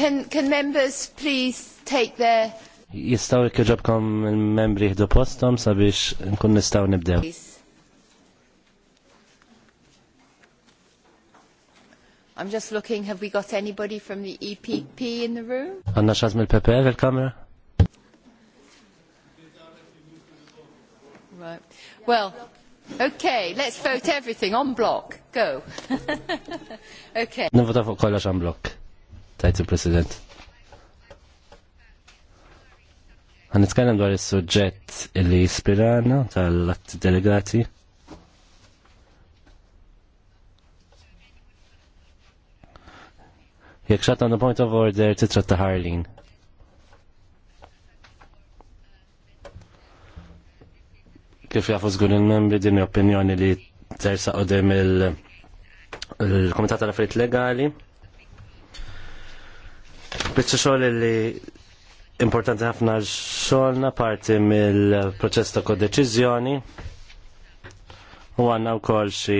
Can, can members please take their... Jistaw ikkġobkom il-membri jihdu postom sabiex nkun nistaw nibdew. I'm just looking, have we got anybody from the EPP in the room? Għanna xaz mill-PP fil-kamera? Right. Well, okay, let's vote everything on block. Go. okay. Nivota fuq kollox on block tajt il-President. Għan nitkellem dwar il suġġett il illi jispirana tal-att delegati. Jek xatt għandu point of order titra ta' Harlin. Kif jafu zgur il-membri din l-opinjoni li tersa qudiem il-Komitat komitata tal-Affarijiet Legali biċċa xogħol li importanti ħafna xogħolna parti mill-proċess ta' kodeċizjoni u għandna wkoll xi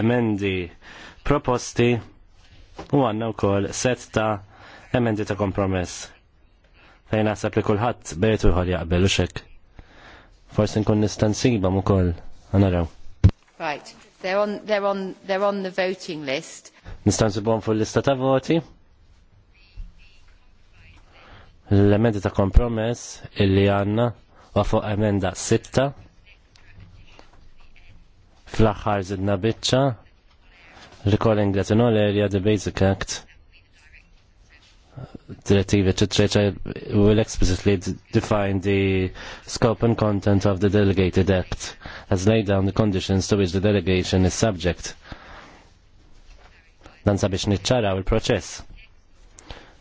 emendi proposti u għandna wkoll set ta' emendi ta' kompromess. Fejn naħseb li kulħadd bejtu jħol jaqbel u xek. Forsi nkun nistansiba ukoll raw. Right, they're on, they're on, they're on the voting list. Nistansibhom fuq l-lista ta' voti. L-emendi ta' kompromess illi għanna u emenda sitta fl-axħar zidna bitċa recalling that in all area the basic act directive etc will explicitly define the scope and content of the delegated act as laid down the conditions to which the delegation is subject dan sabiex nitċaraw il-proċess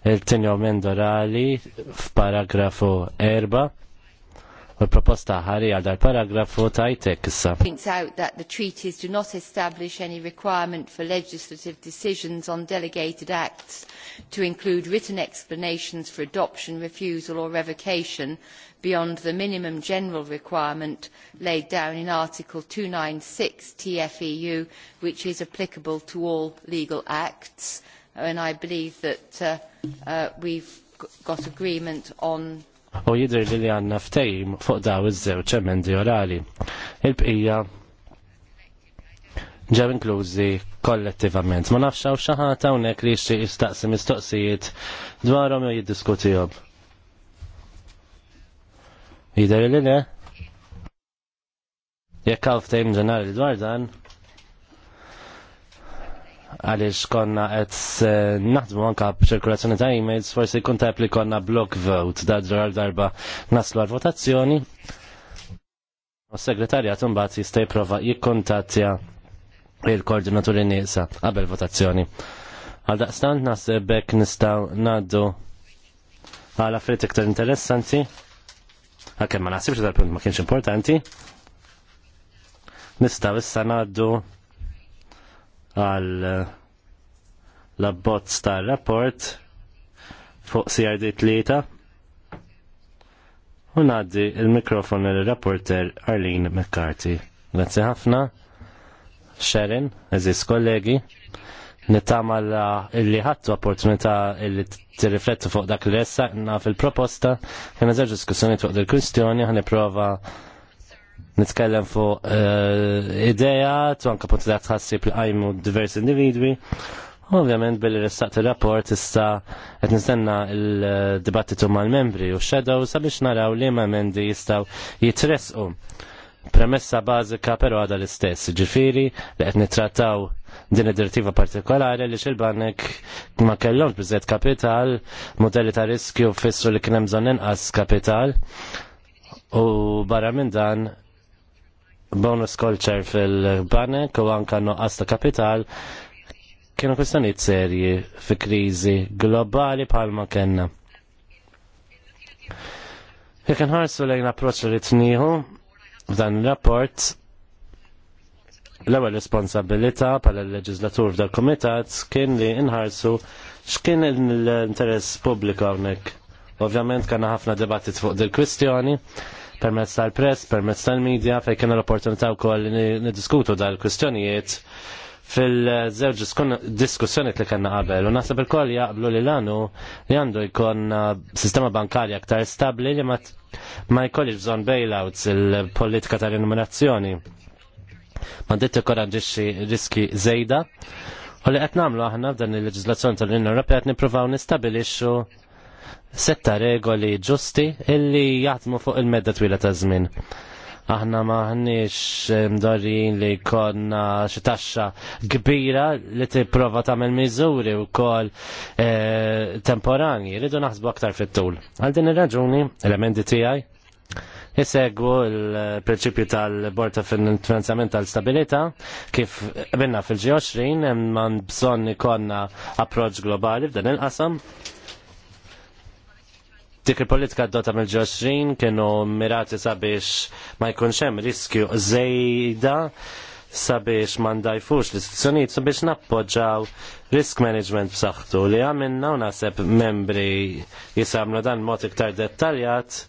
il-tinja mendorali f'paragrafu 4 u l-proposta ħari għal dal-paragrafu tajtek issa. Points out that the treaties do not establish any requirement for legislative decisions on delegated acts to include written explanations for adoption, refusal or revocation beyond the minimum general requirement laid down in Article 296 TFEU, which is applicable to all legal acts and I believe that uh, uh, we've got agreement on U jidher li li għandna ftejm fuq daw iż-żewġ emendi orali. Il-bqija ġew inklużi kollettivament. Ma nafx hawn xi ħadd hawnhekk li jixtieq jistaqsi mistoqsijiet dwarhom jew jiddiskutihom. Jidher li le? Jekk hawn ftehim ġenerali dwar dan, għaliex konna qed naħdmu anka b'ċirkulazzjoni ta' emails forsi kun tajb li konna block vote da ġrar darba naslu għal votazzjoni. U s-segretarjat imbagħad jista' jipprova jikkuntattja il-koordinaturi nisa qabel votazzjoni. Għal daqstant naħseb bekk nistgħu ngħaddu għal affarijiet iktar interessanti. għakem ma naħsibx dal-punt ma kienx importanti. Nistgħu issa ngħaddu għal eh, l-abbozz tar-rapport fuq CRD 3 u naddi il-mikrofon l-rapporter Arlene McCarthy. Grazie ħafna, Sharon, eżis kollegi, nittama li ħattu opportunità li t-rifletti fuq dak li ressa fil-proposta, kena zaġ diskussjoni fuq dil-kwistjoni, ħani prova nitkellem fuq eh, ideja, tu punti da li tħassib li qajmu diversi individwi. Ovvjament billi restaqt il-rapport issa qed nistenna il-dibattitu mal-membri u shadow sabiex naraw li ma mendi jistaw jitresqu. Premessa bażika però għada l-istess, ġifiri li qed nittrattaw din id-direttiva partikolari li xil-banek ma kellhomx bizzet kapital, modelli ta' riskju fissu li kien hemm bżonn inqas kapital u barra minn dan bonus culture fil-banek u anka noqqas ta' kapital kienu kwistjonijiet serji fi kriżi globali bħalma kellna. Jekk inħarsu lejn approċċ li tnieħu f'dan ir-rapport l-ewwel responsabilità bħala l-leġislatur f'dal kumitat kien li inħarsu x'kien l-interess pubbliku hawnhekk. Ovvjament kellna ħafna debattit fuq dil-kwistjoni, permezz tal-press, permezz tal-medja, fej kena l-opportunità wkoll niddiskutu dal-kwistjonijiet fil-żewġ diskussjoniet li kena qabel. U naħseb il-koll jaqblu li l-għanu li għandu jkun uh, sistema bankarja aktar stabli li ma jkollix bżon bailouts il-politika tal-innominazzjoni. Ma ditt ikkoraġixxi riski zejda. U li qed nagħmlu aħna f'dan il leġislazzjoni tal-Unjoni Ewropea qed nippruvaw nistabilixxu setta regoli ġusti illi jaħdmu fuq il-medda twila ta' żmien. Aħna maħniex mdorrin li konna xi taxxa kbira li tipprova tagħmel miżuri wkoll e, temporanji, rridu naħsbu aktar fit-tul. Għal din ir-raġuni, elementi tiegħi jisegwu l-prinċipju tal-Bord ta' Finanzjament tal-Stabilita kif minna fil-G20 hemm man bżonn ikonna approċ globali f'dan il-qasam dik il-politika d-dota mill-20 kienu mirati sabiex ma jkunx hemm riskju żejda sabiex ma ndajfux l-istituzzjonijiet sabiex nappoġġaw risk management b'saħħtu li għamilna u naħseb membri jisamlu dan mod iktar dettaljat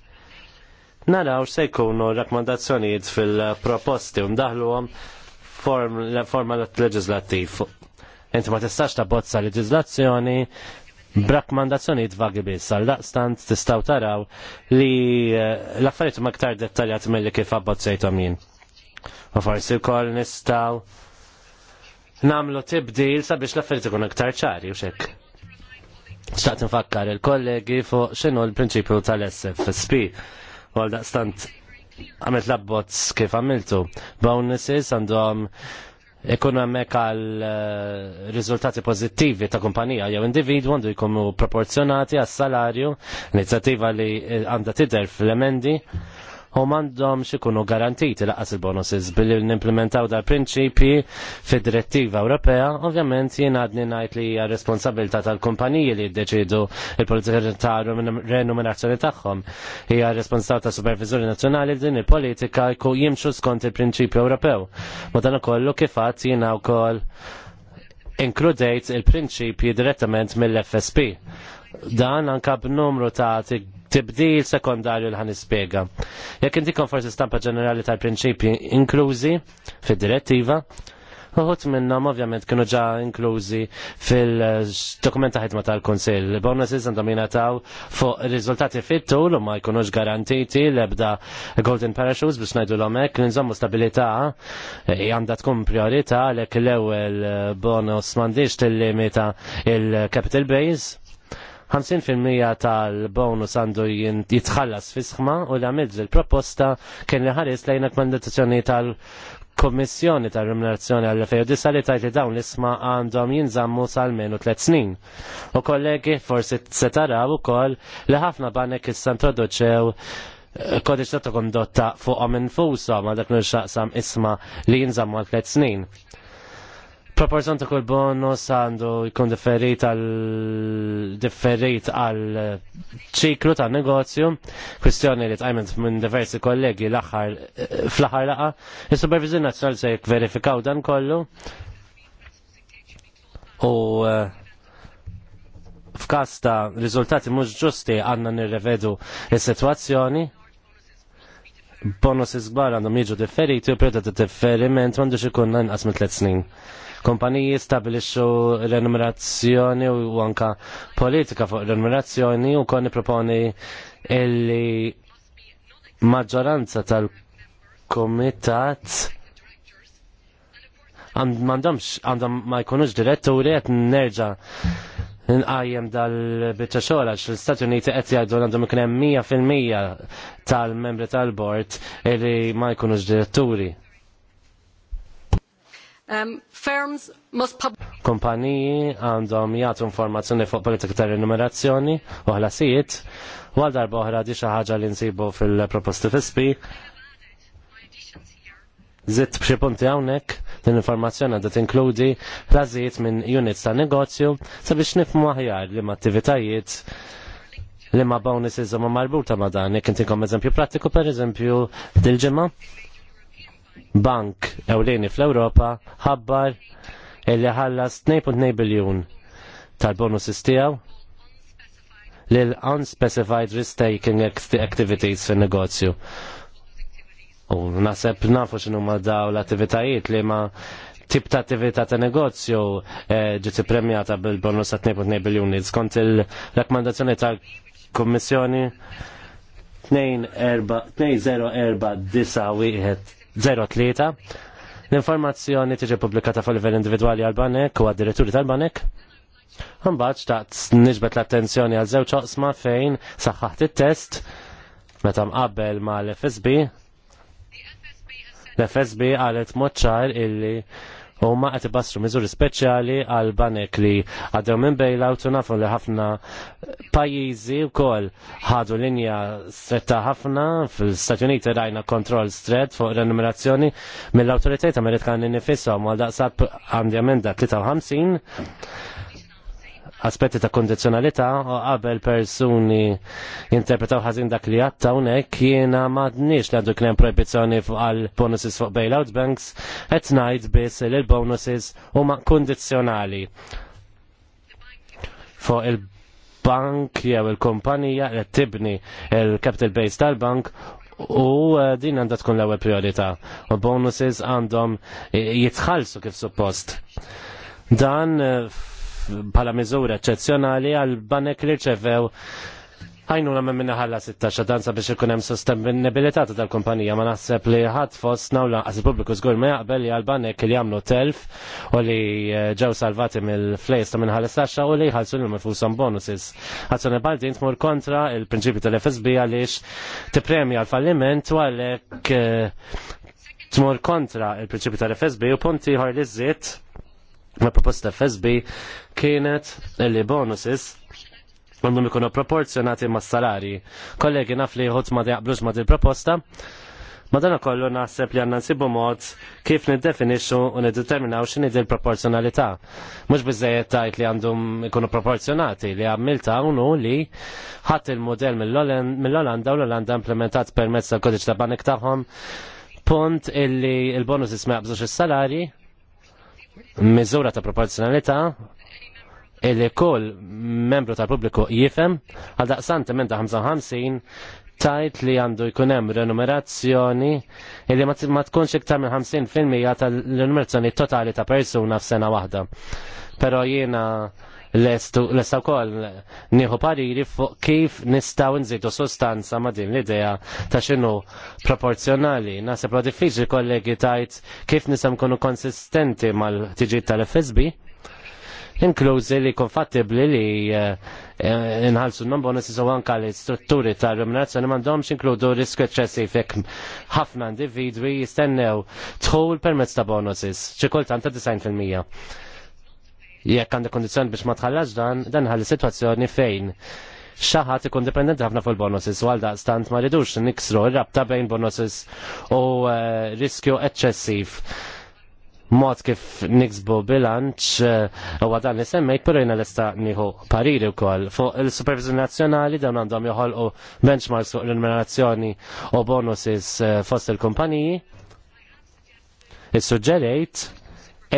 naraw se jkunu rakkomandazzjonijiet fil-proposti u ndaħluhom forma leġislattiv. Inti ma tistax ta' bozza leġislazzjoni brakmandazzjoniet vagi biss, għal daqstant tistaw taraw li eh, l-affarijiet ma ktar dettaljat mill-li kif abbozzejtom jien. U forsi wkoll nistaw namlu tibdil sabiex l-affarijiet ikun ktar ċari u xek. Xtaqt nfakkar il-kollegi fuq xinu l-prinċipju tal-SFSP. U għal daqstant għamet l-abbozz kif għamiltu. Bonuses għandhom um, ikun hemmhekk għal eh, riżultati pożittivi ta' kumpanija jew individwu għandu jkunu proporzjonati għas salarju l-inizjattiva li eh, għandha tidher fl-emendi u mandom xikunu garantiti laqas il-bonuses billi l implementaw dal prinċipi fid direttiva Ewropea, ovvjament jien għadni najt li hija responsabilità tal-kumpaniji li jiddeċidu il-politika ta' renuminazzjoni tagħhom. Hija responsabilta ta' supervizuri nazzjonali din il-politika jku jimxu skont il-prinċipju Ewropew. Ma dan ukoll kif jiena wkoll inkludejt il-prinċipji direttament mill-FSP. Dan anka b'numru ta' tibdil sekondarju li ħanispjega. Jekk inti forsi stampa ġenerali tal-prinċipji inklużi fid-direttiva, Uħut minnom ovvjament kienu ġa inklużi fil-dokumenta ħidma tal-Konsil. Bonuses għandhom jinataw fuq riżultati fittu l ma jkunux garantiti l-ebda Golden Parachutes biex najdu l-omek nżommu stabilita għandha tkun priorita l l-ewel bonus mandiġ tillimita il-capital base 50% tal-bonus għandu jitħallas fisħma u la mezz il-proposta kien li ħares lejn akkomandazzjoni tal-Kommissjoni tal-Remunerazzjoni għall e disa li tajt li dawn l-isma għandhom jinżammu sal-menu 3 snin. U kollegi forsi setaraw u koll li ħafna banek issa introduċew eh, kodiċ ta' kondotta fuqhom infushom għal dak nirxaqsam isma li jinżammu għal 3 snin proporzjon ta' kull bonus għandu jkun differit għal differit għal eh, ċiklu ta' negozju, kwistjoni li tqajmet minn diversi kollegi l-aħħar eh, fl-aħħar laqa, is-Supervizjoni Nazzjonali se jverifikaw dan kollu. U eh, f'kas ta' riżultati mhux ġusti għandna nirrevedu is-sitwazzjoni bonus iżgbar għandhom jiġu differiti u periodu ta' differiment m'għandux ikun inqas minn tliet snin. Kompaniji stabilixxu renumerazzjoni u anka politika fuq renumerazzjoni u koni proponi illi maġġoranza tal-komitat għandhomx għandhom ma jkunux diretturi qed nerġa' nqajjem dal-bicċa xogħol x l-Istati Uniti qed jgħidu għandhom ikun hemm fil-mija tal-membri tal-bord illi ma jkunux diretturi. Um, firms must Kompaniji għandhom jagħtu informazzjoni fuq politika ta' renumerazzjoni u ħlasijiet, u għal darba oħra di xi ħaġa li nsibu fil-proposti fispi. Zitt b'xi punti hawnhekk din informazzjoni għadha tinkludi ħlasijiet minn units ta' negozju sabiex nifhmu aħjar li ma' attivitajiet li ma' bonuses huma marbuta ma' dan. Jekk intikom eżempju prattiku pereżempju dil-ġimgħa bank ewlieni fl-Ewropa ħabbar illi ħallas 2.2 biljun tal-bonuses tiegħu lil unspecified risk-taking activities fin negozju U naseb nafu xinu ma daw l-attivitajiet li ma tip ta' attività ta' negozju eh, ġiti premjata bil-bonus ta' 2.2 biljoni. Skont il-rakkomandazzjoni tal-Kommissjoni 204 9 03 L-informazzjoni tiġi pubblikata fuq livell individwali għal-banek u għad-diretturi tal-banek. Mbagħad xtaqt niġbet l-attenzjoni għal żewġ oqsma fejn saħħaħt it-test meta mqabbel mal-FSB. L-FSB qalet moċċar illi U ma għati basru mizuri speċjali għal banek li għaddew minn bejla u nafu li ħafna pajizi u kol ħadu linja stretta ħafna fil-Stati Uniti rajna kontrol stret fuq renumerazzjoni mill-autoritet Amerikani nifissom għal għal daqsab minn da 53 aspetti ta' kondizjonalità u qabel persuni jinterpretaw ħażin dak li għatta hawnhekk jiena m'għadniex li għandu kien fuq għal bonuses fuq bailout banks qed ngħid biss li l-bonuses huma kondizjonali fuq il-bank jew il-kumpanija li tibni il-capital base tal-bank u eh, din għandha tkun l-ewwel priorità. U bonuses għandhom jitħallsu kif suppost. Dan eh, bħala miżura eċċezzjonali għal banek li rċevew ħajnu la minna ħalla 16 danza biex ikun hemm sostenibilità ta' tal-kumpanija ma naħseb li ħadd fost nawla għas pubbliku żgur ma jaqbel li għalbanek li jagħmlu telf u li eh, ġew salvati mill-flejs ta' minn ħalla 16 u li ħalsu l mifushom bonuses. Azzjoni baldin tmur kontra il-prinċipju tal-FSB għaliex tippremja l-falliment u għalhekk eh, tmur kontra il-prinċipju tal-FSB u punti ħar li La proposta FSB kienet li bonuses għandhom ikunu proporzjonati ma' salari. Kollegi naf li jħodz ma' jaqblux ma' proposta ma' dan kollu naħseb li għanna nsibu mod kif niddefinixxu u niddeterminaw x'inhi dil-proporzjonalità. Mhux biżejjed tajt li għandhom ikunu proporzjonati li għammilta unu li ħadd il model mill-Olanda u l-Olanda implementat permezz tal-kodiċ ta' banek tagħhom punt illi il-bonus isma' jaqbżux is-salari miżura ta' proporzjonalità illi kull membru tal-pubbliku jifem għal daqsant ta' 55 tajt li għandu jkun hemm renumerazzjoni illi ma tkunx iktar minn 50% tal-renumerazzjoni totali ta' persuna f'sena waħda. Pero jiena lesta wkoll nieħu pariri fuq kif nistgħu nżidu sostanza ma' din l-idea ta' x'inhu proporzjonali. Naħseb li diffiċli kollegi tajt kif nisam kunu konsistenti mal tġi tal-FSB inklużi li konfattibli li eh, nħalsu non-bonus u anka li strutturi ta' remunerazzjoni mandomx inkludu risk eċċessiv jekk ħafna individwi jistennew tħul permezz ta' bonuses, ċikultant ta' 90% jekk għandek kondizjoni biex ma tħallas dan, dan ħalli situazzjoni fejn xaħat ikun dipendenti ħafna fuq il-bonuses, għalda stant ma ridux niksru rabta bejn bonuses u eh, riskju eċċessiv mod kif niksbu bilanċ eh, u għadan li semmejt, pero jina l-esta niħu pariri u koll. Fuq il-supervizjoni nazjonali dawn għandhom joħolqu benchmarks fuq l-numerazzjoni u bonuses eh, fost il-kumpaniji. Is-suġġerejt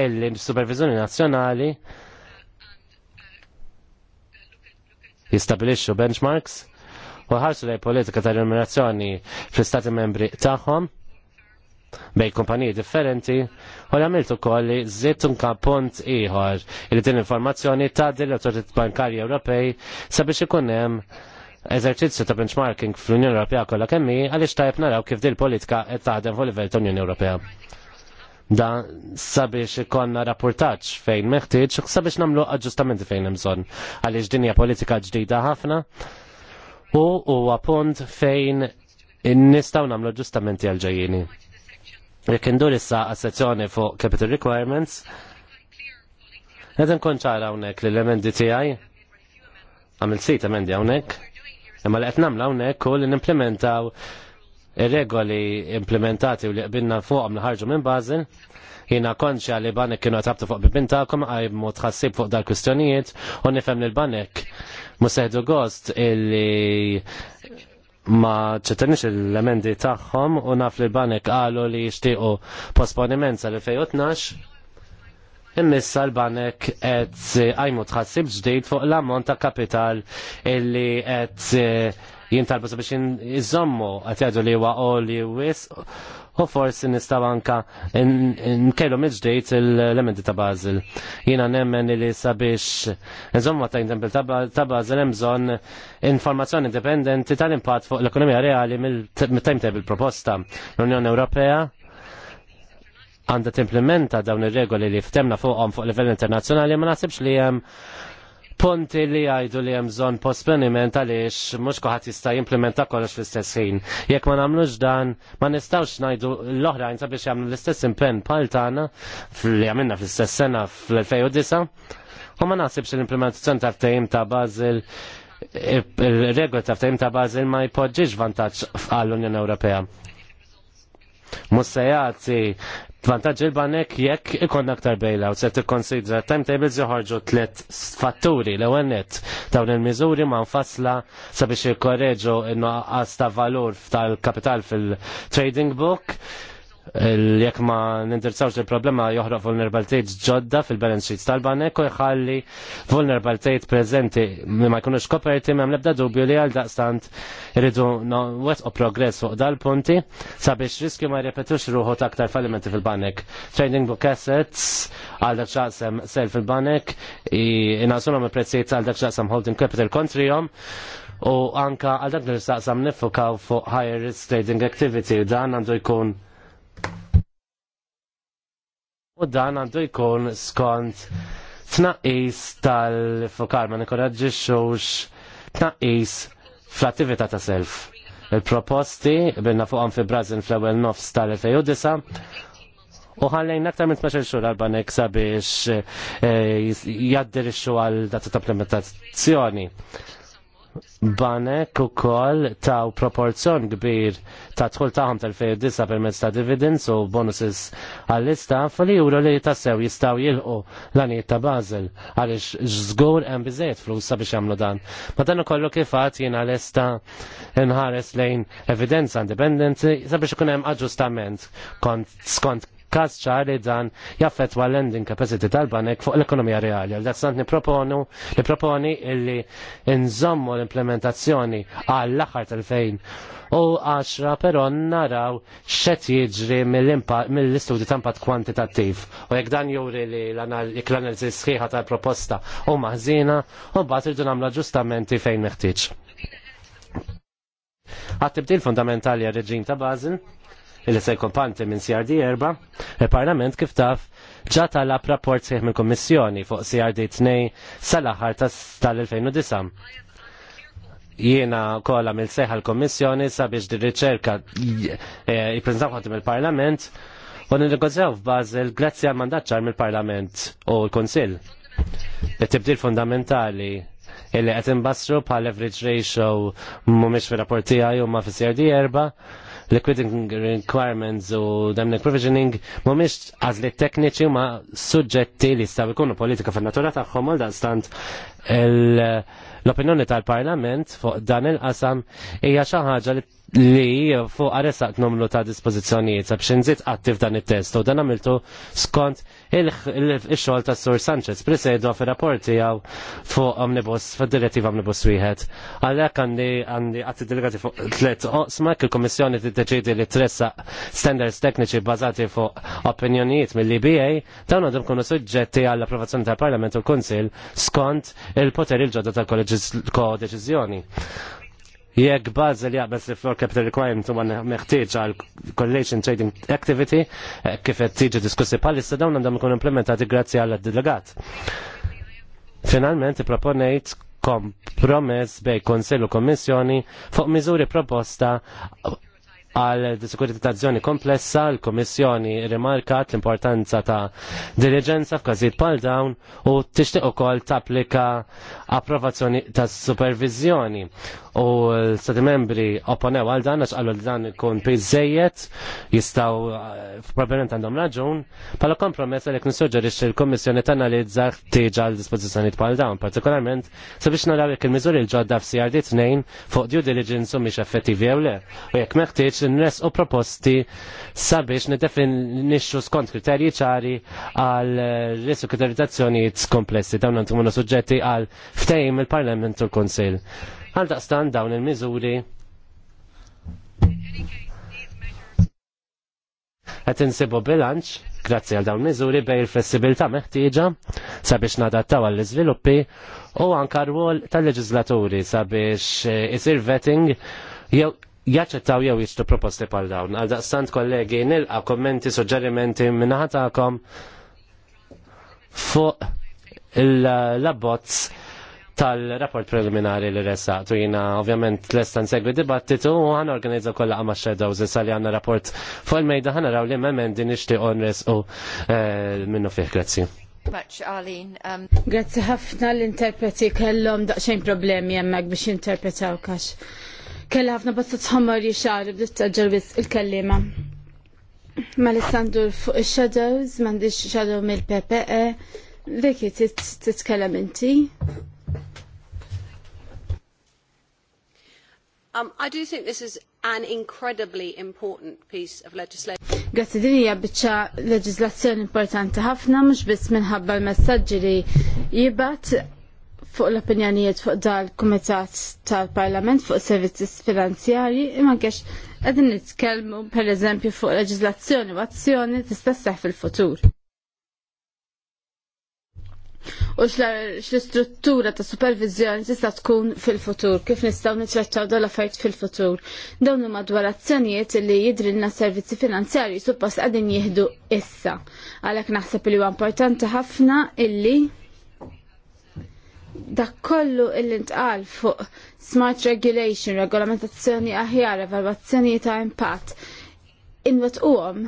illi supervizjoni nazzjonali jistabilixxu benchmarks u ħarsu lej politika ta' remunerazzjoni fl-istati membri tagħhom bej kumpaniji differenti u li għamiltu koll li zitt punt ieħor li din informazzjoni ta' dil-autorit bankarji Ewropej sabiex ikun hemm eżerċizzju ta' benchmarking fl-Unjoni Ewropea kollha kemm hi għaliex tajb naraw kif din politika qed taħdem fuq livell ta' Unjoni Ewropea da sabiex ikonna rapportaċ fejn meħtieġ, sabiex namlu aġġustamenti fejn imżon. Għaliex dinja politika ġdida ħafna u huwa punt fejn nistaw namlu aġġustamenti għal-ġejjini. Jekk indur issa għas-sezzjoni fuq capital requirements, Għedin konċara unek li l-emendi tijaj, għamil sit emendi unek, imma li l unek u li n-implementaw regoli implementati u li fuq fuqhom nħarġu minn Bazil, jina konċa li banek kienu għatabtu fuq bibintakom għajmu tħassib fuq dal kwistjonijiet u nifhem li l-banek musseħdu gost illi ma ċetanix l-emendi tagħhom u naf li l-banek qalu li jixtiequ posponiment sal-2012 Immissa l-banek qed għajmu tħassib ġdid fuq l-ammont ta' kapital illi qed jintalbu sabiex iżommu għatjadu li huwa oli wis u forsi nistaw anka nkelu mill l-elementi ta' Basil. Jina nemmen li sabiex nżommu ta' tempel ta' Bazil bżonn informazzjoni indipendenti tal-impatt fuq l-ekonomija reali mill-timetable proposta. L-Unjoni Ewropea għandha timplementa dawn ir-regoli li ftemna fuqhom fuq livell internazzjonali ma nasibx li hemm punti li għajdu li hemm bżonn posponiment għaliex mhux jista' jimplementa kollox fl-istess ħin. Jekk ma nagħmlux dan, ma nistgħux ngħidu l-oħrajn sabiex jamlu l-istess impenn bħal tagħna li għamilna fl-istess sena fl-2009. U ma naħsibx l-implementazzjoni ta' ftehim ta' Bazil il regol ta' ftehim ta' bazil ma jpoġġiġ vantaġġ għall-Unjoni Ewropea mussejati Tvantaġġi il banek jekk ikon aktar bailout, se tikkonsidra timetables joħorġu tliet fatturi l ewwel nett dawn il-miżuri ma nfassla sabiex jikkoreġu n nuqqas ta' valur tal-kapital fil-trading book jekk ma nindirzawx il-problema joħroq vulnerabilitajt ġodda fil-balance sheet tal-banek u jħalli vulnerabilitajt prezenti li ma jkunux koperti ma mlebda dubju li għal daqstant rridu wet u progress fuq dal-punti sabiex riski ma jrepetux ruħu aktar fallimenti fil-banek. Trading book assets għal dak xaqsem sel fil-banek inasuna me prezzijiet għal dak xaqsem holding capital kontrijom u anka għal dak li nistaqsam nifukaw fuq higher risk trading activity dan għandu jkun u dan għandu jkun skont tnaqis tal-fokar ma nikoraġġixux tnaqis fl-attività ta' self. Il-proposti binna fuqhom fi Brazil fl-ewwel nofs tal-2009 U ħallejn aktar minn 12 xhur għal-banek sabiex eh, jaddir ix-xogħol data ta' implementazzjoni banek u koll taw proporzjon kbir ta' tħul taħam tal per permezz ta' dividends u bonuses għall-istaff li juru li tassew jistaw jilqu l-għaniet ta' Basel għalix żgur hemm biżejjed flus sabiex jagħmlu dan. Ma dan ukoll kifat jiena lista nħares lejn evidenza independenti sabiex ikun hemm aġġustament skont kas ċar li dan jaffet ma lending capacity tal-banek fuq l-ekonomija reali. Għal-dazzant niproponu, niproponi illi nżommu l-implementazzjoni għall-axar tal għaxra pero naraw xet jiġri mill-istudju tampat kwantitattiv. U jek dan juri li l-analizi sħiħa tal-proposta u maħżina, u bat irdu namla ġustamenti fejn meħtieġ. Għattibdil fundamentali għal-reġim ta' Bazin li se jkun panti minn CRD erba, il-Parlament kif taf ġata talab rapport seħ minn Kommissjoni fuq CRD 2 sal-aħħar tal-2009. Jiena kolla mill seħ l-Kommissjoni sabiex di ricerka e, jipprezentaw ħadd mill-Parlament u n-negozjaw f'Bażel grazzi għal mandatċar ċar mill-Parlament u l-Kunsill. Il-tibdil fundamentali illi qed inbassru pa leverage ratio mhumiex fir-rapporti għaj huma fi CRD erba' liquidity requirements u damn provisioning mhumiex għażliet tekniċi ma suġġetti li jistgħu jkunu politika fin-natura tagħhom għal stant l-opinjoni tal-Parlament fuq dan il-qasam hija xi ħaġa li li fuq għaresaq numru ta' dispozizjonijiet sabx nżid attiv dan it-test u dan għamiltu skont il-xogħol ta' Sur Sanchez presedu fi rapporti għaw fuq omnibus, fil-direttiva omnibus wieħed. Għalhekk għandi għandi għatti delegati fuq tliet oqsma il-Kummissjoni deċidi li tressaq standards tekniċi bbażati fuq opinjonijiet mill-IBA dawn għandhom kunu suġġetti għall-approvazzjoni tal-Parlament u l konsil skont il-poteri l-ġodda tal-kodeċiżjoni jekk li jaqbes li floor capital requirement għanna meħtieġ għal correlation trading activity eh, kif qed tiġi diskussi bħalissa dawn għandhom ikun implementati grazzi għal delegat Finalment proponejt kompromess bej u Kommissjoni fuq miżuri proposta għal disekuritizzazzjoni komplessa l-Komissjoni rimarkat l-importanza ta' diligenza f'każijiet pal dawn u tixtieq ukoll tapplika approvazzjoni ta' supervizjoni u l-stati membri opponew għal dan għax għallu dan ikun pizzejiet jistaw eh, probabbilment għandhom raġun pala kompromess għalek nissuġġerix il-Kommissjoni tanalizza l-dispozizjoni t bħal dawn, partikolarment sabiex nara għalek il-miżuri l-ġodda f'CRD 2 fuq due diligence u mhix effettivi jew le. U jekk meħtieġ n-res u proposti sabiex nidefinixxu skont kriterji ċari għal kriterizzazzjoni t komplessi n-tumunu suġġetti għal ftejm il-Parlament u l-Konsil. Għal daqstan dawn il-miżuri Għet insibu bilanċ grazzi għal dawn miżuri bej il-flessibilità meħtieġa sabiex nadattaw għall iżviluppi u anka rwol tal-leġislaturi sabiex eh, isir vetting jew jaċċettaw jew jiġtu proposti pal dawn. Għal daqstant kollegi nilqa kommenti, suġġerimenti minnaħatakom fuq l-abbozz tal-rapport preliminari li resaqtu jina ovvjament l-estan segwi dibattitu u għan organizza kolla għama shadows sali għanna rapport fuq mejda għanna raw li memmen din ixti onres u eh, minnu fiħ, grazzi. Um, grazzi ħafna l-interpreti kellhom daqsxejn problemi hemmhekk biex jinterpretaw kax. Kella ħafna basta tħammar jixar bdiet taġġelbis il-kellima. Malisandur fuq il-shadows, mandiċ shadow mill-PPE, t titkellem inti. Um, I do think this is an incredibly important piece of legislation. din hija biċċa leġiżlazzjoni importanti ħafna mhux biss minħabba l-messaġġi li jibgħat fuq l-opinjonijiet fuq dal-Kumitat tal-Parlament fuq servizzi finanzjarji imma kex qegħdin nitkellmu pereżempju fuq leġiżlazzjoni u azzjoni tista' sseħħ fil-futur u x-struttura ta' supervizjoni tista' tkun fil-futur, kif nistgħu nitrattaw dal affarijiet fil-futur. Dawn huma dwar azzjonijiet li jidrilna servizzi finanzjari suppost qegħdin jieħdu issa. Għalhekk naħseb li huwa importanti ħafna illi dak kollu illi ntqal fuq smart regulation, regolamentazzjoni aħjar, evalwazzjoni ta' impatt, inwet uwom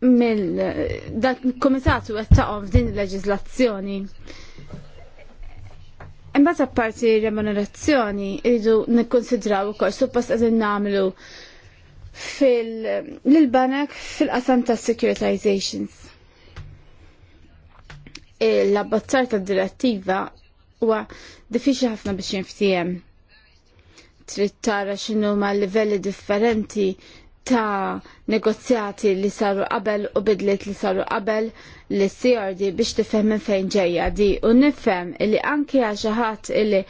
mill dak komitatu qed taqgħu f'din il-leġiżlazzjoni. Imbagħad apparti remunerazzjoni jridu nikkonsidraw ukoll suppost qegħdin nagħmlu fil-banek fil-qasam ta' securitizations. L-abbozzar ta' direttiva huwa diffiċli ħafna biex jinftiem. Trid tara x'inhuma ma' livelli differenti ta' negozjati li saru qabel u bidliet li saru qabel li CRD biex tifhem minn fejn ġejja di u nifhem li anki għal xi ħadd li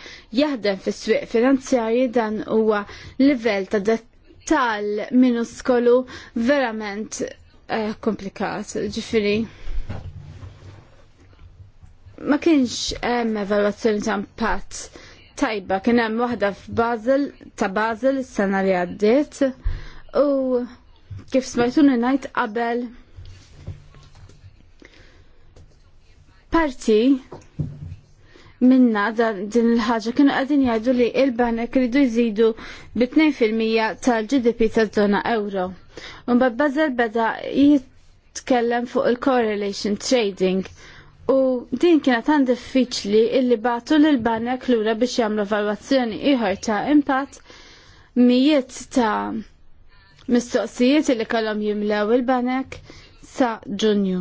jaħdem fis-swieq finanzjarji dan huwa livell ta' dettal minuskolu verament eh, komplikat, ġifiri. Ma kienx hemm evalwazzjoni ta' impatt tajba, kien hemm waħda f'Basel ta' Basel is-sena li għaddiet U kif smajtuni najt qabel parti minna din il-ħagġa kienu għadin jgħidu li il-banek ridu jżidu bi 2% tal-GDP tal-zona euro. Un babbażel beda jitkellem fuq il-correlation trading u din kienet għan diffiċli illi batu l-banek lura biex jagħmlu valwazzjoni ieħor ta' impatt mijiet ta' mistoqsijiet li kellhom jimlew il-banek sa ġunju.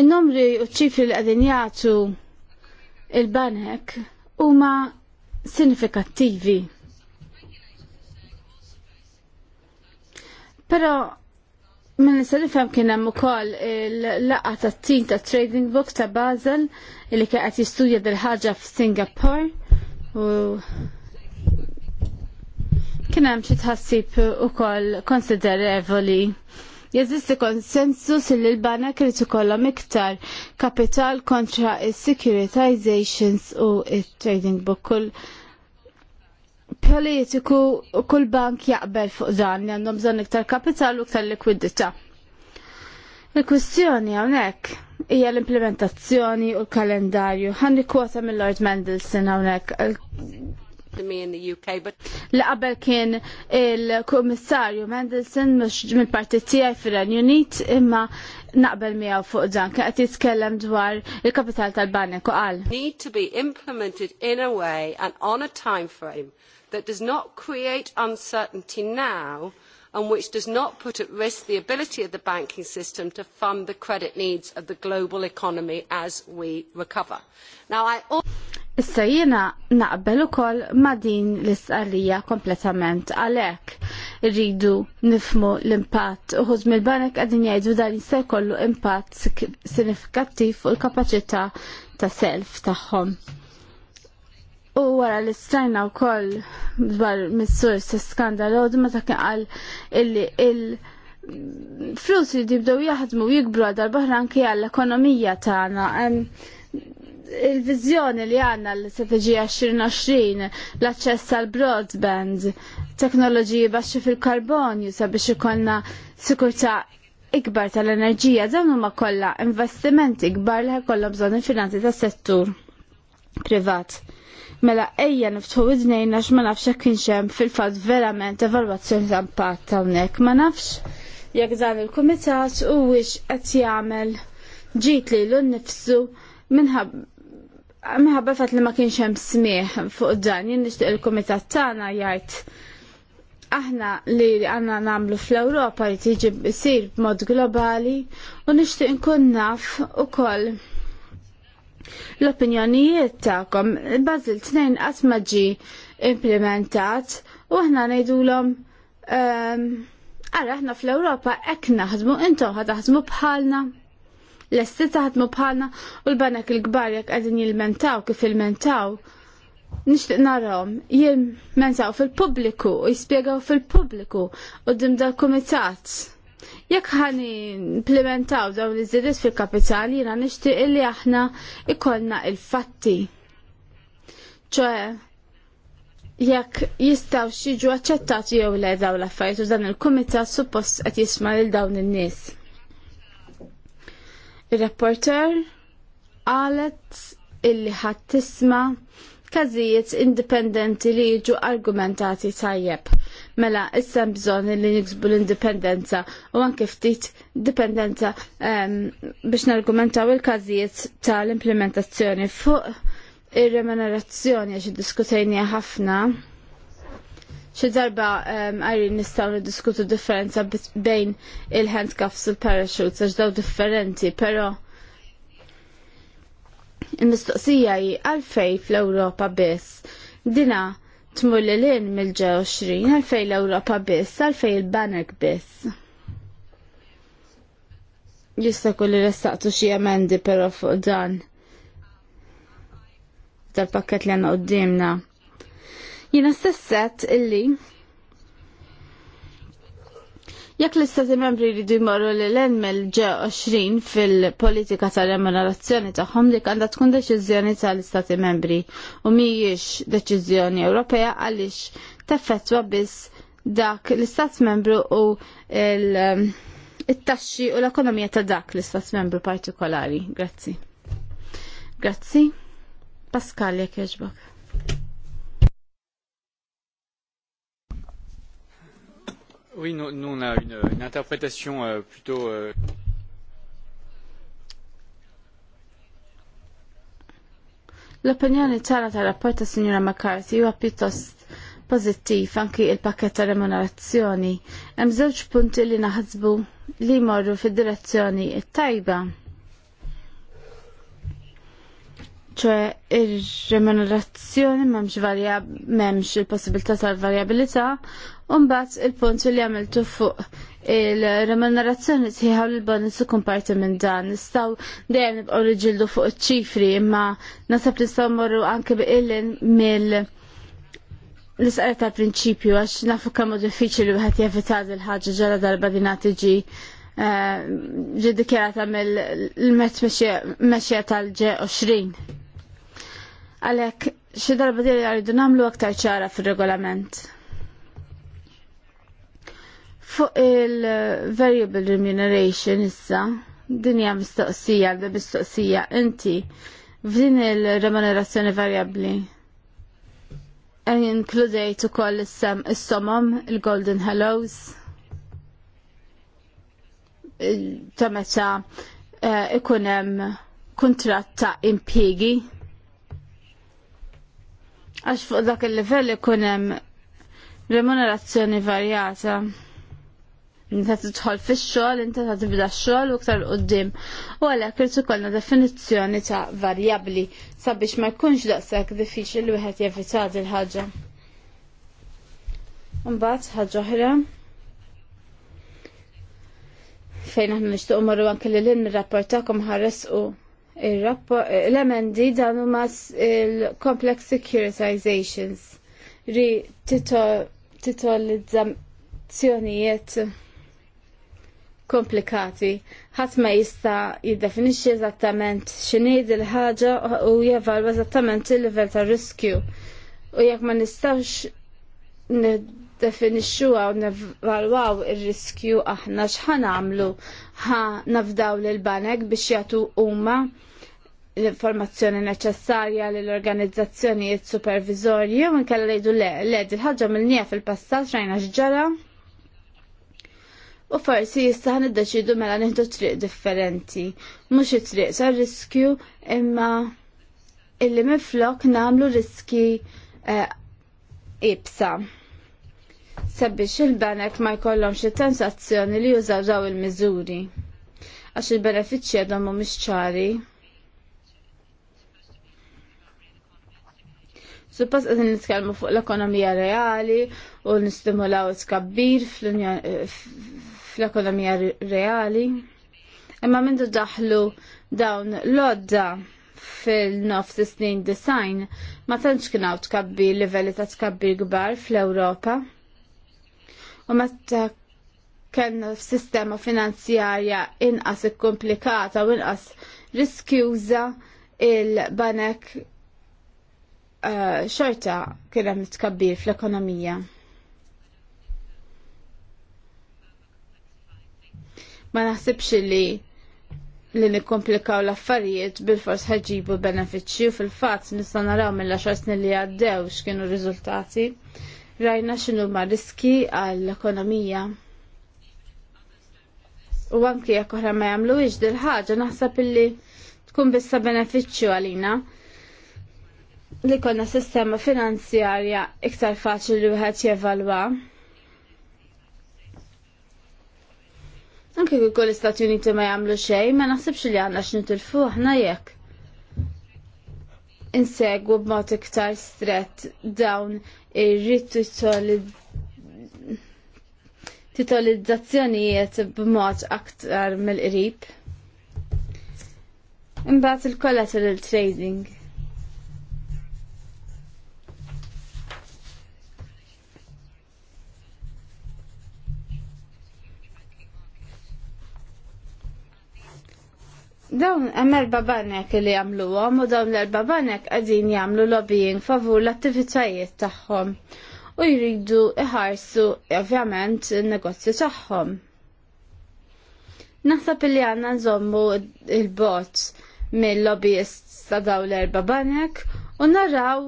Il-numri u ċifri li qegħdin jagħtu il-banek huma sinifikattivi. Però Min se nifhem kien hemm ukoll il-laqgħa tat-tim ta' Trading Book ta' Basel li kien qed jistudja dil ħaġa f'Singapore u Kien hemm xi tħassib ukoll konsiderevoli. Jeżisti konsensus li l-banek li ikollhom iktar kapital kontra s securitizations u t trading book kull politiku kull bank jaqbel fuq dan li għandhom bżonn iktar kapital u iktar likwidità. Il-kwistjoni hawnhekk hija l-implementazzjoni u l-kalendarju. Ħanni kwota mill-Lord Mendelssohn hawnhekk to me in the UK. But L-qabel kien il-Kummissarju Mendelson mhux mill-partit tiegħi fir-Renju Unit imma naqbel miegħu fuq dan kien qed jitkellem dwar il-kapital tal-Banek u qal. Need to be implemented in a way and on a time frame that does not create uncertainty now and which does not put at risk the ability of the banking system to fund the credit needs of the global economy as we recover. Now, I Issa jiena naqbel ukoll ma din l-istqarrija kompletament għalhekk irridu nifmu l-impatt u uħuż mill-banek qegħdin jgħidu dan jista' jkollu impatt sinifikattiv fuq il-kapaċità ta' self tagħhom. U wara li stajna u koll dwar missur se skandalo, ma ta' kien għal illi il-flus li jibdew jaħdmu jikbru għadar baħran ki għall-ekonomija tagħna il-vizjoni li għanna l-strategija 2020, l-access għal broadband, teknoloġiji baxxi fil-karbonju sabiex ikollna sikurta ikbar tal-enerġija, dawn huma kollha investimenti kbar li kollha bżonn il-finanzi tas-settur privat. Mela ejja niftħu id-dnejna x'ma nafx hekk kienx hemm fil-fatt verament evalwazzjoni ta' impatt hawnhekk. Ma nafx jekk dan il-kumitat huwiex qed jagħmel ġit lilu l nnifsu minħabba Mħabba fat li ma kienx hemm smieħ fuq dan, jien nixtieq il-kumitat tagħna jgħid aħna li għanna namlu fl-Ewropa li tiġi sir b'mod globali u nixtieq nkun naf ukoll l-opinjonijiet tagħkom. Bażil tnejn qatt ma ġi implementat u aħna ngħidulhom ehm, ara aħna fl-Ewropa hekk naħdmu intom ħadaħdmu bħalna l l-estita taħdmu bħalna u l-banak il-kbar jekk qegħdin jilmentaw kif ilmentaw. Nixtieq narahom mentaw fil-pubbliku u jispjegaw fil-pubbliku dim dal-kumitat. Jekk ħani implementaw dawn iż-żidiet fil-kapitali jina nixtieq li aħna ikollna il-fatti. ċoħe, jekk jistaw xieġu aċċettati jew le daw l affajtu u dan il-kumitat suppost qed jisma' lil dawn in-nies il reporter għalet illi ħat tisma każijiet indipendenti li jiġu argumentati tajjeb. Mela, issa bżon li niksbu l-indipendenza u anke ftit dipendenza ehm, biex nargumentaw il-każijiet tal-implementazzjoni fuq ir-remunerazzjoni għax diskutejni ħafna. Xi darba ehm, għajri nistgħu niddiskutu differenza bejn il-handcuffs u l-parachutes għax daw differenti, però il-mistoqsija hi għalfej fl-Ewropa biss. Dina tmur li lin mill-20 għalfej l-Ewropa biss, għalfej il-banek biss. Jista' kulli restaqtu xi emendi però fuq dan. Dal-pakket li għanna għoddimna. Jina s-sesset illi Jekk l-istati membri jridu jmorru li l-enmel ġe 20 fil-politika tal-remunerazzjoni tagħhom dik għandha tkun deċiżjoni tal-istati membri u mhijiex deċiżjoni Ewropea għaliex teffettwa biss dak l-istat membru u il-taxxi um, u l-ekonomija ta' dak l-istat membru partikolari. Grazzi. Grazzi. Pascal jekk jogħġbok. Oui, nous, nous on a une, une interprétation euh, plutôt. Euh... L-opinjoni tara rapport ta' Signora McCarthy huwa pjuttost pożittiv anki il-pakket ta' remunerazzjoni. Hemm żewġ punti li naħsbu li jmorru fid-direzzjoni t tajba ċe ir-remunerazzjoni memx varja memx il-possibilità tal-varjabilità Umbat il-punt li għamiltu fuq il-remunerazzjoni sħiħaw l-bonus u komparti minn dan. Nistaw dejjem nibqgħu niġildu fuq iċ-ċifri imma nasab nistgħu morru anke biqilin mill l-isqar ta' prinċipju għax nafu kemm diffiċli wieħed jevita dil-ħaġa ġara darba din tiġi eh, ġi mill-mezz tal-ġe 20. Għalhekk xi darba diri għaridu nagħmlu aktar ċara fir-regolament. Fuq il-variable remuneration issa, din hija mistoqsija, għandha mistoqsija, inti f'din il-remunerazzjoni varjabbli er inkludejt ukoll is-sem is-somom, il-Golden Hellows. Ta' meta eh, ikun hemm kuntratt ta' impjiegi Għax fuq dak il-livell ikun hemm remunerazzjoni varjata. Inta tidħol fix-xogħol, inta ta' tibda x-xogħol u aktar qudiem. U għalhekk irid ikollna definizzjoni ta' varjabbli sabiex ma jkunx daqshekk diffiċli wieħed jevita din ħaġa. Mbagħad ħaġa oħra fejn aħna nixtieq marru anke lil rapportakom ħaresqu l-emendi dan huma il-complex securitizations ri titolizzazzjonijiet komplikati ħadd ma jista' jiddefinixxi eżattament x'inhi il-ħaġa u jevalwa eżattament il-livell ta' riskju u jekk ma nistax Definixxuha u nevalwaw ir-riskju aħna x'ħan għamlu ħa nafdaw lil banek biex jagħtu huma l-informazzjoni neċessarja l organizzazzjonijiet supervizorji u nkella jgħidu le, le, dil-ħagġa mill-nija fil-passat rajna xġara. U forsi jista' niddeċidu mela nieħdu triq differenti, mhux it-triq sa' riskju imma illi minflok nagħmlu riski eh, ibsa sabiex il-banek ma jkollhom xi tensazzjoni li jużaw daw il-miżuri. Għax il-benefiċċji għadhom mhumiex ċari. Suppost għedin nitkellmu fuq l-ekonomija reali u nistimulaw tkabbir eh, fl-ekonomija reali. Imma minn daħlu dawn l-odda fil-nofs snin design ma tantx kien hawn tkabbi livelli ta' tkabbi kbar fl-Ewropa u meta kellna sistema finanzjarja inqas ikkomplikata u inqas riskjuża il-banek eh, xorta kien hemm tkabbir fl-ekonomija. Ma naħsibx li li nikkomplikaw l-affarijiet bil-fors ħagġibu benefiċċju fil-fatt nistgħu naraw mill-10 snin li għaddew x'kienu r-riżultati rajna xinu ma riski għall-ekonomija. U anki jekk oħra ma iġ dil ħaġa naħseb illi tkun bissa beneficju għalina li konna sistema finanzjarja iktar faċli li wieħed jevalwa. Anke kieku l-Istati Uniti ma jagħmlu xejn, ma naħsibx li għandna x'nitilfu aħna jekk insegwu b'mod iktar strett dawn ir-titolizzazzjonijiet b'mod aktar mill-qrib. Imbagħad il-collateral trading. Dawn hemm erba' banek li jagħmluhom u dawn l babanek għadin qegħdin jagħmlu lobbying favur l-attivitajiet tagħhom u jridu iħarsu ovvjament in-negozju tagħhom. Naħseb li għandna nżommu il-bot mill-lobbyist ta' dawn l-erba' banek u naraw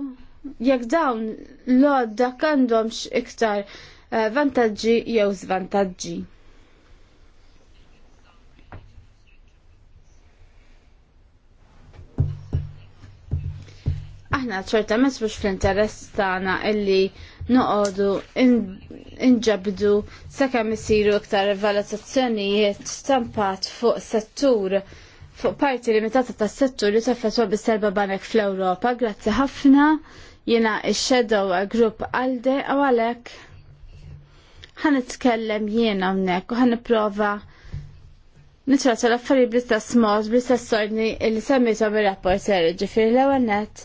jekk dawn l-odda għandhomx iktar eh, vantaġġi jew żvantaġġi. aħna ċertament mhux fl-interess tagħna illi noqogħdu inġabdu sakemm isiru iktar valutazzjonijiet stampat fuq settur fuq parti limitata tas-settur li taffetwa bis-serba banek fl-Ewropa. Grazzi ħafna jiena x-shadow group għalde għaw għalhekk ħan itkellem jiena hawnhekk u ħan nipprova Nitrata l-affarijiet bl-istess mod, bl-istess sorni li semmejthom ir-rapporter ġifieri l-ewwel nett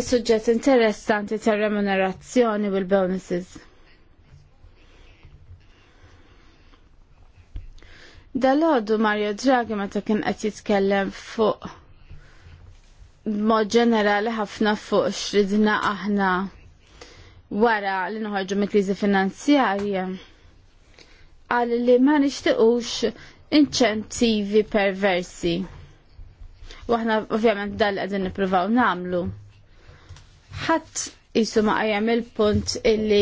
is-suġġett interessanti tar-remunerazzjoni u l-bonuses. Dal-għoddu Mario Draghi meta kien qed jitkellem fuq mod ġenerali ħafna fuq xridna aħna wara li nħorġu mill kriżi finanzjarja. Għal li ma nixtiqux inċentivi perversi. U aħna ovvjament dal qegħdin nippruvaw nagħmlu ħadd jisuma ma il-punt illi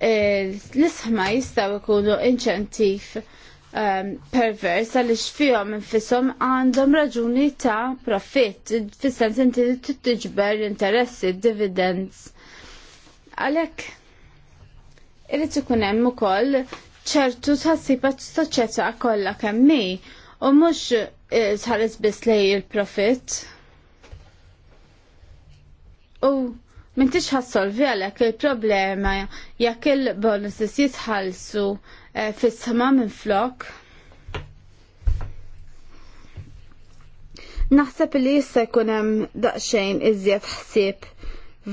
eh, l-isħma jistaw ikunu inċentif ehm, pervers għaliex fihom infisom għandhom raġuni ta' profitt, fis-sens inti li tiġber interessi, dividends. Għalhekk irrid ikun hemm ukoll ċertu tħassiba soċjetà kollha kemm hi u mhux eh, tħares biss lej il-profitt. U M'intix ħassolvi għalek il-problema jekk il-bonuses jitħallsu eh, fis-sama minn flok. Naħseb li jista' jkun hemm daqsxejn iżjed ħsieb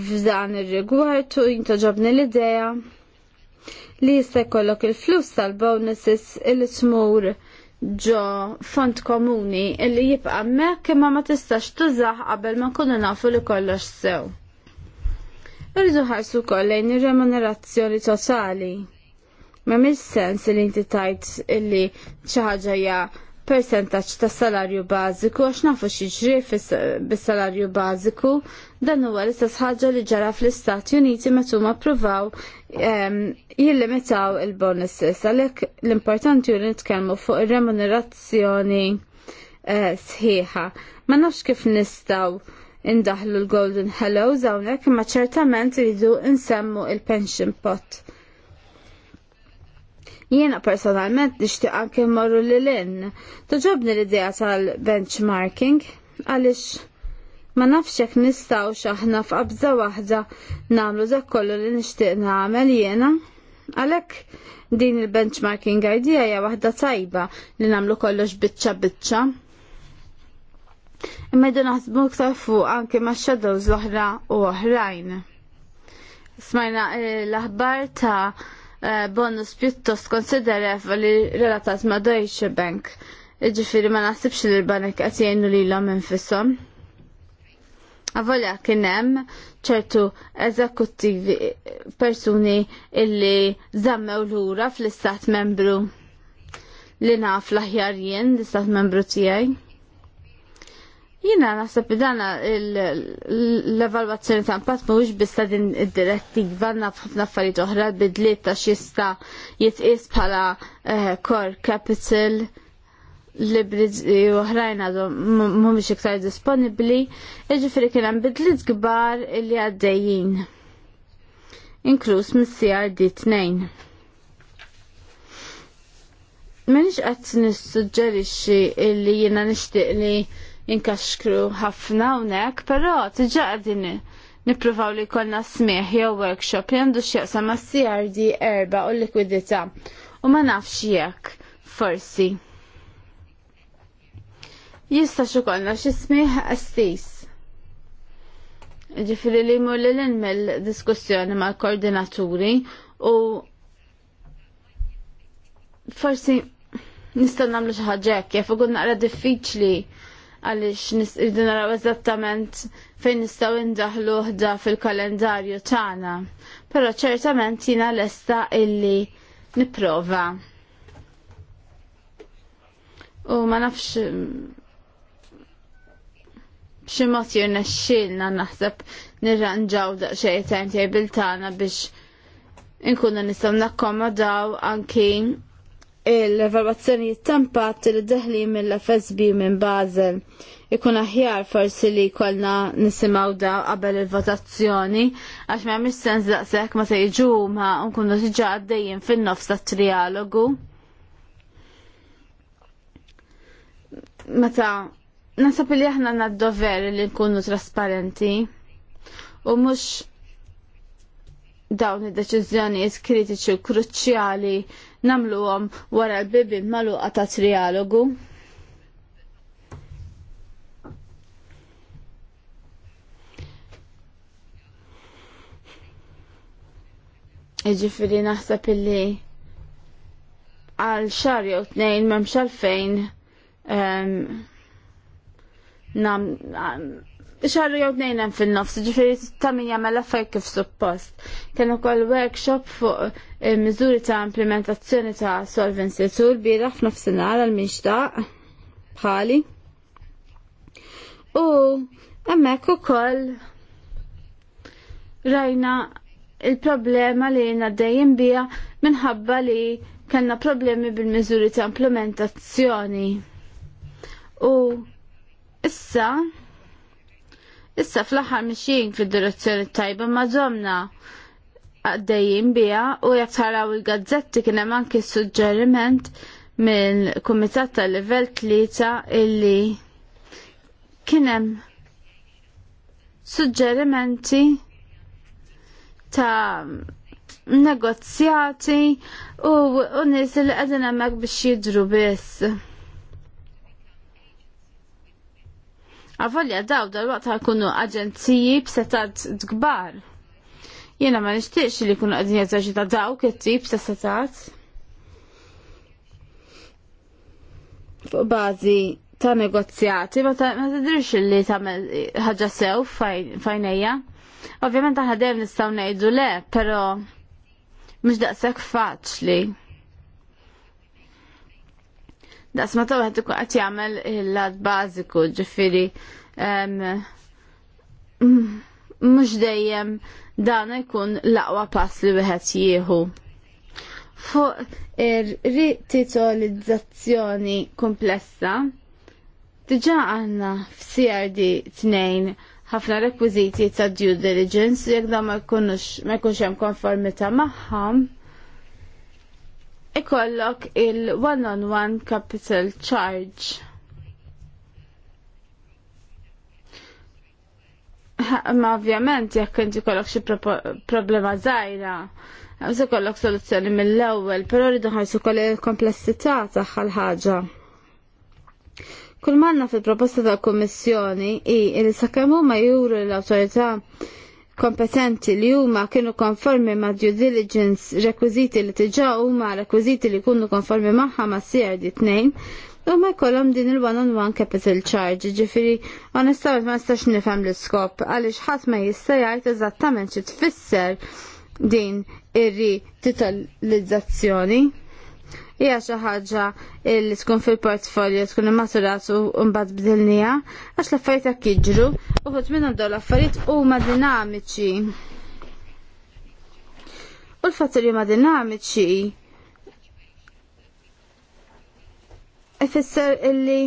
f'dan ir-rigward u jintoġobni l-idea li jista' jkollok il-flus tal-bonuses il-tmur ġo font komuni illi jibqa' mek imma ma tistax tużaħ qabel ma nkunu nafu li kollox sew. Irridu ħarsu kollejn ir-remunerazzjoni totali. Ma mis sens li inti tajt illi xi ħaġa hija percentaċ ta' salarju bażiku għax nafu xiġri bis-salarju bażiku dan huwa l-istess ħaġa li ġara fl-Istati Uniti meta huma ppruvaw ehm, jillimitaw il-bonuses għalhekk l-importanti hu nitkellmu fuq ir-remunerazzjoni eh, sħiħa. Ma nafx kif nistgħu indaħlu l-Golden Hallow hawnhekk imma ċertament iridu nsemmu il-pension pot. Jiena personalment nixtieq anke mmorru lil in. Toġobni l-idea tal-benchmarking għaliex ma nafx nistaw nistgħux aħna f'qabża waħda nagħmlu dak kollu li nixtieq nagħmel jiena. Għalhekk din il-benchmarking idea hija waħda tajba li nagħmlu kollox biċċa biċċa Imma jdu naħsbu iktar fuq anke ma' shadows l-oħra u oħrajn. Smajna eh, l-aħbar ta' eh, bonus pjuttost konsiderevoli relatat ma' Deutsche Bank. Iġifiri ma naħsibx li l-banek qed jgħinu lilhom infisom. Avolja kien hemm ċertu eżekuttivi eh, persuni illi żammew lura fl-istat membru li naf l-aħjar jien l-istat membru tiegħi. Jina naħseb dana l-evalwazzjoni ta' impatt mhuwiex biss din id-direttiva għandna ħafna affarijiet oħra bidliet ta' xista jitqies bħala eh, core capital li uħrajn eh, għadhom mhumiex iktar disponibbli, jiġifieri kien hemm bidliet kbar li għaddejjin. Inkluż mis-CRD 2. Menix qed nissuġġerixxi li jiena nixtieq li inkaxkru ħafna hawnhekk, però tiġa qegħdin nippruvaw li jkollna smieħ jew workshop li għandu x'jaqsam ma' CRD erba u likwidità u ma nafx jekk forsi. Jista xie smieħ astis. Ġifiri li mur li l diskussjoni ma' koordinaturi u forsi nista namlu xaħġek, jaf għun naqra diffiċli għaliex nisqidu naraw eżattament fejn nistgħu indaħlu ħda fil-kalendarju tagħna. Però ċertament jiena lesta illi nipprova. U ma nafx b'xi mod jirnexxilna naħseb nirranġaw daqsxejn tejbil tagħna biex inkunu nistgħu nakkomodaw anki l-evalwazzjoni tempat li deħli mill-FSB minn Basel ikun aħjar forsi li kolna nisimaw da qabel il-votazzjoni għax ma mis sens daqshekk ma se jiġu ma nkunu diġà għaddejjin fin-nofs tat-trialogu. Meta nasab li aħna għandna d-dover li nkunu trasparenti u mhux dawn id-deċiżjonijiet kritiċi u kruċjali għom wara l-bibin malu ta' trialogu. Iġifiri naħseb illi għal xar jew tnejn memx għalfejn nam xarru jow nejnem fil-nofs, ġifiri ta' min jagħmel affarijiet kif suppost. Kien ukoll workshop fuq eh, miżuri ta' implementazzjoni ta' Solvency Tool bira f'nofsinhar għal minxtaq xtaq bħali. U hemmhekk ukoll rajna il-problema li għaddejjem bija minħabba li kellna problemi bil-miżuri ta' implementazzjoni. U issa Issa fl-aħħar mxin fid-direzzjoni tajba ma zomna għaddejjin biha u jekk taraw il-gazzetti kien hemm anki suġġeriment mill-Kumitat tal-Livell Tlieta illi kien hemm suġġerimenti ta' negozjati u, u nis li għedin għamak biex jidru biss. Għavolja daw dal-waqt ħakunu aġenziji b'setat kbar. Jena ma nixtiex li kunu għadin jazzaġita daw kittib ta' setat. Fuq bazi ta' negozjati, ma ta' tidirx li ta' ħagġa sew fajnija. Ovvjament aħna ħadem nistgħu ngħidu le, però mux daqshekk faċli. Daqs ma tawa ħatiku għat jgħamil il-lad bażiku ġifiri mux dejjem dan ikun laqwa pass li wieħed jieħu. Fuq ir-rititolizzazzjoni komplessa, diġa għanna f'CRD 2 ħafna rekwiziti ta' due diligence jekk da ma jkunx hemm konformità magħhom ikollok il-one-on-one capital charge. Ma ovvjament jekk inti kollok xi problema żgħira, se kollok soluzzjoni mill-ewwel, però rridu ħajsu koll il komplessità tagħha l-ħaġa. Kull manna fil-proposta tal-Kummissjoni i li sakemm huma juru l-awtorità kompetenti li huma kienu konformi ma' due diligence rekwiziti li tiġa huma rekwiziti li jkunu konformi magħha ma' CRD 2 U ma jkollhom din il-one-on-one capital charge, ġifiri, onestament ma nistax nifhem l-iskop, għaliex ħadd ma jista' jgħid eżattament xi tfisser din ir-titolizzazzjoni hija xi ħaġa li tkun fil-portfolio tkun immaturat u mbagħad bdilnija għax l-affarijiet hekk jiġru uħud minnhom dawn l-affarijiet huma dinamiċi. U l-fatt li huma dinamiċi ifisser illi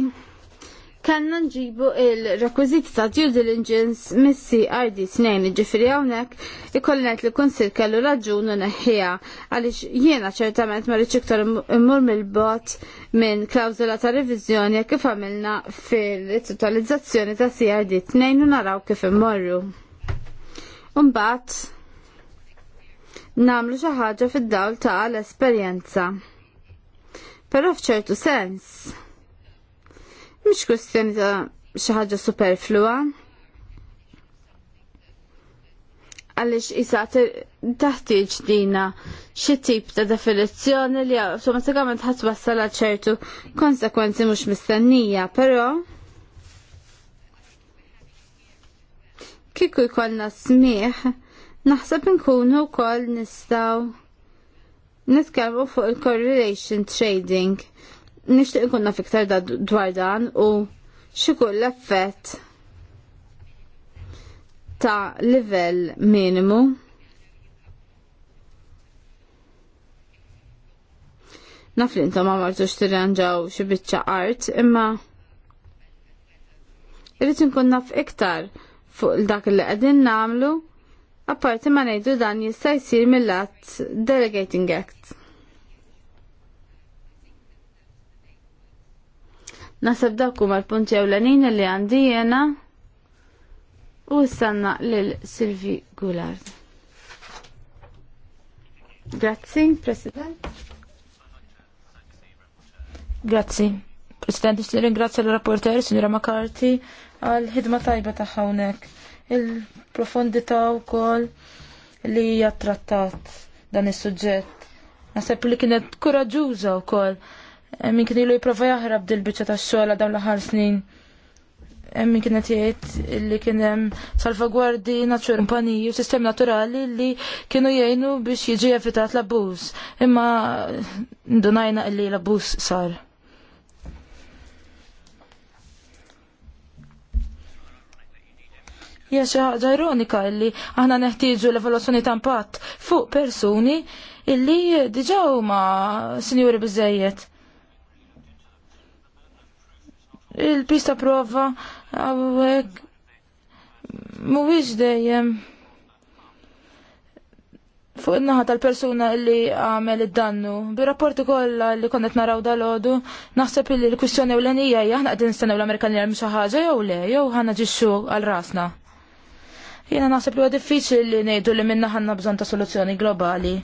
kanna nġibu il rekwizit ta' due diligence missi id 2 ġifiri għawnek ikollinet li konsil kellu raġun neħħija għalix jiena ċertament ma iktar immur mill-bot minn klawzula ta' revizjoni kif għamilna fil-totalizzazzjoni ta' CRD2 u naraw kif immorru. Umbat, namlu xaħġa fid-dawl ta' l-esperienza. Pero fċertu sens, Mhux kwestjoni ta' xi ħaġa superflua. Għaliex isa taħtieġ dina xi tip ta' definizzjoni li awtomatikament ħadd wassal ċertu konsekwenzi mhux mistennija, però kieku jkollna smieħ, naħseb nkunu wkoll nistgħu nitkellmu fuq il-correlation trading nixtieq nkunna fiktar da dwar dan u xikun l-effett ta' livell minimu. Naf li intom ma martux tirranġaw xi biċċa art imma irrid inkun naf iktar fuq dak li qegħdin nagħmlu apparti ma ngħidu dan jista' jsir mill-att Delegating Act. Nasab dakku mal-punti ewlenin li għandi jena u s-sanna l-Silvi Gullard. Grazzi, President. Grazzi. President, nixtieq ringrazzi l-rapporter, Signora McCarthy, għal ħidma tajba taħħawnek. hawnhekk. Il-profondità wkoll li jattrattat trattat dan is-suġġett. Nasab li kienet u wkoll min kien ilu jiprofa jaħrab dil-biċċa tax-xogħla dawn l-aħħar snin. Min kien qed jgħid li kien hemm salvagwardi kumpaniji u sistem naturali li kienu jgħinu biex jiġi evitat l-abbuż. Imma ndunajna li l-abbuż sar. hija xi ħaġa ironika illi aħna neħtieġu l-evoluzzjoni ta' impatt fuq persuni illi diġà huma sinjuri biżejjed il-pista prova għawek muwix dejjem fuq il-naħa tal-persuna illi għamel id-dannu. Bi-rapporti kollha li konnet naraw dal-ħodu, naħseb li l-kwistjoni ewlenija hija aħna qegħdin nistennew l-Amerikani għal xi ħaġa jew le, jew ħana ġixxu għal rasna. Jiena naħseb li huwa diffiċli li ngħidu li minna għanna bżonn ta' soluzzjoni globali.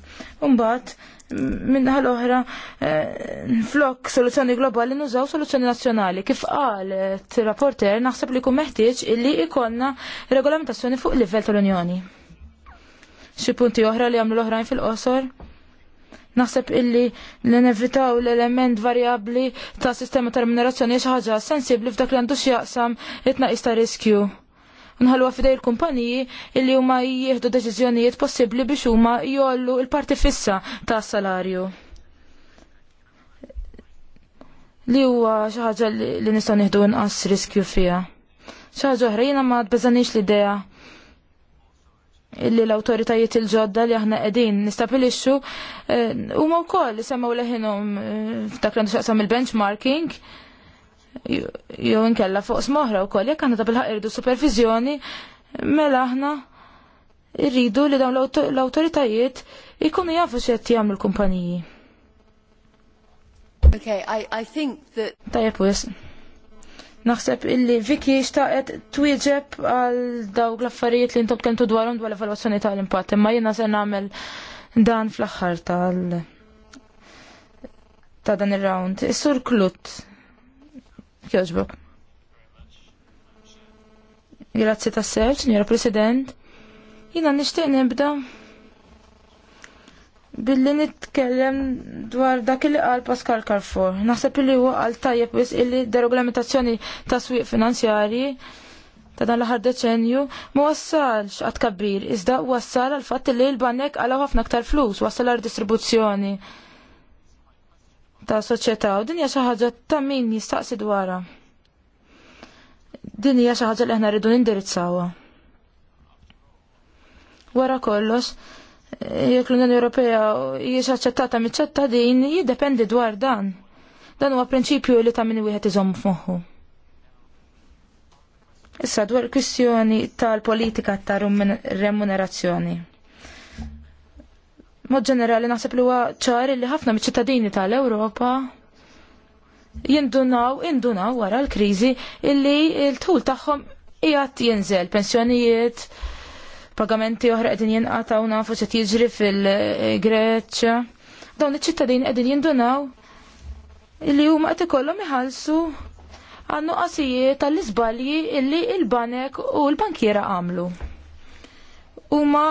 Umbat, minnaħa l-oħra eh, flok soluzzjoni globali nużaw soluzzjoni nazzjonali. Kif qalet eh, rapporter naħseb li jkun meħtieġ illi ikonna regolamentazzjoni fuq livell tal-Unjoni. Xi punti oħra li għamlu l-oħrajn fil-qosor? Naħseb illi l-nevitaw l-element varjabli ta' sistema ta' remunerazzjoni xi ħaġa sensibbli f'dak li għandux jaqsam it-tnaqis ta' riskju nħallu għafidej il-kumpaniji illi huma jieħdu deċiżjonijiet possibbli biex huma jollu il-parti fissa tas salarju. Li huwa xi ħaġa li nistgħu nieħdu inqas riskju fiha. Xi ħaġa oħra jiena ma tbeżanix l-idea illi l-autoritajiet il-ġodda li aħna qegħdin nistabilixxu eh, huma wkoll semgħu leħinhom eh, f'dak l-għandu xaqsam il-benchmarking jew inkella fuq smoħra wkoll jekk għandna bil irdu supervizjoni mela aħna irridu li dawn l-awtoritajiet ikunu jafu x'qed jagħmlu l-kumpaniji. Okay, I, I think that... Tajab wis. Naħseb illi Viki xtaqet twieġeb għal dawk l-affarijiet li intom kentu dwarhom dwar l-evalwazzjoni tal-impatt, imma jiena se nagħmel dan fl-aħħar tal ta' dan ir-round. Is-sur Klut Kjoġbok. Grazzi ta' sew, signora President. Jina nishtiq nibda billi nitkellem dwar dak li qal Pascal Carrefour. Naħseb li huwa għal tajjeb wis illi deregolamentazzjoni ta' swieq finanzjarji ta' dan l-aħħar deċenju ma wassalx għad kabbir, iżda wassal għal fatt li l-banek għalaw ħafna aktar flus, wassal għal distribuzzjoni ta' soċjetà u dinja xi ħaġa ta' min jistaqsi dwarha. Din hija xi ħaġa li aħna rridu nindirizzawha. Wara kollox, jekk l-Unjoni Ewropea hija aċċettata miċ-ċittadin jiddependi dwar dan. Dan huwa prinċipju li ta' min wieħed iżomm f'moħħu. Issa dwar kwistjoni tal-politika tar remunerazzjoni. Mod ġenerali naħseb li huwa ċar li ħafna miċ-ċittadini tal-Ewropa jindunaw, indunaw wara l-kriżi illi l-tul tagħhom qiegħed jinżel pensjonijiet, pagamenti oħra qegħdin jinqataw nafu se jiġri fil greċja Dawn iċ-ċittadini qegħdin jindunaw illi huma qed ikollhom iħallsu għan qasijiet tal-iżbalji illi il-banek u l-bankiera għamlu huma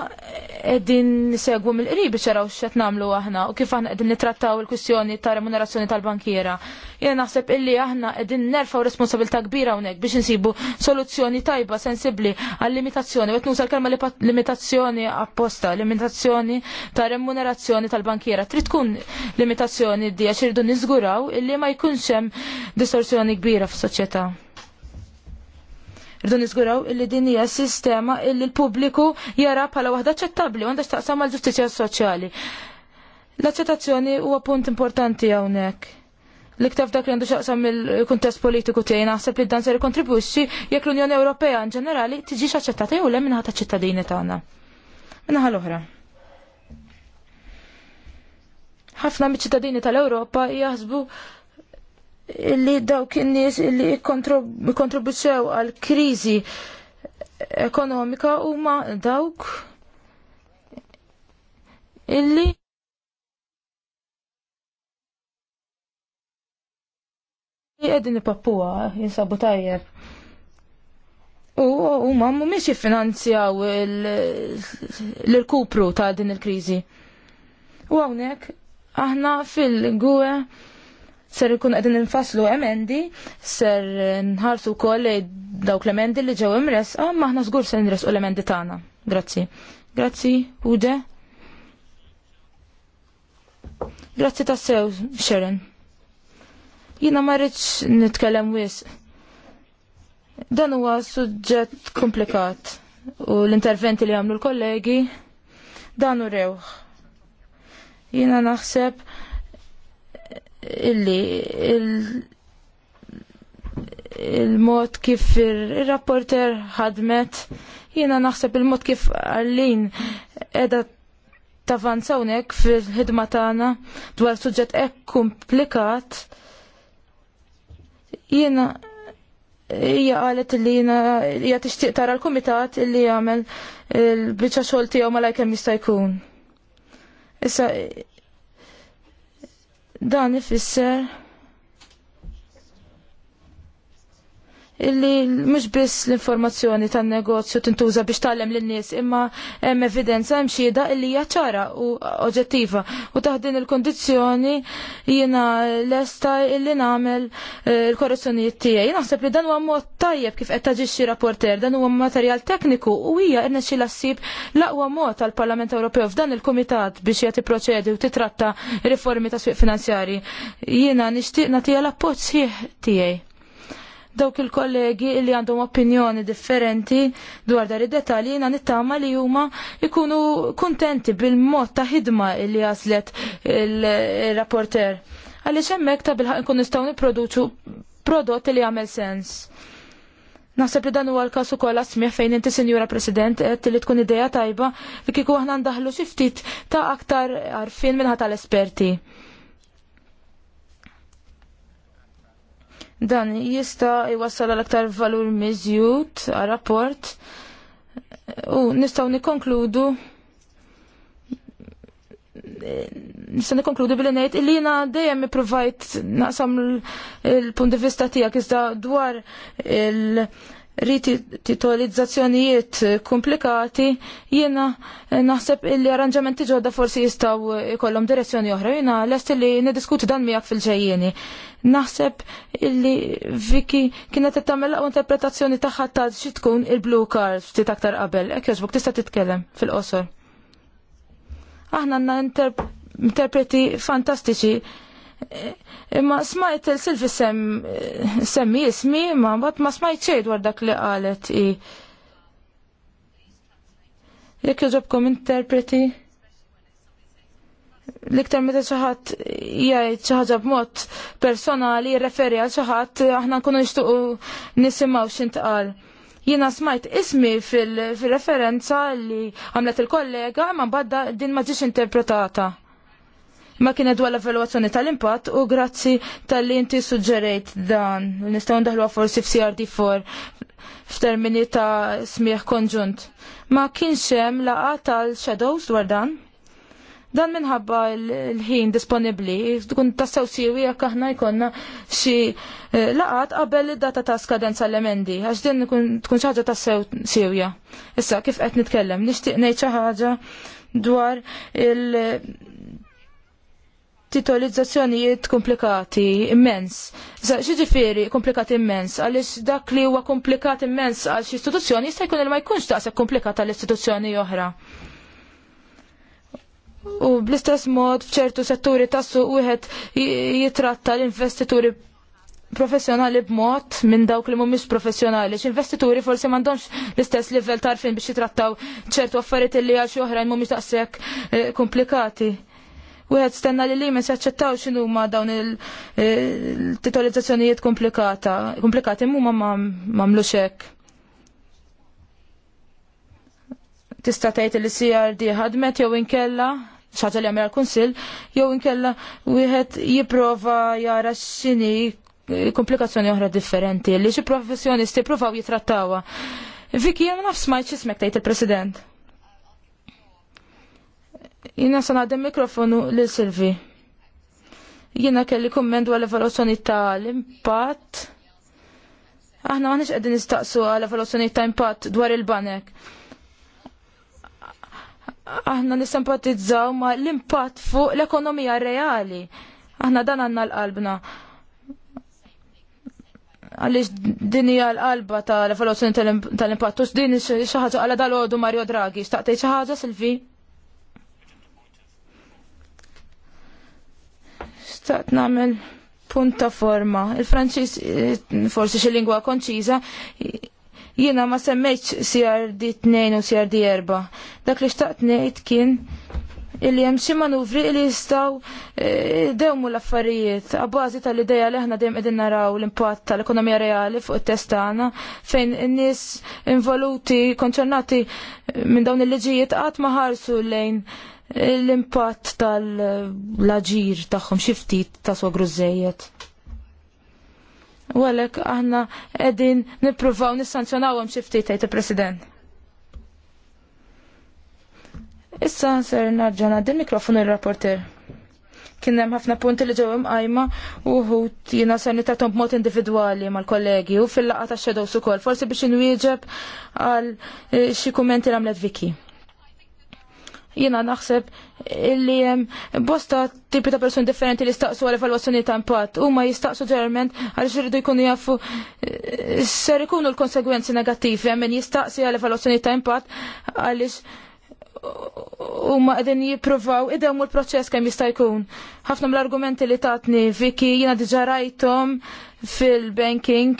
qegħdin segwu mill-qrib biex jaraw x'qed nagħmlu aħna u kif aħna qegħdin nittrattaw il-kwistjoni ta' remunerazzjoni tal-bankiera. Jiena naħseb illi aħna qegħdin nerfgħu responsabilità kbira hawnhekk biex insibu soluzzjoni tajba sensibbli għall-limitazzjoni qed nuża l-kelma limitazzjoni apposta, limitazzjoni ta' remunerazzjoni tal-bankiera. Trid tkun limitazzjoni di għax irridu niżguraw illi ma jkunx hemm distorsjoni kbira fis-soċjetà. Irdu niżguraw illi din hija sistema illi l-pubbliku jara bħala waħda ċettabli għandha x'taqsam mal-ġustizzja soċjali. L-aċċettazzjoni huwa punt importanti hawnhekk l-iktar dak li għandu xaqsam il-kuntest politiku tiegħi naħseb li dan se jikkontribwixxi jekk l-Unjoni Ewropea in ġenerali tiġix aċċettata jew le minħata ċittadini tagħna. Minħa l-oħra. Ħafna miċ-ċittadini tal-Ewropa jaħsbu li dawk in-nies li kontribwew għal kriżi ekonomika huma dawk illi qegħdin ipappuha jinsabu tajjeb. U huma mhumiex jiffinanzjaw l irkupru ta' din il-kriżi. U hawnhekk aħna fil-gwe ser ikun qegħdin infaslu emendi, ser nħarsu wkoll dawk l-emendi li ġew imresqa, maħna żgur se nresqu l-emendi tagħna. Grazzi. Grazzi, Ude. Grazzi tassew, Sharon. Jina ma rridx nitkellem wis. Dan huwa suġġett komplikat u l-interventi li għamlu l-kollegi dan u rewħ. Jina naħseb illi il-mod il kif il-rapporter ħadmet jiena naħseb il-mod kif għallin edha tavanzawnek fil-ħidma tagħna dwar suġġett hekk komplikat jiena hija qalet li jiena hija tixtieq tara l-kumitat illi jagħmel il-biċċa xogħol tiegħu malajkemm jista' jkun. Issa Dan ifisser Illi mhux biss l-informazzjoni tan-negozju tintuża biex tgħallem lin-nies imma hemm evidenza hemm xhieda li hija ċara u oġġettiva u taħdin il-kondizzjoni jiena lesta li nagħmel eh, il-korrezzjonijiet tiegħi. Jien naħseb li dan huwa mod tajjeb kif qed taġixxi rapporter dan huwa materjal tekniku u hija rnexxila ssib l-aqwa mod tal-Parlament Ewropew f'dan il-kumitat biex jagħti proċedi u titratta riformi ta' swieq finanzjari. Jiena nixtieq nagħtiha l-appoġġ sħiħ tiegħi dawk il-kollegi li għandhom opinjoni differenti dwar dar id-detalji jiena nittama li huma jkunu kuntenti bil-mod ta' ħidma li għaslet il-rapporter. Għaliex hemmhekk ta' bil-ħak nkun nistgħu nipproduċu prodott li jagħmel sens. Naħseb li dan huwa l-każ ukoll smieħ fejn inti Sinjura President qed li tkun idea tajba li kieku aħna ndaħlu xi ftit ta' aktar arfin minħa tal-esperti. Dan jista' jwassal għal aktar valur miżjud għal rapport u nistgħu nikkonkludu nista' nikkonkludu billi ngħid illi jiena dejjem provajt naqsam il-punt di vista tiegħek iżda dwar il-, il titolizzazzjonijiet komplikati jiena eh, naħseb illi arranġamenti ġodda forsi jistaw ikollom direzzjoni oħra jiena lest li nediskuti dan miegħek fil-ġejjieni. Naħseb illi Viki kienet qed tagħmel interpretazzjoni tagħha ta' xi tkun il-blue card ftit aktar qabel. Ek jogħġbok tista' titkellem fil-qosor. Aħna għandna interpreti fantastiċi Imma smajt il-silfi semmi ismi, ma bat ma smajt xejn dwar dak li qalet i. Jekk joġobkom interpreti? L-iktar meta xi ħadd jgħid xi ħaġa b'mod personali referi għal xi ħadd aħna nkunu nixtuqu nisimgħu għal. Jiena smajt ismi fil-referenza li għamlet il-kollega imma badda din ma interpretata ma kien dwar l-evaluazzjoni tal-impatt u grazzi tal-li inti suġġerejt dan. Nistgħu ndaħlu forsi f'CRD4 f'termini ta' smieħ konġunt. Ma kienx hemm laqgħa tal-shadows dwar dan? Dan minħabba l-ħin disponibli, tkun tassaw siwi jekk aħna jkonna xi eh, laqat qabel id-data ta' skadenza l-emendi, għax din tkun ħaġa tassaw siwja. Issa, kif qed nitkellem, nixtieq ngħid xi ħaġa dwar il- titolizzazzjonijiet komplikati immens. Xiġifieri komplikati immens, għaliex dak li huwa komplikati immens għal xi istituzzjoni jista' jkun li ma jkunx daqshekk komplikat għal istituzzjoni oħra. U bl-istess mod f'ċertu setturi tassu wieħed jitratta l-investituri professjonali b'mod minn dawk li mhumiex professjonali. X'investituri forsi m'għandhomx l-istess livell tarfin biex jitrattaw ċertu affarijiet li għal xi oħra mhumiex daqshekk eh, komplikati u għed stenna li li mis jaċċettaw xinu ma dawn il-titolizzazzjonijiet komplikata, komplikati mu ma mamlu xek. Tista tgħid li CRD ħadmet jew inkella xaġa li għal-konsil, jew inkella wieħed jipprova jara x'ini komplikazzjoni oħra differenti li xi professjonisti jippruvaw jitrattawa. Viki, jem nafs ma jċismek tajt il-president. Jina sa naħdem mikrofonu li Silvi. Jina kelli komment dwar l ta' l-impatt. Aħna maħniex qegħdin nistaqsu għal evoluzzjoni ta' impatt dwar il-banek. Aħna nisimpatizzaw ma' l-impatt fuq l-ekonomija reali. Aħna dan għanna l-qalbna għalix dinija l-qalba tal-evoluzzjoni tal Tux dini xaħġa għal dal-ħodu Mario Draghi, xtaqtej xaħġa Silvi? Xtaqt namel punta forma. Il-Franċiż eh, forsi xi lingwa konċiża jiena ma semmejtx CRD 2 u CRD 4. Dak li xtaqt ngħid kien illi hemm xi manuvri li jistgħu eh, dewmu l-affarijiet għabbażi tal-idea li aħna dejjem qegħdin naraw l-impatt tal-ekonomija reali fuq it-test tagħna fejn in-nies involuti konċernati eh, minn dawn il-liġijiet qatt ma ħarsu lejn l-impatt tal-laġir tagħhom xi ftit ta' sogru żejjed. U għalhekk aħna qegħdin nippruvaw nissanzjonawhom xi ftit tgħid il-President. Issa ser narġa' ngħaddi l-mikrofon ir-rapporter. Kien hemm ħafna punti li ġew imqajma u wħud jiena se nitatom b'mod individwali mal-kollegi u fil-laqgħa tax-shadows ukoll, forsi biex inwieġeb għal xi kumenti li għamlet Viki. Jiena naħseb illi hemm bosta tipi ta' persuni differenti li staqsu għal evalwazzjoni ta' impatt huma jistaqsu ġerment għaliex iridu jkunu jafu eh, ser ikunu l-konsegwenzi negattivi hemm min jistaqsi għal evalwazzjoni ta' impatt għaliex huma qegħdin dem u l-proċess kemm jista' jkun. Ħafna mill-argumenti li tatni Viki jiena diġà rajthom fil-banking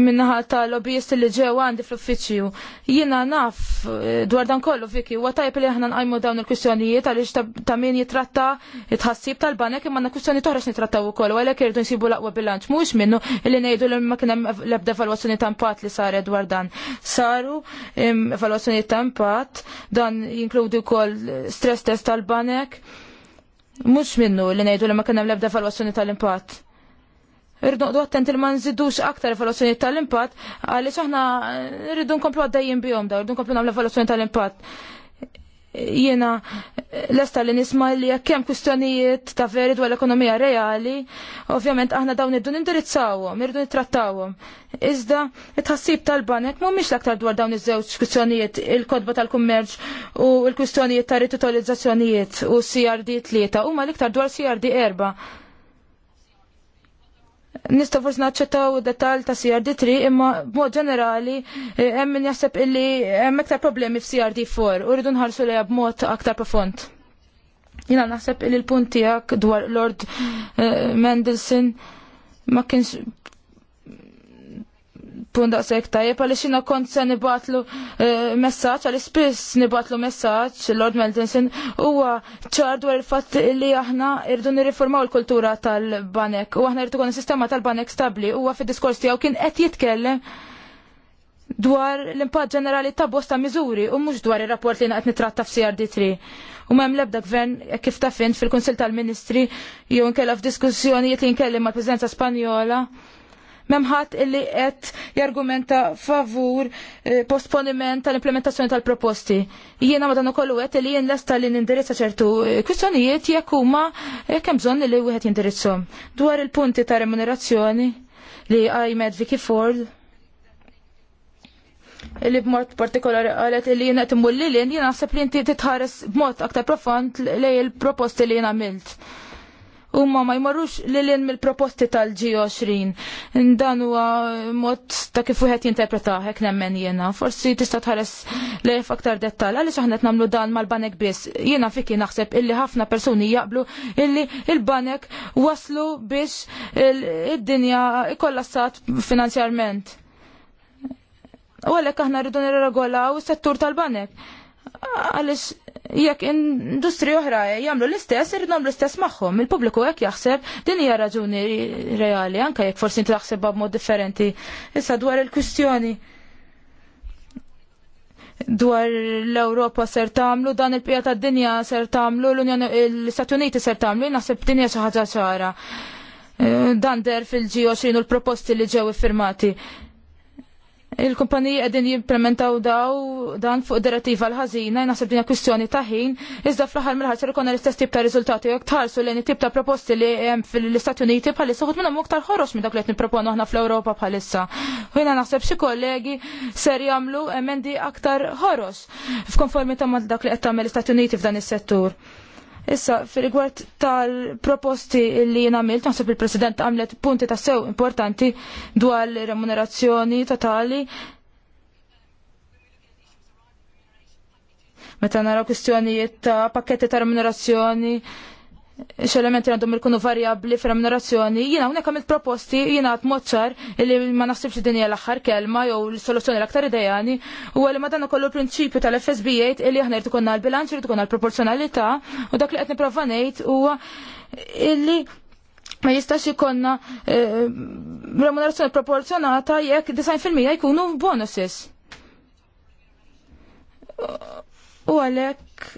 minnaħa ta' lobbyist li ġew għandi fl-uffiċċju. Jiena naf eh, dwar dan kollu viki, huwa tajb li aħna nqajmu dawn il-kwistjonijiet għaliex ta' min jitratta tħassib tal-banek imma na kwistjoni toħra nittrattaw ukoll u għalhekk irridu nsibu l-aqwa bilanċ mhux minnu li ngħidu li ma kien hemm l-ebda evalwazzjoni ta' impatt li saret dwar dan. Saru evalwazzjoni ta' impatt dan jinkludi wkoll stress test tal-banek. Mux minnu li ngħidu li ma kien hemm l-ebda evalwazzjoni tal-impatt irridu attenti li ma nżidux aktar evaluazzjoni tal-impatt għaliex aħna rridu nkomplu għaddejjin bihom da, rridu nkomplu nagħmlu evaluazzjoni tal-impatt. Jiena lesta li nisma li jekk hemm kwistjonijiet ta' veri dwar l-ekonomija reali, ovvjament aħna dawn irridu nindirizzawhom, irridu nittrattawhom. Iżda it-ħassib tal-banek mhumiex l-aktar dwar dawn iż-żewġ kwistjonijiet il-kodba tal-kummerċ u l-kwistjonijiet ta' ritutolizzazzjonijiet u CRD tlieta huma l-iktar dwar CRD erba' Nista' forsi naċċettaw detal ta' CRD3 imma b'mod ġenerali eh, hemm min jaħseb illi hemm aktar problemi f'CRD4 u rridu nħarsu lejha b'mod aktar profond. Jiena naħseb illi l-punt tiegħek dwar Lord eh, Mendelssohn ma kienx pun daqshekk tajjeb għaliex xina kont se nibatlu eh, messaġġ għaliex spiss nibatlu messaġġ Lord Meltinson huwa ċar dwar il-fatt li aħna irdu nirriformaw il-kultura tal-banek u aħna irdu għon sistema tal-banek stabbli huwa fid-diskors tiegħu kien qed jitkellem dwar l-impatt ġenerali ta' bosta miżuri u mhux dwar ir-rapport li naqt nitratta crd 3 U m'hemm l-ebda gvern kif ta' fint fil konsil tal-Ministri jew nkella f'diskussjonijiet li nkellim mal-Preżenza Spanjola memħat illi qed jargumenta favur eh, postponiment tal-implementazzjoni tal-proposti. Jiena ma dan ukollu qed li jien lesta li nindirizza ċertu eh, kwistjonijiet jekk huma eh, kemm bżonn li wieħed jindirizzhom. Dwar il-punti ta' remunerazzjoni li għajmed Vicky Ford li b'mod partikolari għalet li jena timmulli li jina naħseb li inti titħares b'mod aktar profond li il-proposti li jina għamilt huma ma jmorrux lilin mill-proposti tal-G20. Dan huwa mod ta' kif wieħed jinterpreta hekk nemmen jiena. Forsi tista' tħares li aktar dettal. Għaliex aħna qed nagħmlu dan mal-banek biss. Jiena fiki naħseb illi ħafna persuni jaqblu illi il-banek waslu biex id-dinja ikollassat finanzjarment. U għalhekk aħna rridu nirregolaw is-settur tal-banek għalix jekk industri oħra jagħmlu l-istess irid nagħmlu l-istess magħhom. Il-pubbliku hekk jaħseb din hija raġuni reali anke jekk forsi inti taħsebha b'mod differenti. Issa dwar il-kwistjoni dwar l ewropa ser tamlu, dan il-pija ta' dinja ser tamlu, l-Stati Uniti ser tamlu, naħseb dinja xi ħaġa ċara. Eh, dan der fil ġi 20 u l-proposti li ġew iffirmati il-kumpaniji qegħdin jimplementaw daw dan fuq direttiva l ħazina naħseb dinja kwistjoni ta' ħin, iżda fl-aħħar mill-ħar ser l-istess tip ta' riżultati jekk tħarsu lejn it-tip ta' proposti li hemm fil istati Uniti bħalissa għut minnhom aktar ħoros minn dak li qed nipproponu aħna fl-Ewropa bħalissa. Ħina naħseb xi kollegi ser jagħmlu emendi aktar ħoros f'konformità ma' dak li qed tagħmel l-Istati Uniti f'dan is-settur. Issa, fil-rigward tal-proposti li jien għamilt, naħseb il-President għamlet punti ta' sew importanti dwar remunerazzjoni totali. Meta naraw kwistjonijiet ta' pakketti ta' remunerazzjoni, x-elementi għandhom ikunu varjabli fil-remunerazzjoni, jina unek għamil proposti, jina moċar li ma naħsibx dinja l axar kelma jew l-soluzzjoni l-aktar idejani, u għalli ma dan kollu prinċipju tal-FSB8 li aħna jirtu konna l-bilanċ, jirtu konna l-proporzjonalità, u dak li għetni provanejt u illi ma jistax ikonna eh, remunerazzjoni proporzjonata jekk 90% jkunu bonuses. U għalek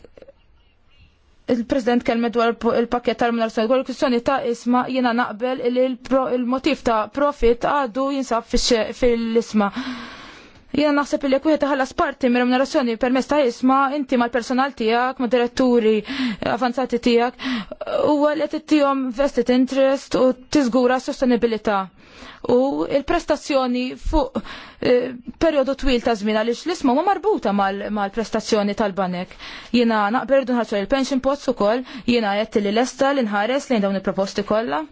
il-President kelmet dwar il-pakket tal-minarsan dwar il-kwistjoni ta' isma jiena naqbel il-motiv ta' profit għadu jinsab fil-isma. Jiena naħseb li kwiet ħallas parti minn remunerazzjoni permess ta' isma inti mal-personal tiegħek, ma' diretturi avanzati tiegħek, huwa li tittihom vested interest u tiżgura s sostenibilità u il-prestazzjoni fuq eh, perjodu twil ta' żmien għaliex l-isma ma marbuta mal-prestazzjoni tal-banek. Jiena naqberdu nħarsu il-pension pots ukoll, jiena qed li l li nħares lejn dawn il-proposti kollha.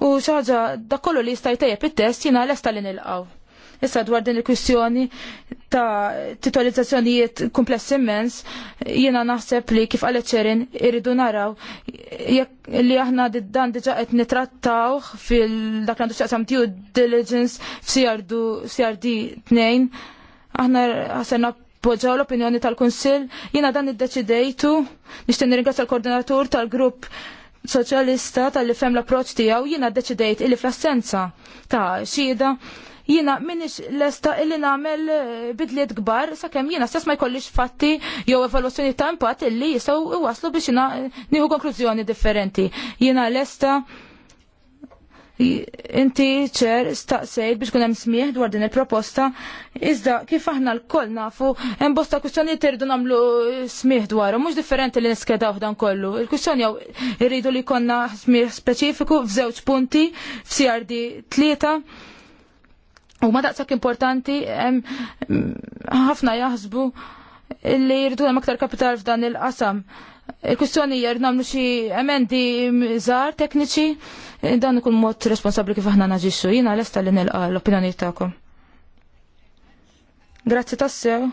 U xi ħaġa dak kollu li jista' jtejjeb it-test jiena lesta li nilqgħu. Issa dwar din il-kwistjoni ta' titolizzazzjonijiet komplessi immens, jiena naħseb li kif għalet ċerin irridu naraw li aħna dan diġa qed nitrattaw fil-dak għandu xaqsam tiju diligence f'CRD 2. Aħna għasena poġġaw l-opinjoni tal-Kunsill, jiena dan iddeċidejtu nixtieq nirringrazzja l-koordinatur tal-grupp soċjalista tal-li fem l-approċ tiegħu jiena ddeċidejt illi fl-assenza ta' xhieda jiena minix lesta illi nagħmel eh, bidliet kbar sakemm jiena stess ma jkollix fatti jew evalwazzjoni ta' impatt illi jistgħu waslu biex jiena nieħu konklużjoni differenti. Jiena lesta inti ċer staqsejt biex kunem smieħ dwar din il-proposta, iżda kif aħna l-koll nafu, bosta kustjoni terdu namlu eh, smieħ dwar, mux differenti li niskeda uħdan kollu. Il-kustjoni għaw irridu li konna smieħ specifiku f'żewġ punti, f'CRD 3, U ma daqsak importanti, ħafna jaħsbu li jirdu hemm aktar kapital f'dan il-qasam. Il-kwistjoni hija jrid nagħmlu xi emendi żgħar tekniċi, dan ikun mod responsabbli kif aħna naġixxu. Jiena lesta li nilqa' l-opinjoni tagħkom. Grazzi tassew.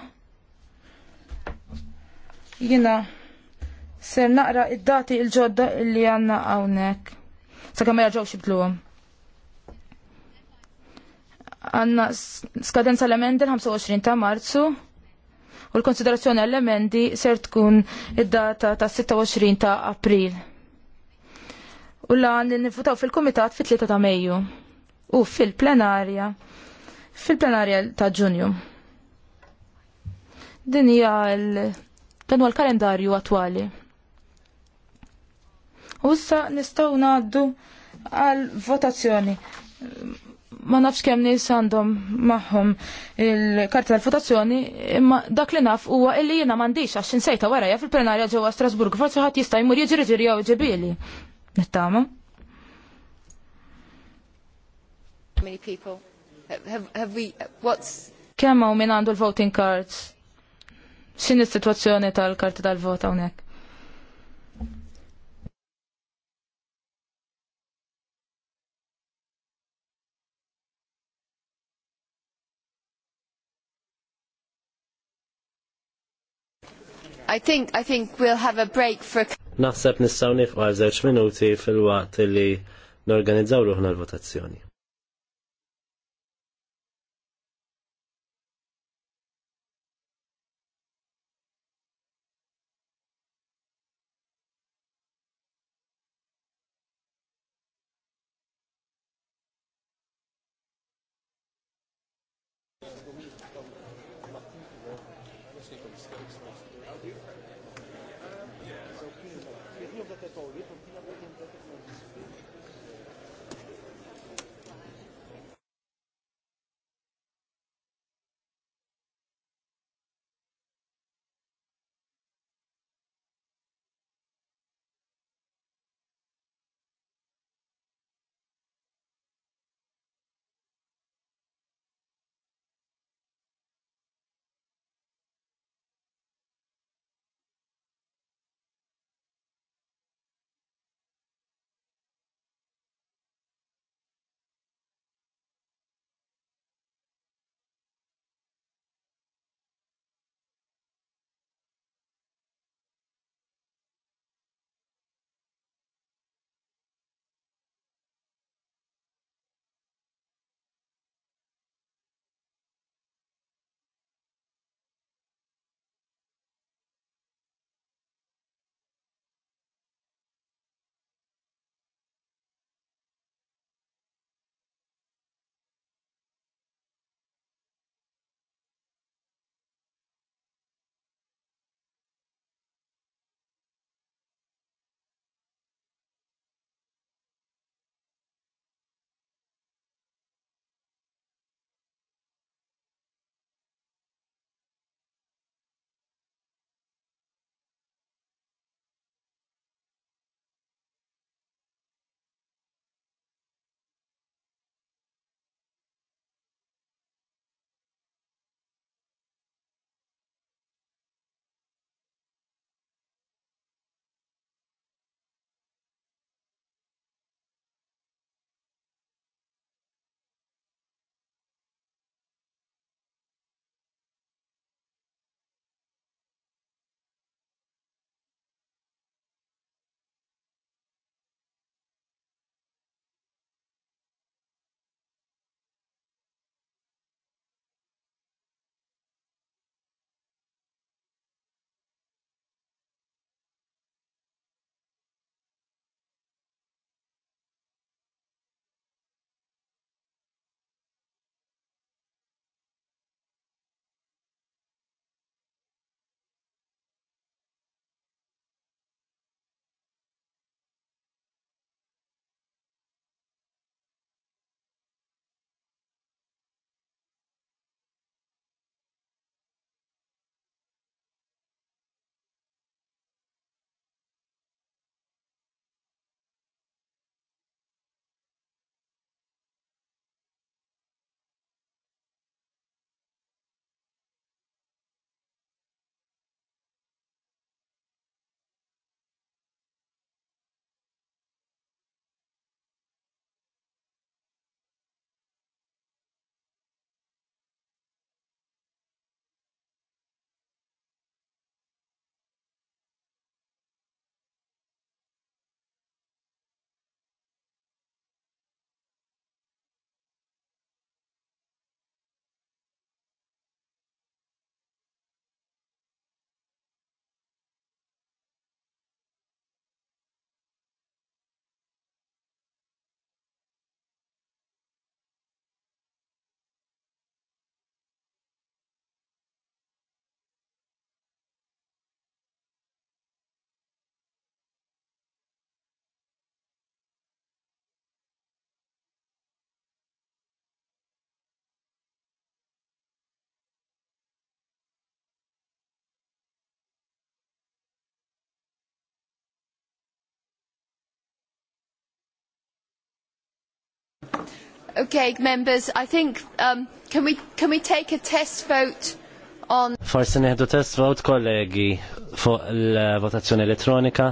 Jiena ser naqra id-dati il-ġodda li għandna hawnhekk. Sakemm ma jarġgħux jibdluhom għanna skadenza l-emendi l-25 ta' marzu u l-konsiderazzjoni għall-emendi ser tkun id-data ta' 26 ta' april. U l-għan nifutaw fil-komitat fit-3 ta' Mejju u fil-plenarja fil-plenarja ta' Ġunju. Din hija l-kalendarju attwali. U issa nistgħu ngħaddu għal votazzjoni ma nafx kemm nies għandhom magħhom il karta tal-votazzjoni, imma dak li naf huwa illi jiena m'għandix għax insejta warajja fil-plenarja ġewwa Strasburg, forsi ħadd jista' jmur jiġri ġiri jew ġibili. Nittama. Many people. Have, have we, what's... Kemm hawn min għandu l-voting cards? X'in is-sitwazzjoni tal-karti tal-vot hawnhekk? I think, I think we'll have a break for... Naħseb nistgħu nifqgħu żewġ minuti fil-waqt li norganizzaw ruħna l-votazzjoni. Okay, members, I think, um, can, we, can we take a test vote on... Forse neħdu test vote, kollegi, fuq l-votazzjoni elettronika.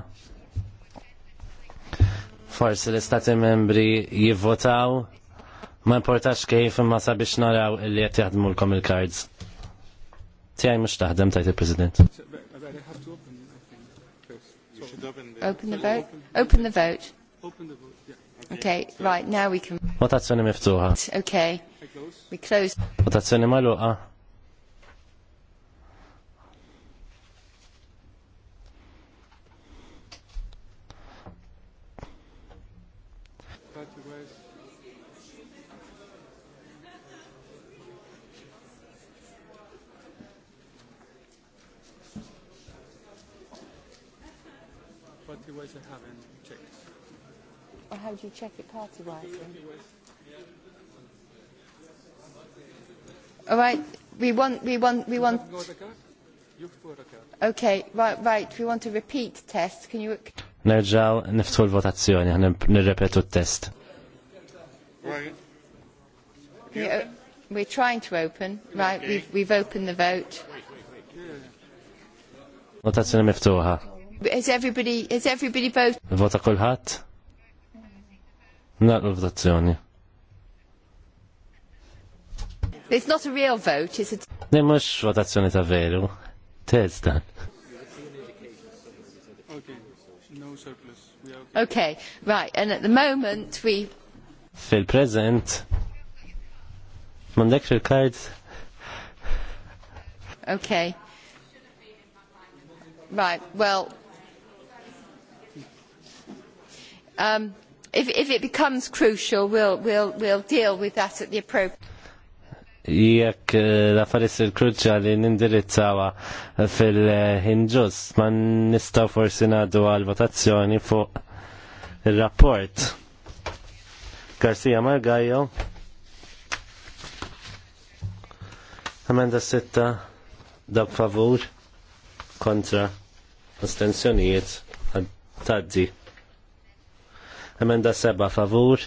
Forse l-istati membri jivvotaw, ma importax kif imma sabiex naraw li qed jaħdmu l-kom il-cards. Tiegħi mhux taħdem tajt il-President. Open the vote. Open the vote. Okay, right, now we can... Votazzjoni miftuħa. Okay, we close. Votazzjoni maluqa. you check it party-wise All right, we want, we want, we want... Okay, right, right, we want to repeat test. Can you... Nerġaw niftħu l-votazzjoni, għan nirrepetu t-test. Uh, we're trying to open, right, we've, we've opened the vote. Votazzjoni miftuħa. Is everybody, is everybody vote? Vota kulħadd? Naqlu votazzjoni It's not a real vote, it's a... Ne mux votazzjoni ta' veru. Tez dan. Okay, right, and at the moment we... Fil-present, mandek fil-kard. Okay. Right, well... Um, if, if it becomes crucial, we'll, we'll, we'll deal with that at the appropriate jekk eh, l-affarist il-kruċa li nindirizzawa fil-ħinġus, ma nistaw forsi nadu għal-votazzjoni fuq il-rapport. Garcia Margajo. Amenda sitta dab favur kontra astensjonijiet taddi. Emenda seba favur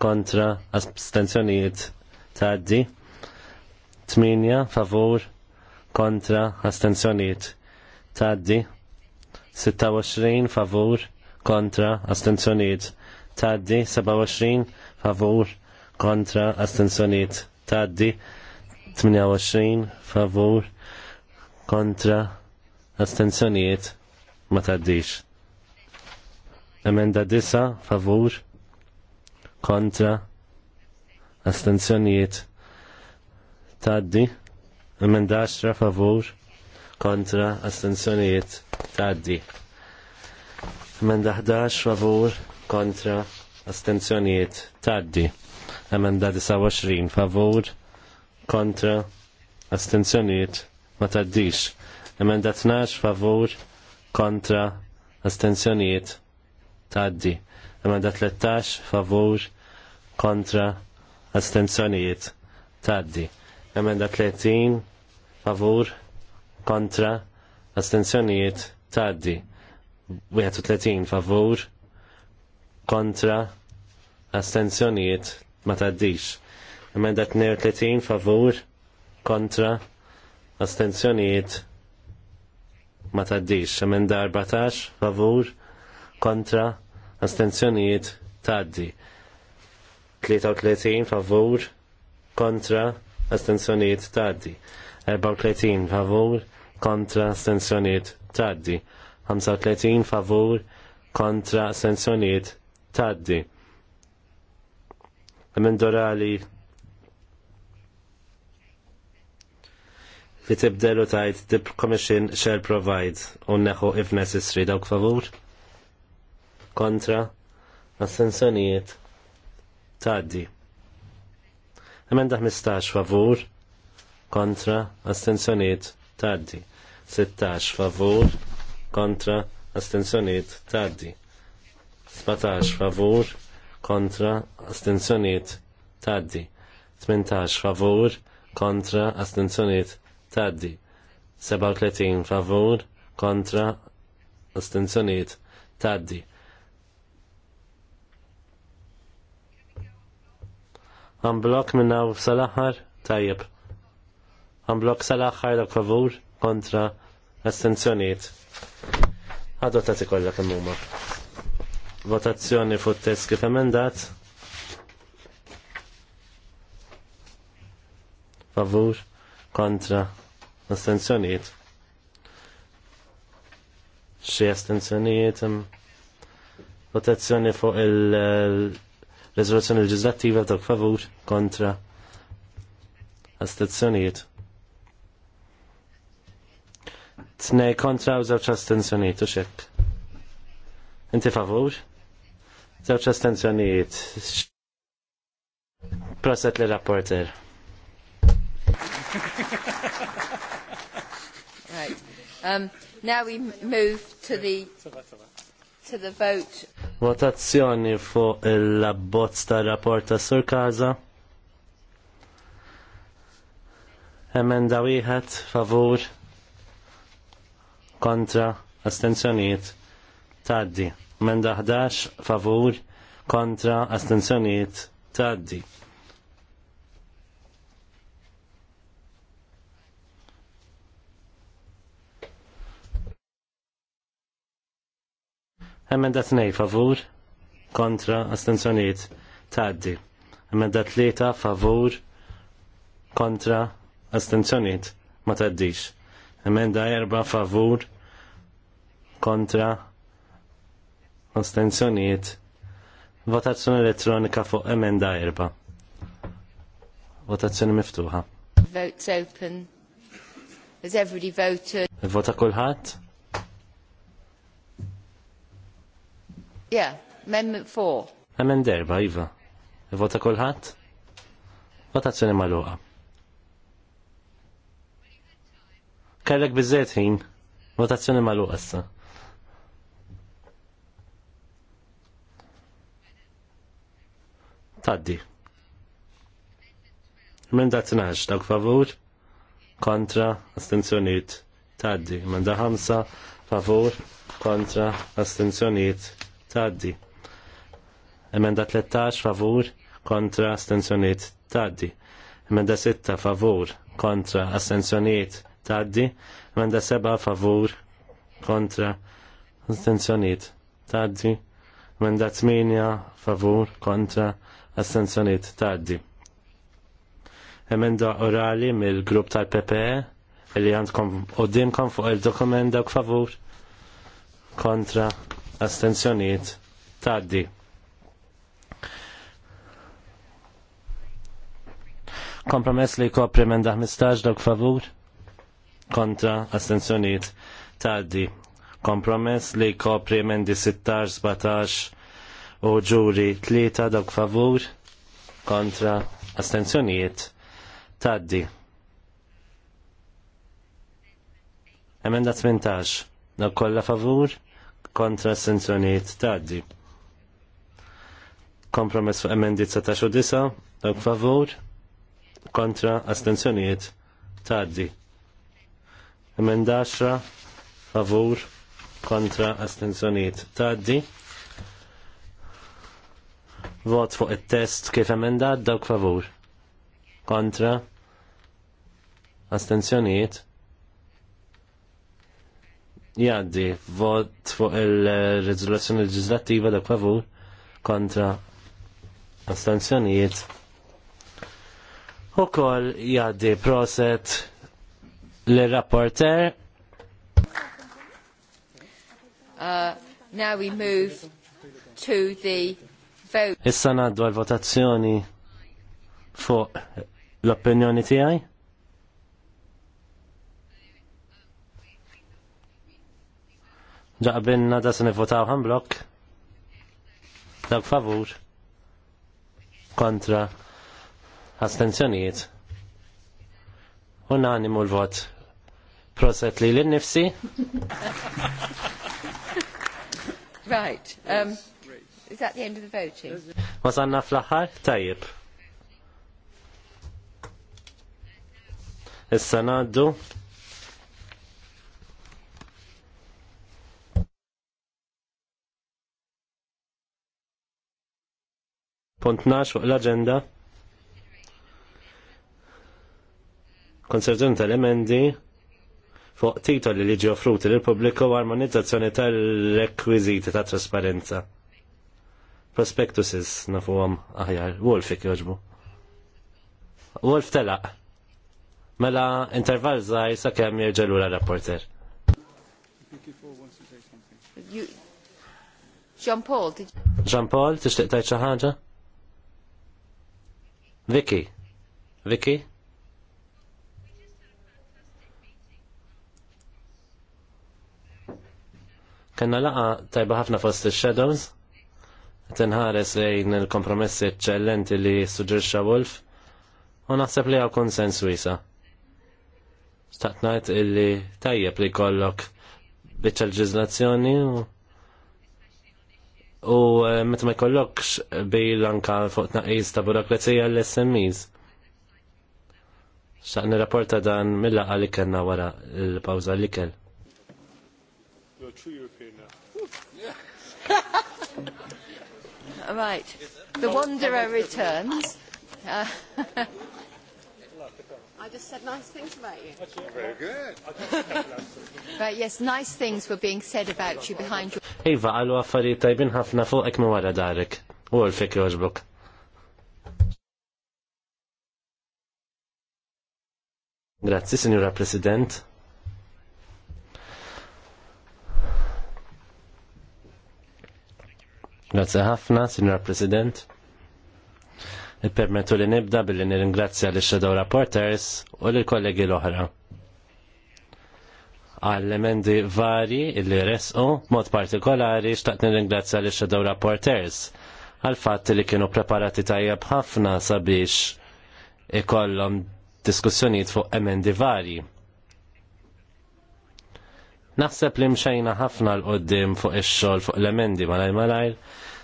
kontra astenzjonijiet taddi. tminja favur kontra astenzjonijiet taddi. 26 favur kontra astenzjonijiet taddi. 27 favur kontra astenzjonijiet taddi. 28 favur kontra astenzjonijiet ma taddix. Emenda disa, favur, kontra, astenzjonijiet, taddi. Emenda 10, favur, kontra, astenzjoniet. taddi. Emenda 11, favur, kontra, astenzjonijiet, taddi. Emenda 29, favur, kontra, astenzjoniet. ma taddix. Emenda 12, favur, kontra, astenzjonijiet, tgħaddi. Emenda 13 favur kontra astenzjonijiet tgħaddi. Emenda 30 favur kontra astenzjonijiet tgħaddi. 31 favur kontra astenzjonijiet ma taddix. Emenda 32 favur kontra astenzjonijiet ma taddix. Emenda 14 favur kontra astenzjonijiet taddi 33 favur kontra astenzjonijiet taddi 34 favur kontra astenzjonijiet taddi 35 favur kontra astenzjonijiet taddi Emendorali li tibdelu tajt Dip Commission shall provide unneħu if necessary dawk favur kontra assenzjonijiet taddi. Emenda 15 favur kontra astenzjoniet taddi. 16 favur kontra astenzjoniet taddi. 17 favur kontra astenzjoniet taddi. 18 favur kontra astenzjoniet taddi. 37 favur kontra astenzjoniet taddi. Unblock minnaw sal salahar, tajib. Unblock blok axar dak favur kontra astenzjoniet. Adottati kollha kemm huma. Votazzjoni fuq test kif emendat. Favur kontra astenzjoniet. Xi astenzjoniet votazzjoni fuq il- Rezoluzzjoni leġislattiva dak favur kontra astenzjonijiet. Tnej kontra u zewċa astenzjonijiet u xek. Inti favur? Zewċa astenzjonijiet. Proset li rapporter. right. Um, now we move to the to the vote Votazzjoni fuq il bozz tar rapport ta' Sur Kaza. Emenda wieħed favur kontra astenzjonijiet taddi. Emenda 11 favur kontra astenzjonijiet taddi. Emenda nej favur kontra astenzjoniet taddi. Emenda 3 favur kontra astenzjoniet ma taddix. Emenda erba favur kontra astenzjoniet Votazzjoni elettronika fuq emenda erba. Votazzjoni miftuħa. Votes open. Has everybody voted? Vota kulħadd? Yeah, amendment 4. Amend derba, Iva. Vota kolħat? Votazzjoni maluqa. Kellek bizzet ħin. Votazzjoni maluqa issa. Taddi. Menda 12, dak favur, kontra, astenzjoniet. Taddi. Menda ħamsa, favur, kontra, astenzjoniet taddi. Emenda 13 favur kontra astenzjoniet taddi. Emenda 6 favur kontra astenzjoniet taddi. Emenda 7 favur kontra astenzjoniet taddi. Emenda 8 favur kontra astenzjoniet taddi. Emenda orali mill-grupp tal-PPE li għandkom u dimkom fuq il-dokument u favur kontra astenzjoniet taddi. Kompromess li kopri menda 15 dawk favur kontra astenzjoniet taddi. Kompromess li kopri di 16, 17 u ġuri 3 dawk favur kontra astenzjoniet taddi. Emenda 18 dawk kolla favur kontra s-sensjoniet taddi. Kompromess fuq emendi 19 dawk favur kontra astensjoniet taddi. Emenda 10 favur kontra astensjoniet taddi. Vot fuq it-test kif emendat dawk favur kontra astensjoniet jgħaddi vot fuq il-rezoluzzjoni legislativa da favur kontra astenzjonijiet. U kol jgħaddi proset l-rapporter. Uh, now we move to the vote. Issa naddu għal-votazzjoni fuq l-opinjoni tiegħi? Ġaqbinna da se nivvotaw ħan blok. Dak favur. Kontra. Unna Unanimu l-vot. Proset li l-nifsi. right. Um, is that the end of the voting? Wasanna fl-ħar? Tajib. Is-sanaddu? punt nax fuq l-agenda. Konserġun tal-emendi fuq titoli li ġi offruti lil pubbliku armonizzazzjoni tal-rekwiżiti ta' trasparenza. Prospectuses nafuhom aħjar, Wolfik joġbu. Wolf telaq. Mela intervall zaħir sa' kem jirġelu la' rapporter. Jean-Paul, tixtieq paul xi ħaġa? Vicky. Vicky? Kanna laqa tajba ħafna fost il-Shadows. Tenħares lejn il-kompromessi eccellenti li suġġerxa Wolf. U naħseb li għaw konsens wisa. Staqnajt illi tajjeb li kollok biċċa l-ġizlazzjoni u u eh, meta ma jkollokx bil anka fuq tnaqqis ta' burokrazija l-SMEs. Xaqni rapporta dan mill li kena wara l-pawza li kell. Right, the wanderer returns. I just said nice things about you. Very good. but yes, nice things were being said about you behind you. Iva, għallu għaffariet tajbin ħafna fuqek minn wara darek. U l-fikri oġbuk. Grazzi, Signora President. Grazie Hafna, Signora President. Permettu li nibda billi nirringrazzja li shadow Rapporters u li kollegi l-oħra. Għall-emendi vari illi resqu, mod partikolari xtaqt nirringrazzja li shadow Rapporters għal-fatt li kienu preparati tajjeb ħafna sabiex ikollhom diskussjonijiet fuq emendi vari. Naħseb li mxejna ħafna l-qoddim fuq ix-xogħol fuq l-emendi malajr malajr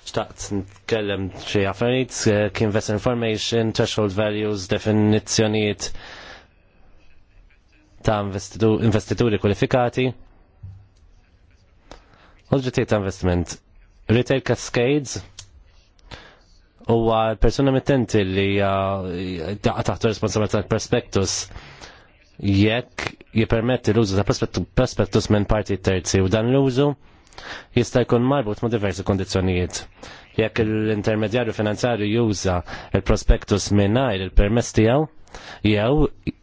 xtaqt nitkellem xi affarijiet eh, kien vest information, threshold values, definizzjonijiet ta' investituri kwalifikati. Oġġettijiet ta' investiment. Retail Cascades huwa persuna mittenti li eh, taħt responsabilità prospektus jekk jipermetti l-użu ta' prospectus minn parti terzi u dan l-użu jista' jkun marbut ma' diversi kondizzjonijiet. Jekk l-intermedjarju finanzjarju juża il-prospektus mingħajr il-permess tiegħu, jew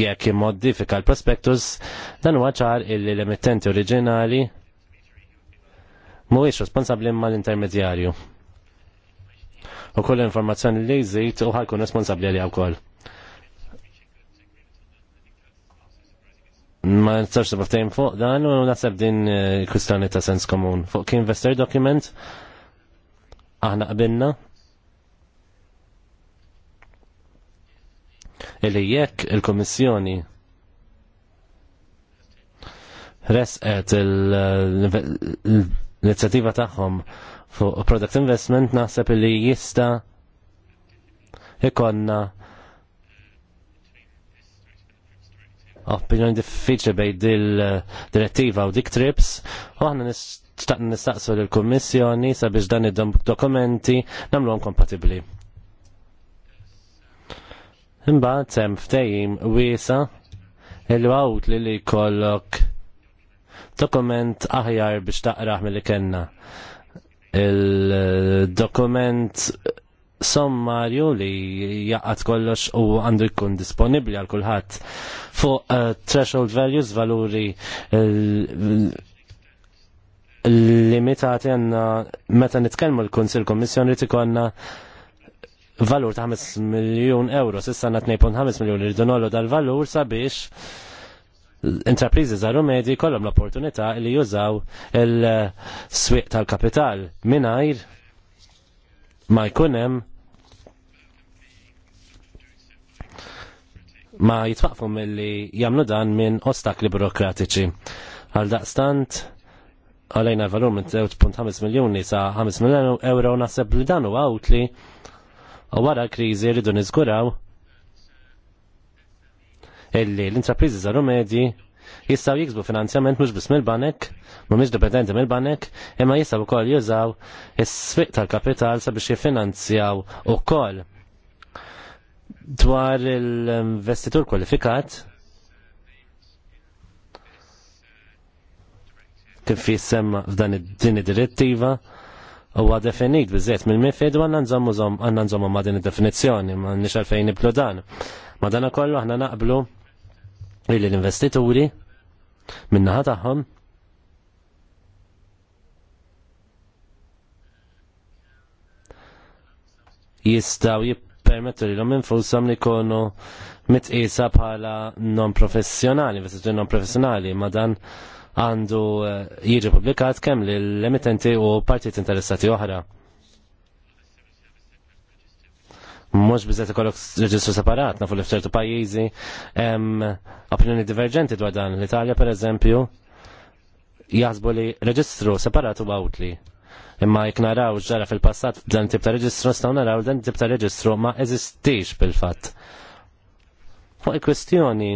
jekk jimmodifika l-prospektus, dan huwa ċar illi l-emittenti oriġinali mhuwiex responsabbli mal intermedjarju U kull informazzjoni li jżid u ħalkun responsabbli għalija wkoll. Ma nistax sebaftajn fuq dan u nasab din eh, kustani ta' sens komun. Fuq kien investor dokument, aħna qbilna. Illi jekk il-Komissjoni resqet eh, l-inizjativa tagħhom fuq product investment naħseb li jista' ikonna opinjoni diffiċli bej dil-direttiva eh, u dik trips, u għanna nistaqn nistaqsu l-Kommissjoni sabiex dan id-dokumenti namluhom kompatibli. Imbagħad hemm ftejim wiesa il għawt li li kollok dokument aħjar biex taqraħ mill-li kenna. Il-dokument sommarju li jaqat kollox u għandu jkun disponibli għal kulħadd fuq uh, threshold values valuri eh, limitati għanna meta nitkellmu l-Kunsil Kommissjoni li tikonna valur ta' 5 miljon euro, sissa għanna 2.5 miljon li donollu dal-valur sabiex intrapriżi zaru medji kollom l-opportunità li jużaw il-swiq tal-kapital minajr ma jkunem ma jitwaqfu mill-li jamlu dan minn ostakli burokratiċi. Għal daqstant, għalajna valur minn 3.5 miljoni sa 5 miljoni euro naseb li dan u għawt li wara l-krizi rridu nizguraw illi l-intrapriżi zaru medji jistaw jiksbu finanzjament mhux biss mill-banek, mhumiex dipendenti mill-banek, imma jistaw ukoll jużaw is-sfiq tal-kapital sabiex jiffinanzjaw ukoll dwar il-investitur kwalifikat kif jissem f'dan din id-direttiva huwa definit bizzet minn mifid u għandna nżommu ma' din id-definizzjoni ma' nix għalfejn niblu dan. Ma' dana kollu aħna naqblu li l-investituri minnaħa tagħhom jistaw jib Permettu li l-om li konu mitqisa bħala non-professjonali, vestitu non-professjonali, ma dan għandu eh, jiġi publikat kemm l-emittenti u partijiet interessati oħra. Mux bizet ikollok reġistru separat, nafu li fċertu pajizi, opinjoni divergenti dwar dan. L-Italja, per eżempju, jasbu li reġistru separat u Imma jek naraw ġara fil-passat dan tip ta' reġistru, nistaw naraw dan tip ta' reġistru ma' eżistix bil-fat. Fuq il-kwestjoni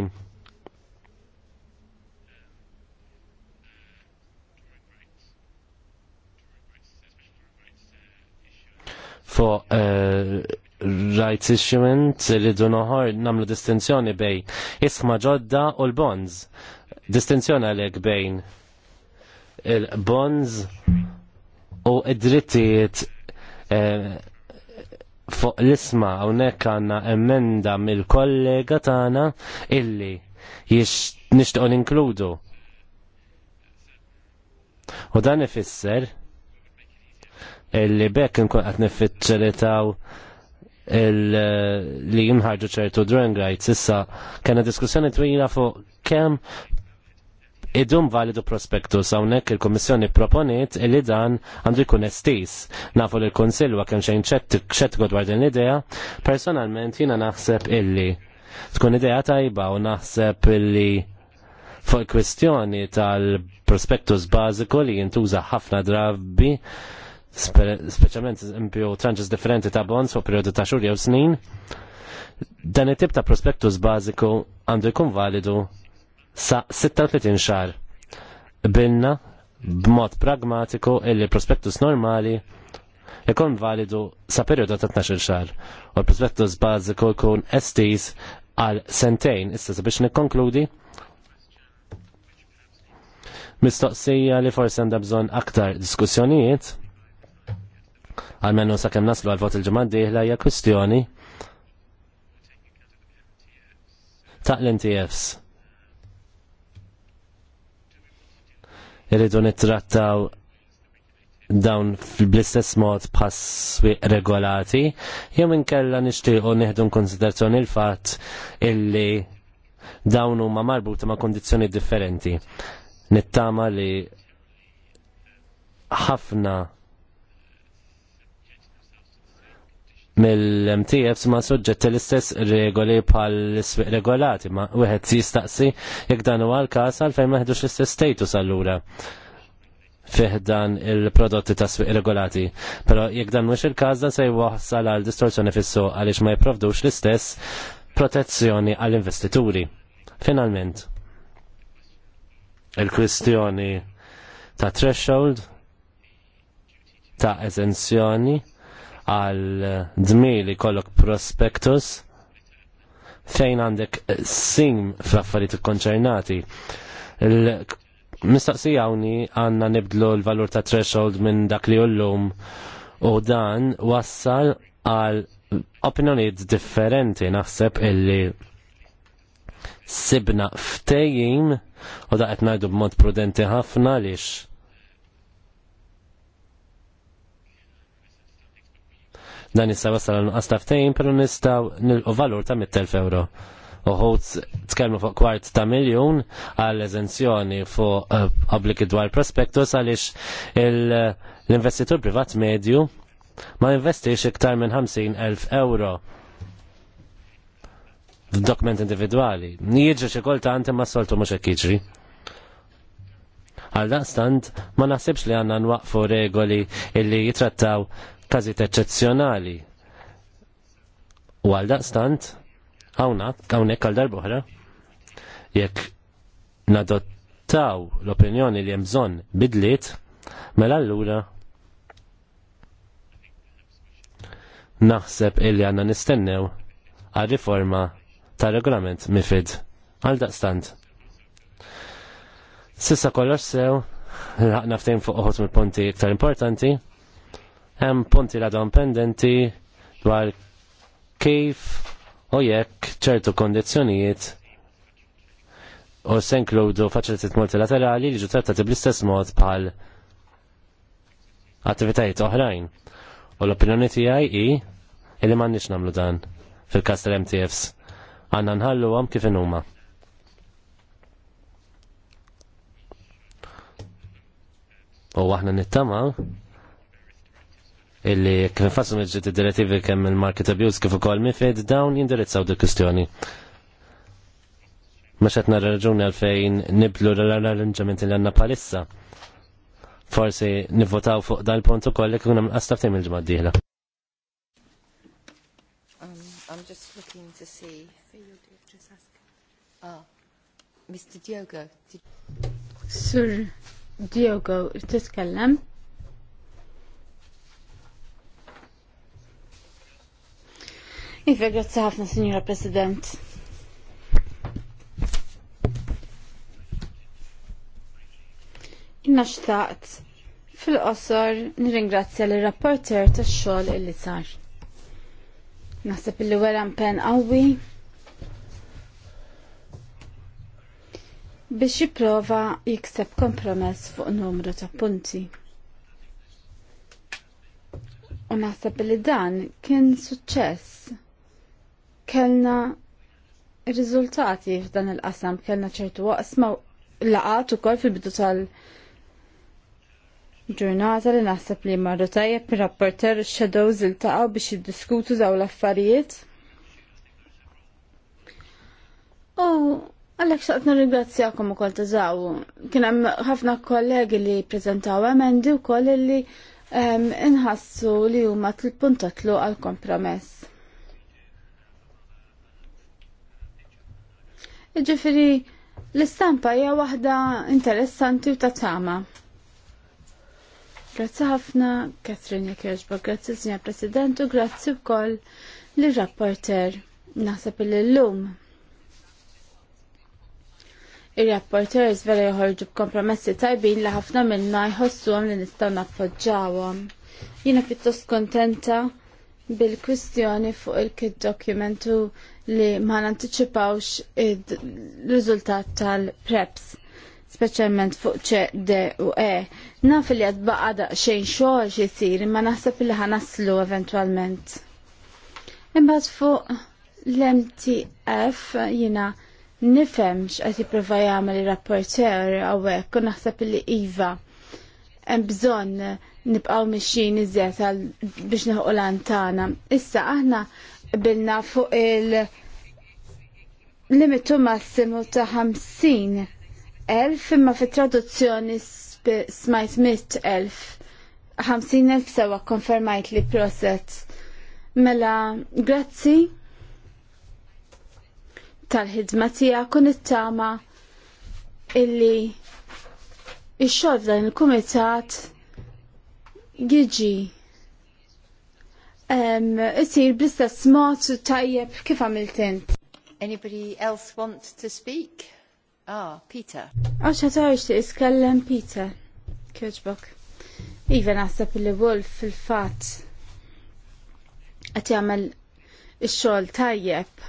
fuq uh, rights issuement li du noħor namlu distinzjoni bejn isma ġodda u l-bonds. Distinzjoni għalek bejn il-bonds u id-drittijiet eh, fuq l-isma hawnhekk għandna emenda mill-kollega tagħna illi jiex nixtiequ ninkludu. U dan ifisser illi bekk nkun qed niffiċċilitaw li jinħarġu ċertu drawing rights issa kena diskussjoni twila fuq kemm idum validu prospektus hawnhekk il-Kummissjoni proponiet li dan għandu jkun estis. Nafu li l-Kunsill wa kemm xejn ċettiku dwar din l-idea, personalment jiena naħseb illi tkun idea tajba u naħseb illi fuq kwestjoni tal-prospektus bażiku li jintuża ħafna drabi speċjalment impju tranches differenti ta' bonds fuq periodu ta' xhur jew snin, dan it-tip ta' prospektus bażiku għandu jkun validu sa 36 xar. Binna b'mod pragmatiku illi prospektus normali ikun validu sa periodu ta' 12 xar. U l-prospektus bażiku jkun estis għal sentejn. Issa sabiex nikkonkludi. Mistoqsija li forsi għandha bżonn aktar diskussjonijiet għalmenu sakemm naslu għal vot il-ġimgħa d-dieħla hija kwistjoni ta' l-NTFs irridu nittrattaw dawn bl-istess mod passwi regolati, jew inkella nixtiequ neħdu konsiderazzjoni il fatt illi dawn huma marbuta ma' kondizzjoni differenti. Nittama li ħafna mill-MTFs ma suġġetti l-istess regoli bħal isfiq regolati ma wieħed jistaqsi jekk dan huwa l-każ għalfejn meħdux l-istess status allura fih dan il-prodotti ta' sfiq regolati. Però jekk dan mux il kas dan se waħsal għal distorsjoni fis-suq għaliex ma jipprovdux l-istess protezzjoni għall-investituri. Finalment, il-kwistjoni ta' threshold ta' eżenzjoni għal dmili kollok prospektus fejn għandek sim fl-affarijiet konċernati. Mistaqsija għawni għandna nibdlu l-valur ta' threshold minn dak li ullum u dan wassal għal opinjonijiet differenti naħseb illi sibna ftejjim u daqet najdu b'mod prudenti ħafna lix Dan issa wasal nuqqas taftejn, pero nistaw nilqu valur ta' 100.000 euro. Uħut tkellmu fuq kwart ta' miljon għal eżenzjoni fuq obbligi eh, dwar prospektus għalix l-investitur privat medju ma investix iktar minn 50.000 euro f'dokument individuali. Jiġri xi għantem ma' soltu mhux hekk jiġri. Għal daqstant ma naħsibx li għandna nwaqfu regoli illi jitrattaw Każit eċċezzjonali. U għal daqstant, hawnhekk għal darbohra, jekk nadottaw l-opinjoni li hemm bżonn bidliet, mela allura naħseb illi għanna nistennew għal riforma ta' regolament mifid għal daqstant. Sissa kollox sew, ħaqna ftejn fuq uħut mill-punti iktar importanti, Hemm punti għadhom pendenti dwar kif u jekk ċertu kondizzjonijiet u se nkludu multilaterali li ġu trattati bl-istess mod bħal attivitajiet oħrajn. U l-opinjoni tiegħi hi li m'għandniex nagħmlu dan fil-każ tal-MTFs. Għandna nħalluhom kif inhuma. U aħna nittama' illi kif infassu ġdid id-direttivi kemm il-market abuse kif ukoll mifid dawn jindirizzaw dik kwestjoni Mhux qed nara raġuni għalfejn niblu l arranġament li għandna bħalissa. Forsi nivvotaw fuq dal pont ukoll li kien hemm il-ġimgħa d-dieħla. Um, I'm just looking to see. Ah, Mr. Diogo. Did... Sir Diogo, titkellem? Iva, ħafna, Signora President. Inna xtaqt fil-qosor nirringrazzja l rapporter tax xogħol illi sar. Naħseb illi wera pen qawwi biex jipprova jikseb kompromess fuq numru ta' punti. U naħseb li dan kien suċċess kellna riżultati f'dan il-qasam, kellna ċertu waqsma laqat ukoll fil-bidu tal- ġurnata li naħseb li marru tajjeb rapporter shadows iltaqgħu biex jiddiskutu daw l-affarijiet. U għallek xaqt nirringrazzjakom u kol tażaw. hemm ħafna kollegi li prezentaw emendi u koll li ehm, inħassu li huma t-puntatlu għal-kompromess. Ġifiri, l-istampa hija waħda interessanti u tatama. Grazzi ħafna, Katrin Kirchberg, grazzi Sinja Presidentu, grazzi wkoll l-rapporter. Naħseb il-lum ir rapporter vera joħorġu b'kompromessi tajbin li ħafna minna jħossu li nistgħu nappoġġawhom. Jiena pjuttost kontenta bil-kwistjoni fuq il-kid dokumentu li ma nanticipawx il-rizultat tal-preps, specialment fuq ċe D u E. Naf li għad baqada xejn xogħol jisir, ma naħseb li ħanaslu eventualment. Imbagħad fuq l-MTF jina nifhem x'qed jipprova jagħmel ir-rapporter għawek, u naħseb li iva hemm bżonn nibqaw mixin iżjed biex neħu lantana. Issa aħna bilna fuq il-limitu massimu ta' 50.000 elf imma fit traduzzjoni smajt mit elf. 50 sewa konfermajt li proset. Mela, grazzi tal-ħidma tija kun it-tama illi ix-xogħol dan il-kumitat Um, isir blista smart u tajjeb kif għamilt Anybody else want to speak? Ah, Peter. Għax ħatarx li iskallem Peter. Kirchbok. Iva nasab li Wolf fil-fat Għati għamil ix tajjeb.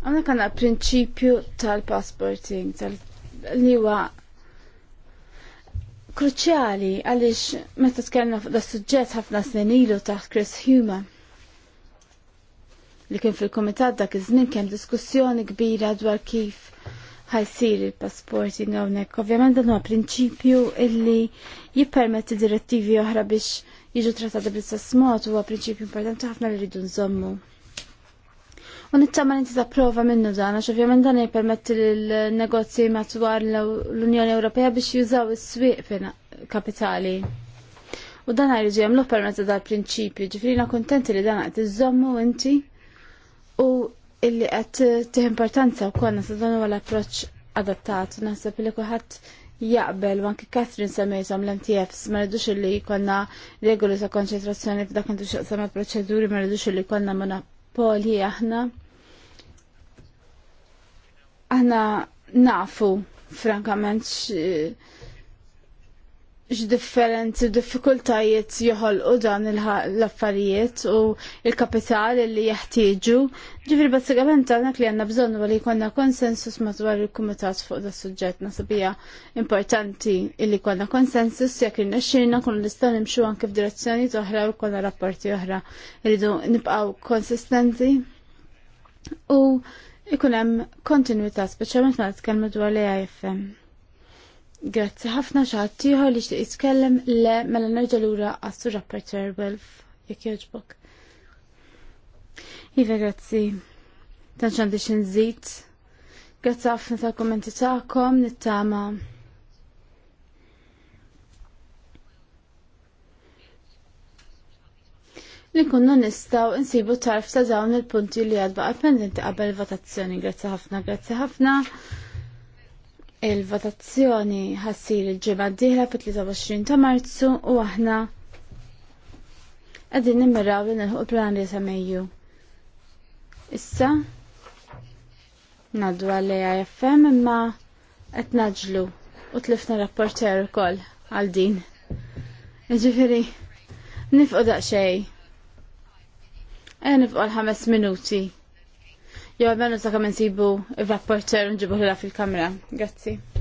Għana kanna prinċipju tal-passporting, tal liwa tal kruċjali għaliex meta tkellna fuq da suġġett ħafna snin ilu taħt Chris Huma li kien fil-komitat dak iż-żmien kemm diskussjoni kbira dwar kif ħajsir il-passporting hawnhekk. Ovvjament dan huwa prinċipju illi jippermetti direttivi oħra biex jiġu trattati bl-istess mod huwa prinċipju importanti ħafna li rridu nżommu. U nittama li tapprova minnu dan, għax ovvijament dan jippermetti l-negozji matwar l-Unjoni Ewropea biex jużaw is-swieq kapitali. U dan għajri ġemlu permetti dal-prinċipju, ġifrina kontenti li dan għat iżommu inti u illi għat tiħ importanza u konna sa dan u għal-approċ adattat, naħseb li kuħat jaqbel u anki Catherine samajtom l-MTFs, ma rridux li konna regoli ta' konċentrazzjoni f'dak intu xaqsam proċeduri, ma rridux li konna monopoli aħna. Aħna nafu, frankament, x-differenzi, diffikultajiet joħol u dan l-affarijiet u il-kapital li jeħtieġu. Ġifri bazzikament għanna li għanna bżonnu għalli konna konsensus madwar il-komitat fuq da suġġett nasabija importanti illi konna konsensus jek rinna xirna kun l-istan nimxu kif f'direzzjoni toħra u konna rapporti oħra. Rridu nibqaw konsistenti u ikun hemm kontinwità speċjalment meta tkellmu dwar l-AIFM. Grazzi ħafna xaħat ieħor li xtiq jitkellem le mela nerġa' lura għastu rapporter Belf jekk jogħġbok. Iva grazzi. Tanċandi xi nżid. Grazzi ħafna tal-kummenti tagħkom nittama' li kunna nistaw insibu tarf ta' dawn il-punti li għadba għapendenti qabel votazzjoni. Grazzi ħafna, grazzi ħafna. Il-votazzjoni ħassir il-ġimgħa d dihra fit-23 ta' Marzu u aħna qegħdin nimmiraw li nħu plan li semejju. Issa naddu għal-AIFM imma qed naġlu u tlifna rapporter ukoll għal din. Ġifieri, nifqu daqsxejn. Eh, nifqol ħames minuti. Jo, għabbenu s kamen sibu il-rapporter nġibuħ fil kamera Grazie.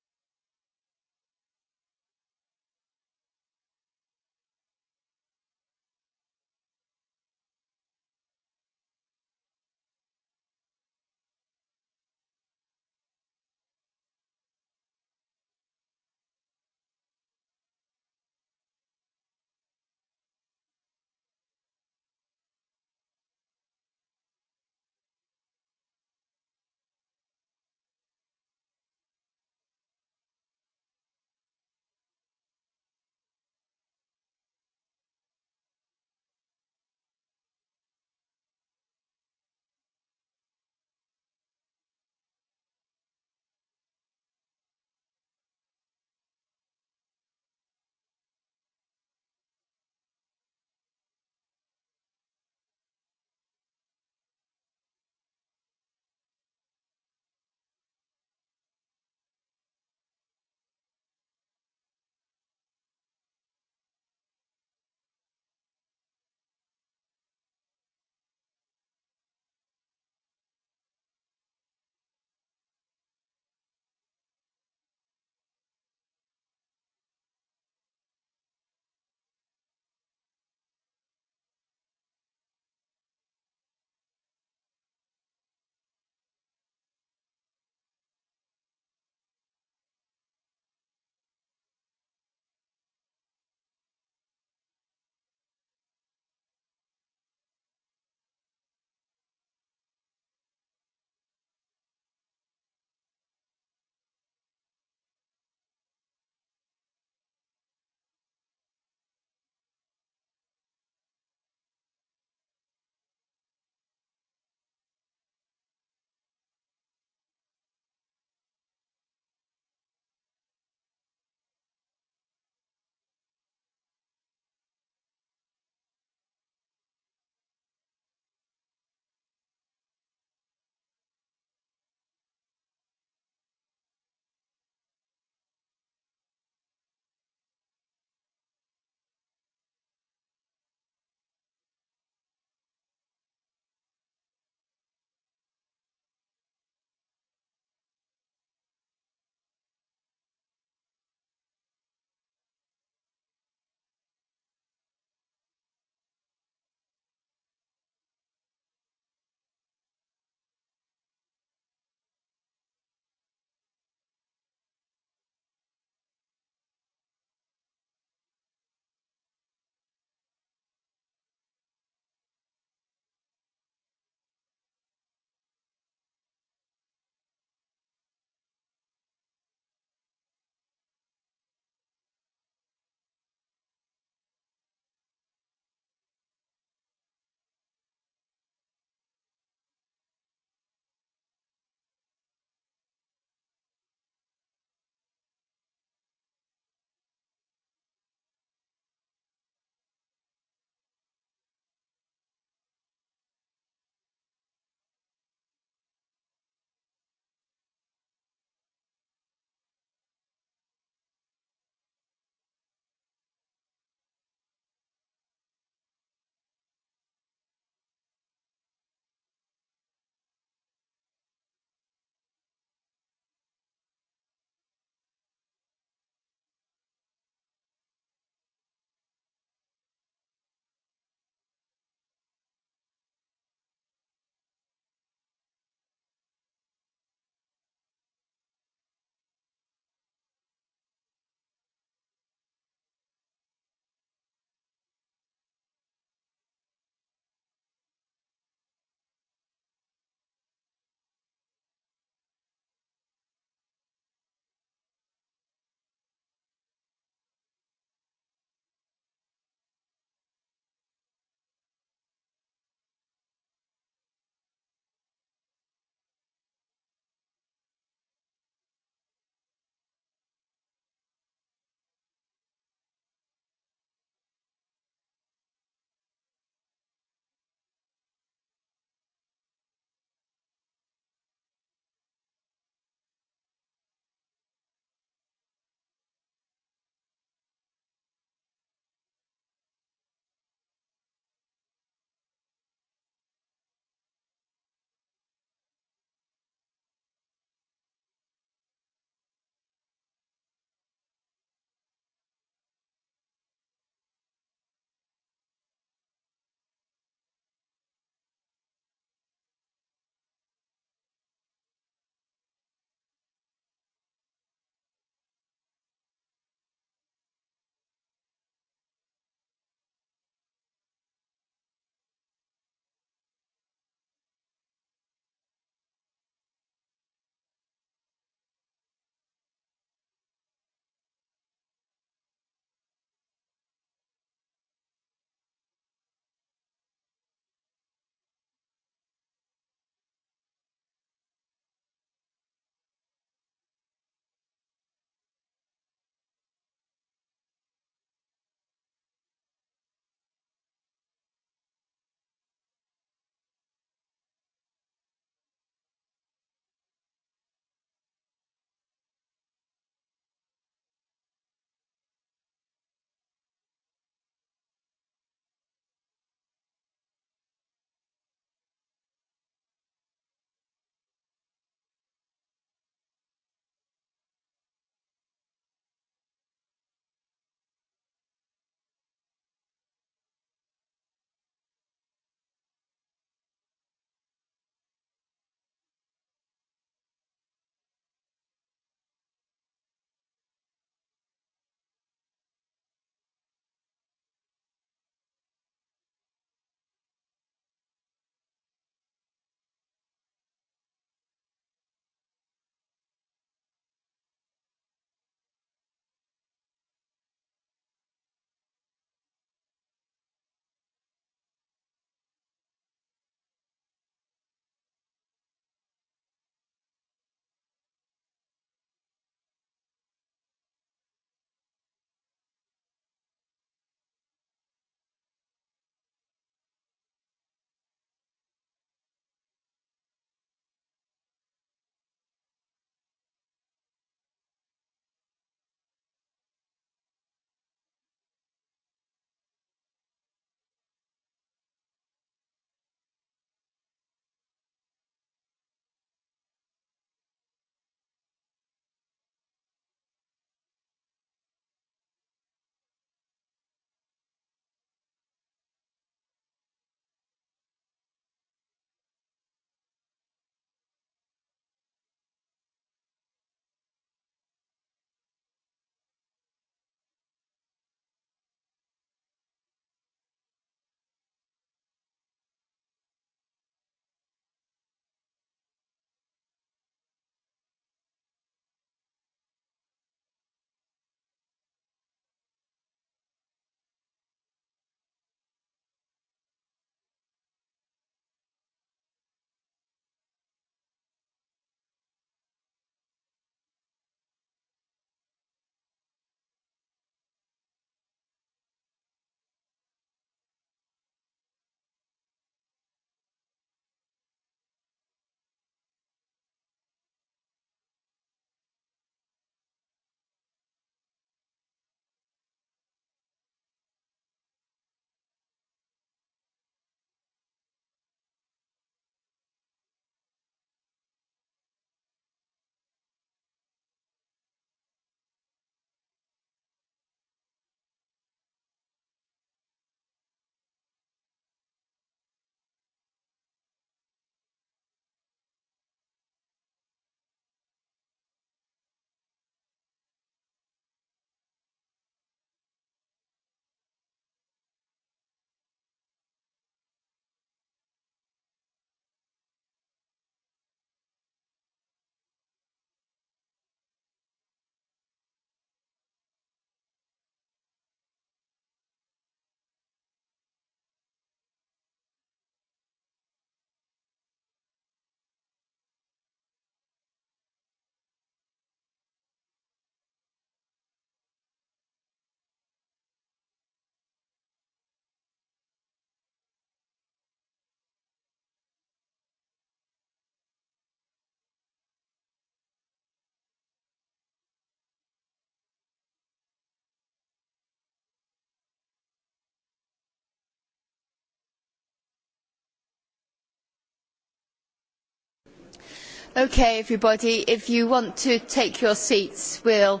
Okay, everybody, if you want to take your seats, we'll...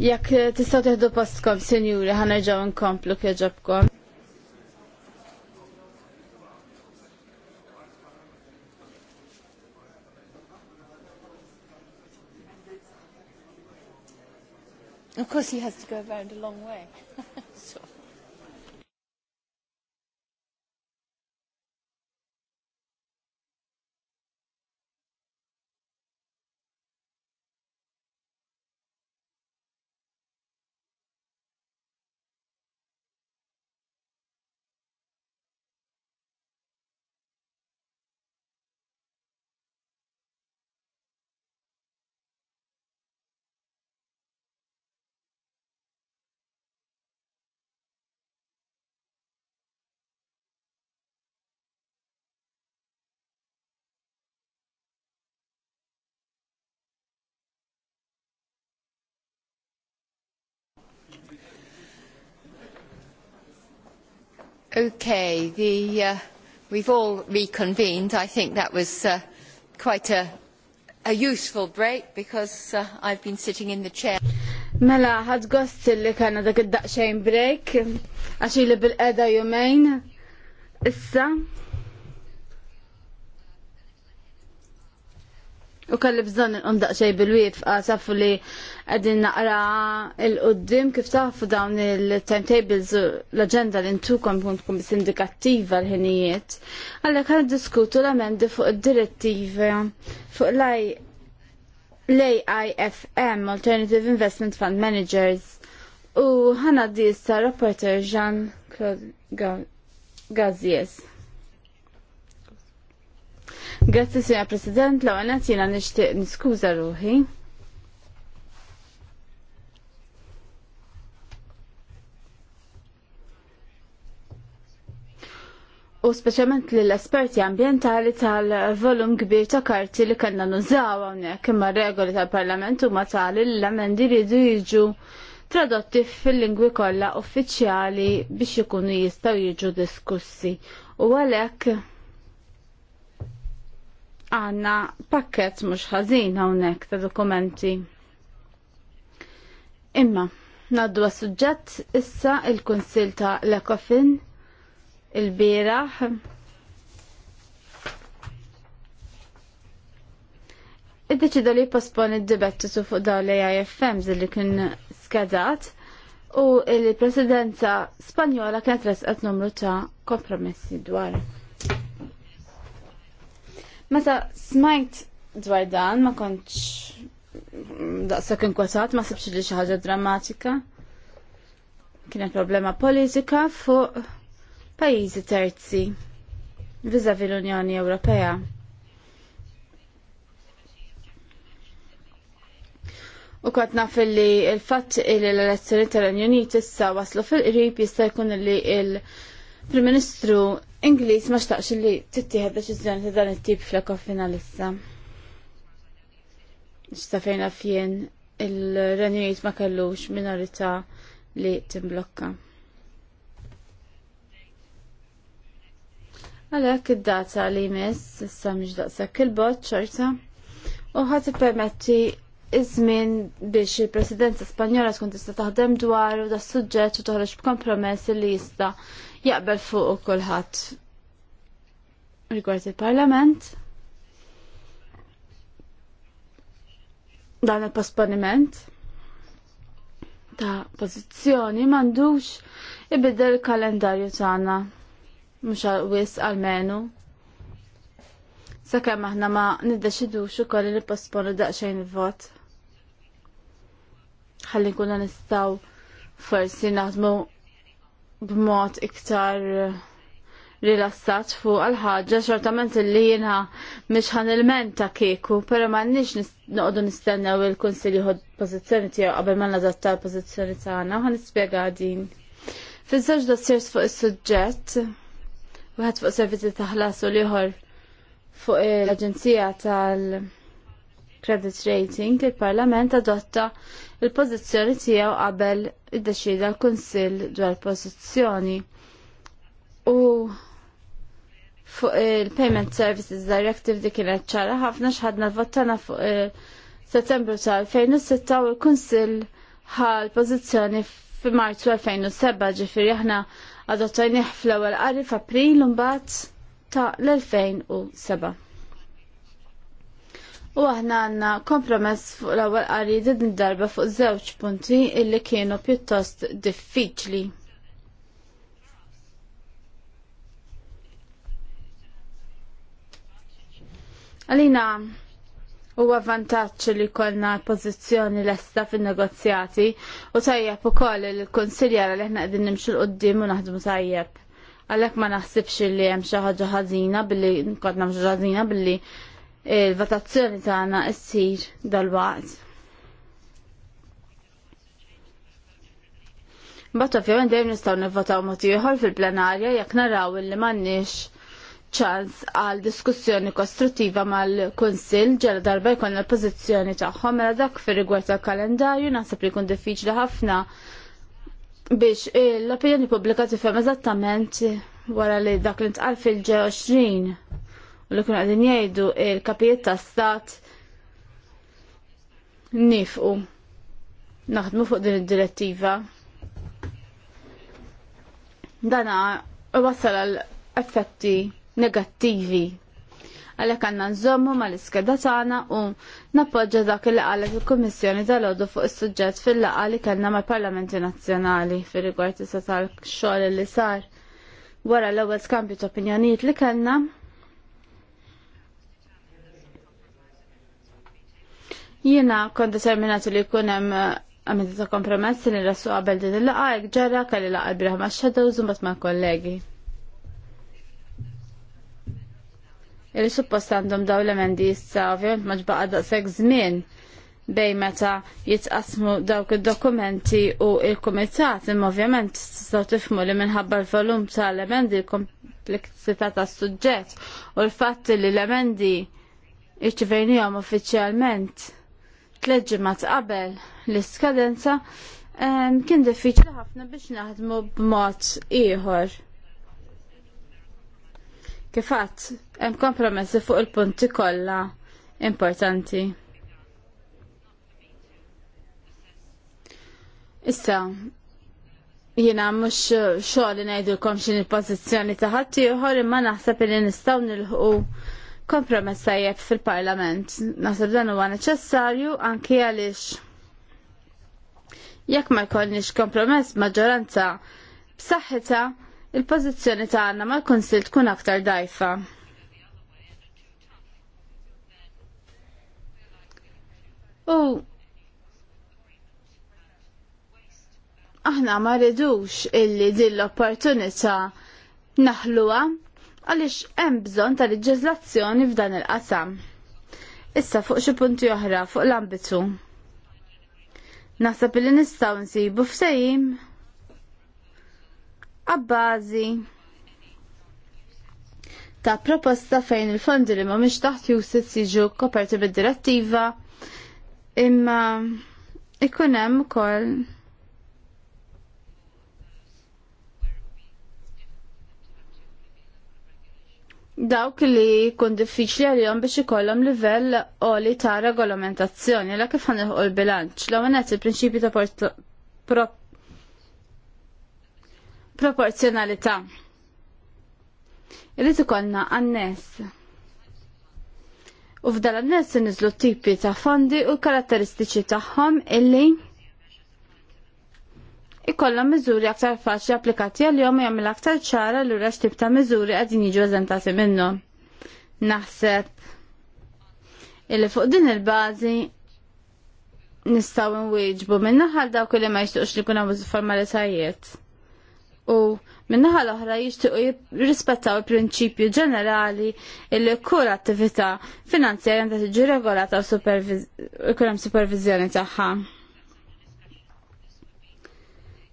Jekk eh, tistgħu teħdu postkom, senjuri, ħanerġaw nkomplu kieġobkom. Of course he has to go around a long way. Okay, the, uh, we've all reconvened. I think that was uh, quite a, a useful break because uh, I've been sitting in the chair. Mela, ħad gost li kena dak id-daqxajn break, għaxi li bil-qeda jumejn, issa. U kalli bżon nqom daqxej bil-wifqa safu li għedin naqra il-qoddim kif tafu dawn il-timetables l-agenda li ntukom kun tkun bis indikattiva l-ħinijiet. Għallek kalli diskutu l-amendi fuq il-direttiva fuq l-AIFM, Alternative Investment Fund Managers, u ħana di sta rapporter Jean-Claude Gazies. Grazzi, Sina President, l għanet jina nishtiq niskuza ruħi. U speċjalment lill esperti ambjentali tal-volum kbir ta' karti li kellna nużaw hawnhekk imma regoli tal-Parlament huma tali l-amendi jridu jiġu tradotti fil-lingwi kollha uffiċjali biex ikunu jistgħu jiġu diskussi. U għalhekk għanna pakket mux ħazin hawnhekk ta' dokumenti. Imma, naddu suġġett issa il-Kunsil ta' l-Ekofin il-biraħ Id-deċida li pospon id-dibattitu fuq daw l AIFMs li kien skedat u il-presidenza spanjola kienet resqet numru ta' kompromessi dwar. Meta smajt dwar dan ma kontx daqshekk inkwetat ma sibx li xi ħaġa drammatika. Kienet problema politika fuq pajjiżi terzi viżavi l-Unjoni Ewropea. U kont naf li l fatt li l-elezzjoni tal-Unjoni issa waslu fil-qrib jista' jkun li l -il Prim-Ministru Ingliż ma xtaqx li tittieħed deċiżjoni ta' dan it-tip fl-ekofina issa. Xtafejna fjen il-Renjuniet ma kellux minorita li timblokka. Għalhekk id-data li jmiss issa mhix daqshekk il-bot xorta u ħadd ippermetti iż-żmien biex il-Presidenza Spanjola tkun tista' taħdem dwar u da' suġġett u toħroġ b'kompromess li jista' jaqbel fuq kulħadd rigward il-Parlament. Dan il-posponiment ta' pożizzjoni m'għandux ibidel il-kalendarju tagħna mhux wis għalmenu. Sakemm aħna ma niddeċidux ukoll li posponu daqsxejn il-vot. Ħalli nkunu nistgħu forsi naħdmu b'mod iktar rilassat fuq għal-ħagġa xortament li jina il-menta kieku, pero ma nix noqdu nistennew il konsili hod pozizjoni tiegħu qabel ma nadatta pozizjoni tagħna ħan nispiega din. Fiż-żewġ dossiers fuq is-suġġett, wieħed fuq servizi ta' u l-ieħor fuq l-Aġenzija tal- Credit Rating, il-Parlament adotta il-pożizzjoni tiegħu qabel iddeċida l-Kunsill dwar pożizzjoni. U fuq il-Payment Services Directive di kienet ċara ħafna xħadna l-vottana fuq eh, settembru ta' 2006 u l-Kunsill ħal pożizzjoni fi Marzu 2007 ġifiri aħna adottajnieh fl-ewwel qari f'April u mbagħad ta' l-2007. U aħna għanna kompromess fuq l-ewwel qari din darba fuq żewġ punti illi kienu pjuttost diffiċli. Alina huwa vantaġġ li kollna pożizzjoni lesta fin-negozjati u tajjeb ukoll il-kunsiljar li aħna qegħdin nimxu l qudiem u naħdmu tajjeb. Għalhekk ma naħsibx li hemm xi ħaġa ħażina billi mhux ħażina billi il-votazzjoni tagħna ssir dal-waqt. Bat ovvjament dejjem nistgħu nivvotaw mod ieħor fil-plenarja jekk naraw li m'għandniex ċans għal diskussjoni kostruttiva mal-Kunsill ġara darba jkollna l-pożizzjoni tagħhom mela dak fir-rigward tal-kalendarju naħseb li jkun diffiċli ħafna biex l-opinjoni pubblika tifhem eżattament wara li dak li ntqal fil-20 u li kuna għadin jgħidu il-kapijiet ta' stat nifqu naħdmu fuq din id-direttiva. Dana wassal għal effetti negattivi għalek għanna nżommu ma l-iskeda tagħna u nappoġġa dak li qalet il-Kummissjoni tal għodu fuq is-suġġett fil-laqgħa li kellna mal-Parlamenti Nazzjonali fir-rigward tal-xogħol li sar wara l-ewwel skambju ta' opinjonijiet li kellna Jiena kon determinat li jkun hemm eh, għamilt ta' kompromess li rassu qabel din il-laqa jek ġara kelli laqa l-biraħ ma' shadows u ma' kollegi. Illi suppost għandhom daw l-emendi issa ovvjament ma ġbaqa daqshekk żmien bej meta jitqasmu dawk id-dokumenti u il-kumitat imma ovvjament tistgħu tifmu li minħabba l-volum tal-emendi l-kompleksità tas-suġġett u l-fatt li l-emendi irċivejnijom uffiċjalment tliet ġimgħat qabel l-iskadenza kien diffiċli ħafna biex naħdmu b'mod ieħor. Kif Kifat, hemm kompromessi fuq il-punti kollha importanti. Issa, Jina mux xoħli l-komxin il-pozizjoni taħat tiħor imma naħseb li nistaw nil-ħu kompromess tajjeb fil-Parlament. Naħseb dan huwa neċessarju anki għaliex jekk ma jkollniex kompromess maġġoranza b'saħħitha il-pożizzjoni tagħna mal-Kunsil tkun aktar dajfa. U aħna ma rridux illi din l-opportunità naħluha għaliex hemm bżonn ta' leġiżlazzjoni f'dan il-qasam. Issa fuq xi punti oħra fuq l-ambitu. Naħseb li nistgħu nsibu f'sejjim għabbażi ta' proposta fejn il-fondi li ma miex taħt jusit siġu koperti bid-direttiva imma ikun hemm ukoll dawk li kun diffiċli għalihom biex ikollhom livell għoli ta' regolamentazzjoni la kif ħanilħu l-bilanċ. l għanet il-prinċipju ta' proporzjonalità. Irrid ikollna għannes. U f'dal għannes nizlu tipi ta' fondi u karatteristiċi tagħhom illi ikolla miżuri aktar faċli applikati għal-jom jagħmel aktar ċara l ura x'tib ta' miżuri qegħdin jiġu eżentati minnu. Naħseb illi fuq din il-bażi nistgħu nwieġbu minnaħal dawk li ma jistuqx li kuna hawn formalitajiet. U minnaħa l-oħra jixtiequ jirrispettaw il-prinċipju ġenerali li kull attività finanzjarja għandha tiġi regolata u jkun hemm supervizjoni tagħha.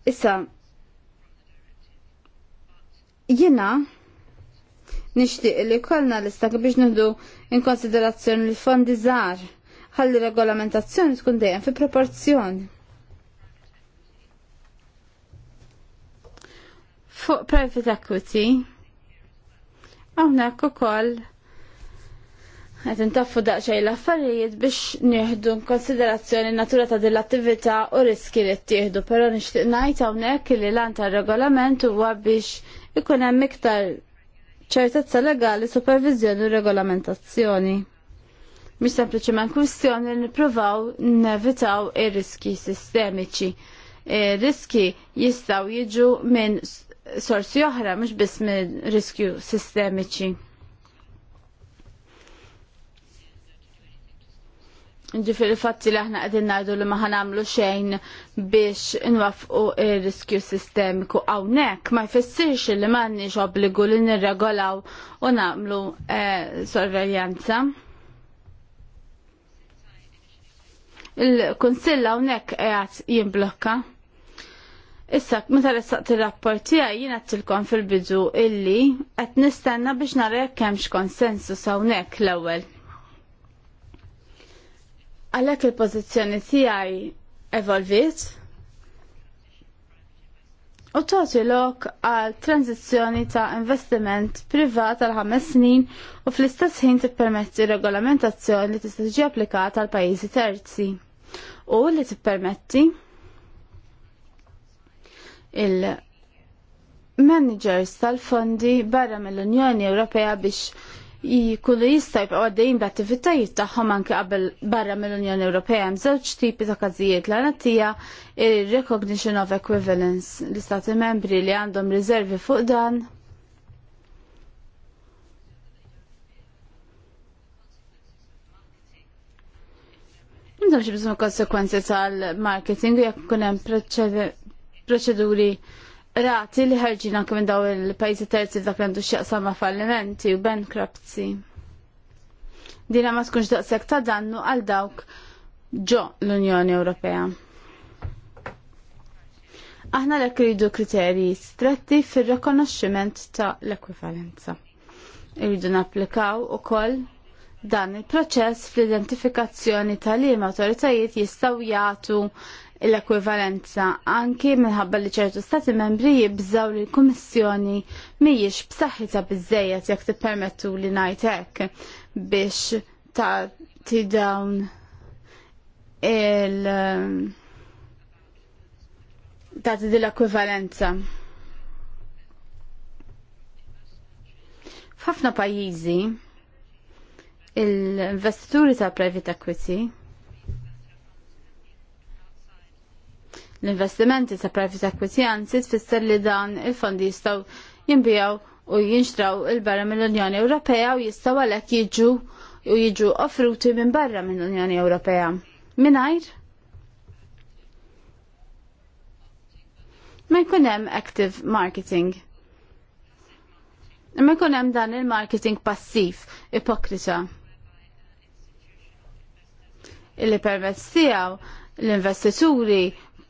Issa, jena nishtiq li kolna l-istak biex nħdu in konsiderazzjoni li fondi żgħar ħalli regolamentazzjoni tkun dejjem fi proporzjoni. Fuq private equity, għawna ukoll Għet intaffu daqxaj l-affarijiet biex nieħdu konsiderazzjoni natura ta' dell attività u riski li ttieħdu, pero nixtieq ngħid hawnhekk li l-anta regolament huwa biex ikun hemm iktar ċertezza legali, supervizjoni u regolamentazzjoni. Mhix sempliċement kwistjoni li nippruvaw nevitaw ir-riski sistemiċi. Riski jistgħu jiġu minn sorsi oħra mhux biss minn riskju sistemiċi. il fatti li aħna għedin għadu li maħan għamlu xejn biex nwafqu il-riskju sistemiku għawnek, ma jfessirx li manni obbligu li nirregolaw u namlu eh, sorveljanza. Il-konsilla għawnek għat jimblokka. Issa, meta ressaqt il-rapporti għaj jina tilkom fil-bidu illi għet nistenna biex nara jekk hemmx konsensus hawnhekk l-ewwel. Għalhekk il-pożizzjoni tiegħi evolvit u tagħti lok għal tranzizzjoni ta' investiment privat għal ħames snin u fl-istess ħin tippermetti regolamentazzjoni li tista' tiġi applikata għal pajjiżi terzi u li tippermetti il-managers tal-fondi barra mill-Unjoni Ewropea biex jikullu jistaw jibqgħu għaddejjin b'attivitajiet tagħhom anke qabel barra mill-Unjoni Ewropea hemm żewġ tipi ta' każijiet l għanatija il-recognition of equivalence l-istati membri li għandhom riservi fuq dan M'għandhomx bizmu konsekwenzi tal-marketing jekk ikun hemm proċeduri rati li ħarġin anke minn daw il-pajjiżi terzi dak li għandu x'jaqsam ma' fallimenti u bankruptcy. Dina ma tkunx daqshekk ta' dannu għal dawk ġo l-Unjoni Ewropea. Aħna l rridu kriterji stretti fir-rikonoxximent ta' l-ekwivalenza. Irridu napplikaw ukoll dan il-proċess fl-identifikazzjoni tal-im autoritajiet jistaw jagħtu l-ekwivalenza anki minħabba li ċertu stati membri jibżaw li l-Kummissjoni mhijiex b'saħħitha biżejjed jekk tippermettu li ngħid hekk biex tagħti dawn il tagħti din l-ekwivalenza. F'ħafna pajjiżi l-investituri ta' private equity l-investimenti ta' private equity għanzi tfisser li dan il-fondi jistaw jimbijaw u jinxtraw il-barra mill-Unjoni Ewropea u jistaw għalek jiġu u jiġu offruti minn barra mill-Unjoni Ewropea. Minajr? Ma jkun hemm active marketing. Ma jkun hemm dan il-marketing passiv, ipokrita illi permezz tiegħu l-investituri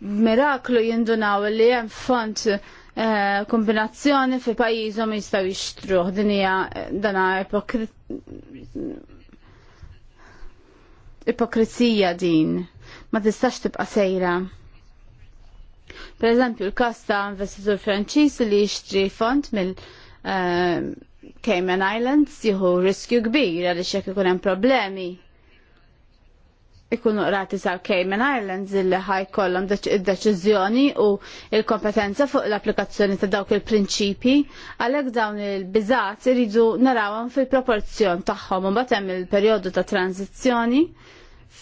miraklu jindunaw li hemm font eh, kombinazzjoni fi pajjiżhom jistgħu jixtruh din hija eh, dana ipokrizija din. Ma tistax tibqa' sejra. Per eżempju, l-kas ta' investitur Franċiż li jixtri font mill eh, Cayman Islands jieħu riskju kbir għaliex jekk ikun hemm problemi ikunu rati sal cayman Islands illi kollom id-deċiżjoni u il-kompetenza fuq l-applikazzjoni ta' dawk il-prinċipi, għalhekk dawn il-biżat iridu narawhom fil-proporzjon tagħhom u hemm il-perjodu ta' tranzizjoni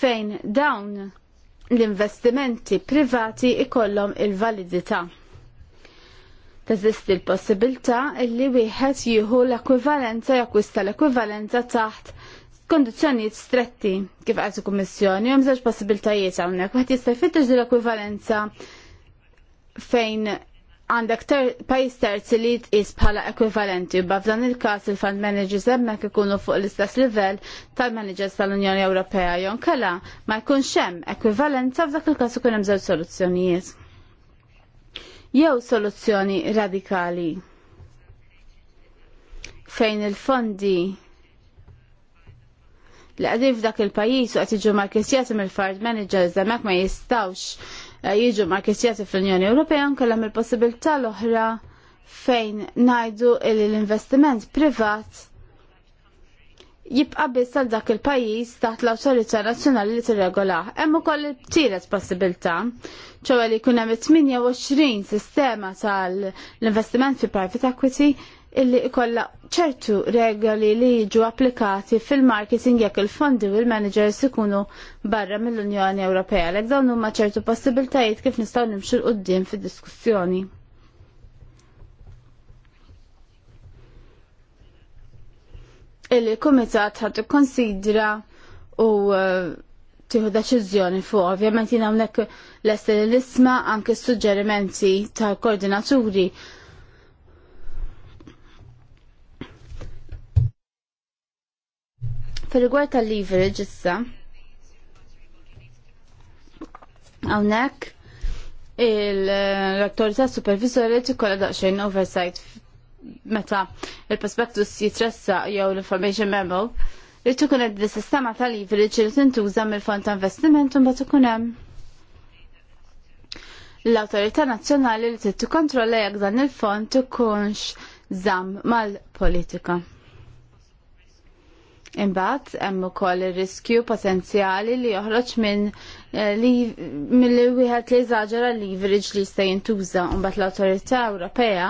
fejn dawn l-investimenti privati ikollom il-validità. Teżisti l-possibilità illi wieħed jieħu l-ekwivalenza jakwista l-ekwivalenza taħt kondizjonijiet stretti kif għazu kummissjoni, hemm żewġ possibiltajiet hawnhekk. Wieħed jista' jfittex l-ekwivalenza fejn għandek ter, pajis terzi li jitqis bħala ekwivalenti, u f'dan il-każ il-fund managers hemmhekk ikunu fuq l-istess livell tal-managers tal-Unjoni Ewropea jom kalla, ma jkunx hemm ekwivalenza f'dak il-każ ikun hemm żewġ soluzzjonijiet. Jew soluzzjoni radikali fejn il-fondi li għadin f'dak il-pajis u għat iġu markisjati mill-fard managers mek ma jistawx eh, jiġu markisjati fl-Unjoni Ewropea nkellam il-possibilità l-oħra fejn najdu l-investiment privat jibqa biss għal dak il-pajis taħt l-autorità nazzjonali li tirregolah. Hemm ukoll tielet possibilità, ċewwa li jkun hemm 28 sistema tal-investiment fi private equity illi ikolla ċertu regoli li jiġu applikati fil-marketing jekk il-fondi u l-managers ikunu barra mill-Unjoni Ewropea. Lek dawn huma ċertu possibiltajiet kif nistgħu nimxu l qudiem fid-diskussjoni. Il-Kumitat ħadd ikkonsidra u uh, tieħu deċiżjoni fuq. Ovvjament jien hawnhekk lesti l-isma' anke suġġerimenti tal-koordinaturi Fil-rigward tal-leverage issa, għawnek l-autorità supervisori tikolla daqxajn oversight meta il-prospektus jitressa jew l-information memo li tkun qed sistema tal leverage li tintuża mill-fond ta' investiment u mbagħad ikun hemm l awtorità nazzjonali li trid tikkontrolla jekk dan il-fond ikunx żamm mal-politika. Imbagħad hemm ukoll ir-riskju potenzjali li joħroġ minn eh, li mill wieħed li jżaġara leverage li jista' jintuża mbagħad l-Awtorità Ewropea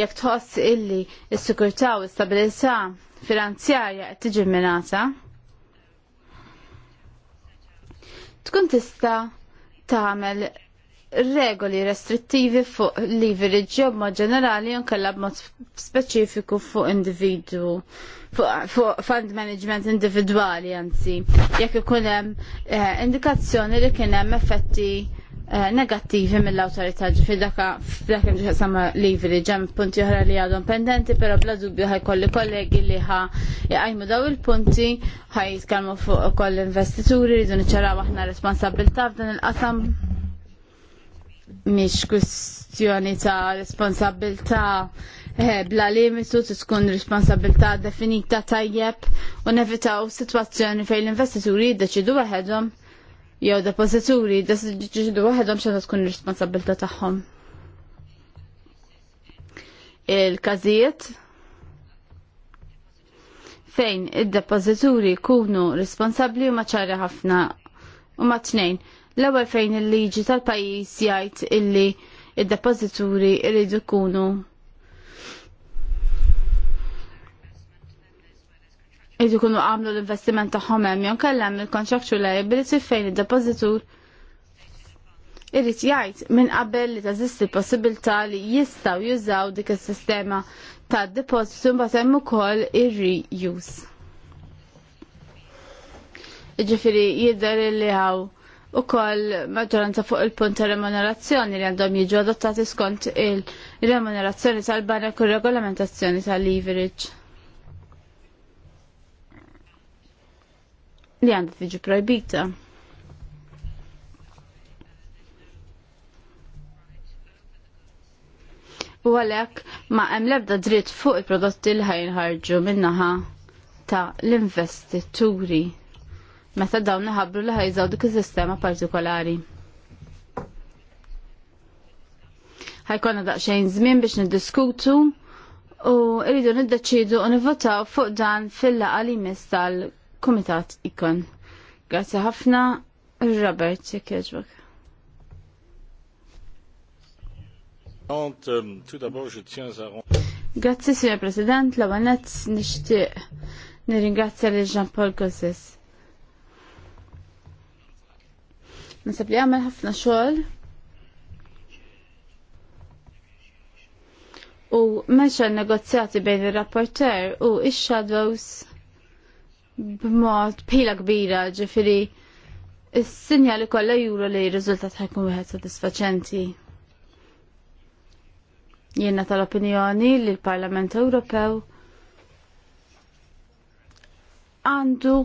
jekk tħoss illi s-sikurtà u l-istabilità finanzjarja qed tiġi minata. Tkun tista' tagħmel regoli restrittivi fuq leverage u ma' ġenerali jonkella b'mod speċifiku fuq individu fuq fund management individwali anzi jekk ikun hemm eh, indikazzjoni li kien hemm effetti eh, negattivi mill autorità ġifi daka f'dak imġiħ sama leverage hemm punti oħra li għadhom pendenti però bla dubju ħajkolli kollegi li ħa jqajmu daw il-punti ħaj jitkellmu fuq ukoll investituri rridu niċċaraw aħna responsabilità f'dan il-qasam miex kwestjoni ta' responsabilta eh, bla limitu tkun responsabilta definita tajjeb u nevitaw situazzjoni fejn l-investituri jiddeċidu waħedhom jew depozituri jiddeċidu waħedhom x'għandha tkun responsabilta tagħhom. Il-każijiet fejn id-depozituri jkunu responsabbli u ċara ħafna u tnejn L-ewwel fejn il-liġi tal-pajjiż jgħid illi id-depożituri rridu jkunu jridu jkunu għamlu l-investiment tagħhom hemm jew kellem il-contractual liability fejn id-depożitur irrid jgħid minn qabel li tażisti possibilità li jistgħu jużaw dik is-sistema tad-depożitu mbagħad hemm ukoll ir-reuse. Ġifieri jidher li hawn u koll maġġoranza fuq il-punt ta' remunerazzjoni li għandhom jiġu adottati skont il-remunerazzjoni tal-banek u regolamentazzjoni tal-leverage. Li għandha tiġi projbita. U għalek ma hemm lebda dritt fuq il-prodotti li ħajnħarġu minnaħa ta' l-investituri meta dawn iħabbru li ħajżaw dik is-sistema partikolari. Ħajkonna daqsxejn żmien biex niddiskutu u rridu niddeċidu u nivvotaw fuq dan fil-laqa li jmiss tal-Kumitat ikon. Grazzi ħafna, Robert, jekk jogħġbok. Euh, Grazzi, Signor President, l-għanet nishtiq nirringrazzja li Jean-Paul Gosses Nasab li għamel ħafna xogħol u meċa negozjati bejn ir-rapporter u ix-shadows b'mod pila kbira ġifiri is-sinjali kollha juru li r-riżultat ħajkun wieħed sodisfaċenti. Jiena tal-opinjoni li l-Parlament Ewropew għandu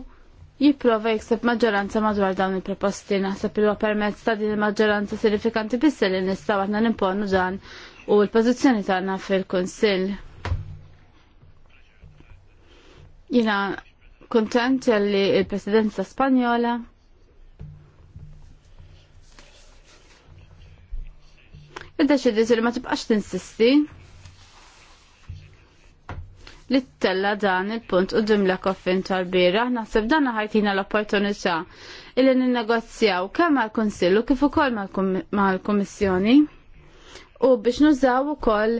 jipprova jikseb maġġoranza madwar dawn il-proposti naħseb li huwa permezz ta' din il-maġġoranza sinifikanti biss li nistgħu aħna nimponu dan u l-pożizzjoni tagħna fil-Kunsill. Jina kontent li il-Presidenza Spanjola Id-deċidiet li ma tibqax tinsisti li t-tella dan il-punt u dimla koffin tal-bira. Naħseb dan ħajtina l-opportunità illi ninnegozjaw kemm mal-Konsillu kif ukoll mal-Kummissjoni u biex nużaw ukoll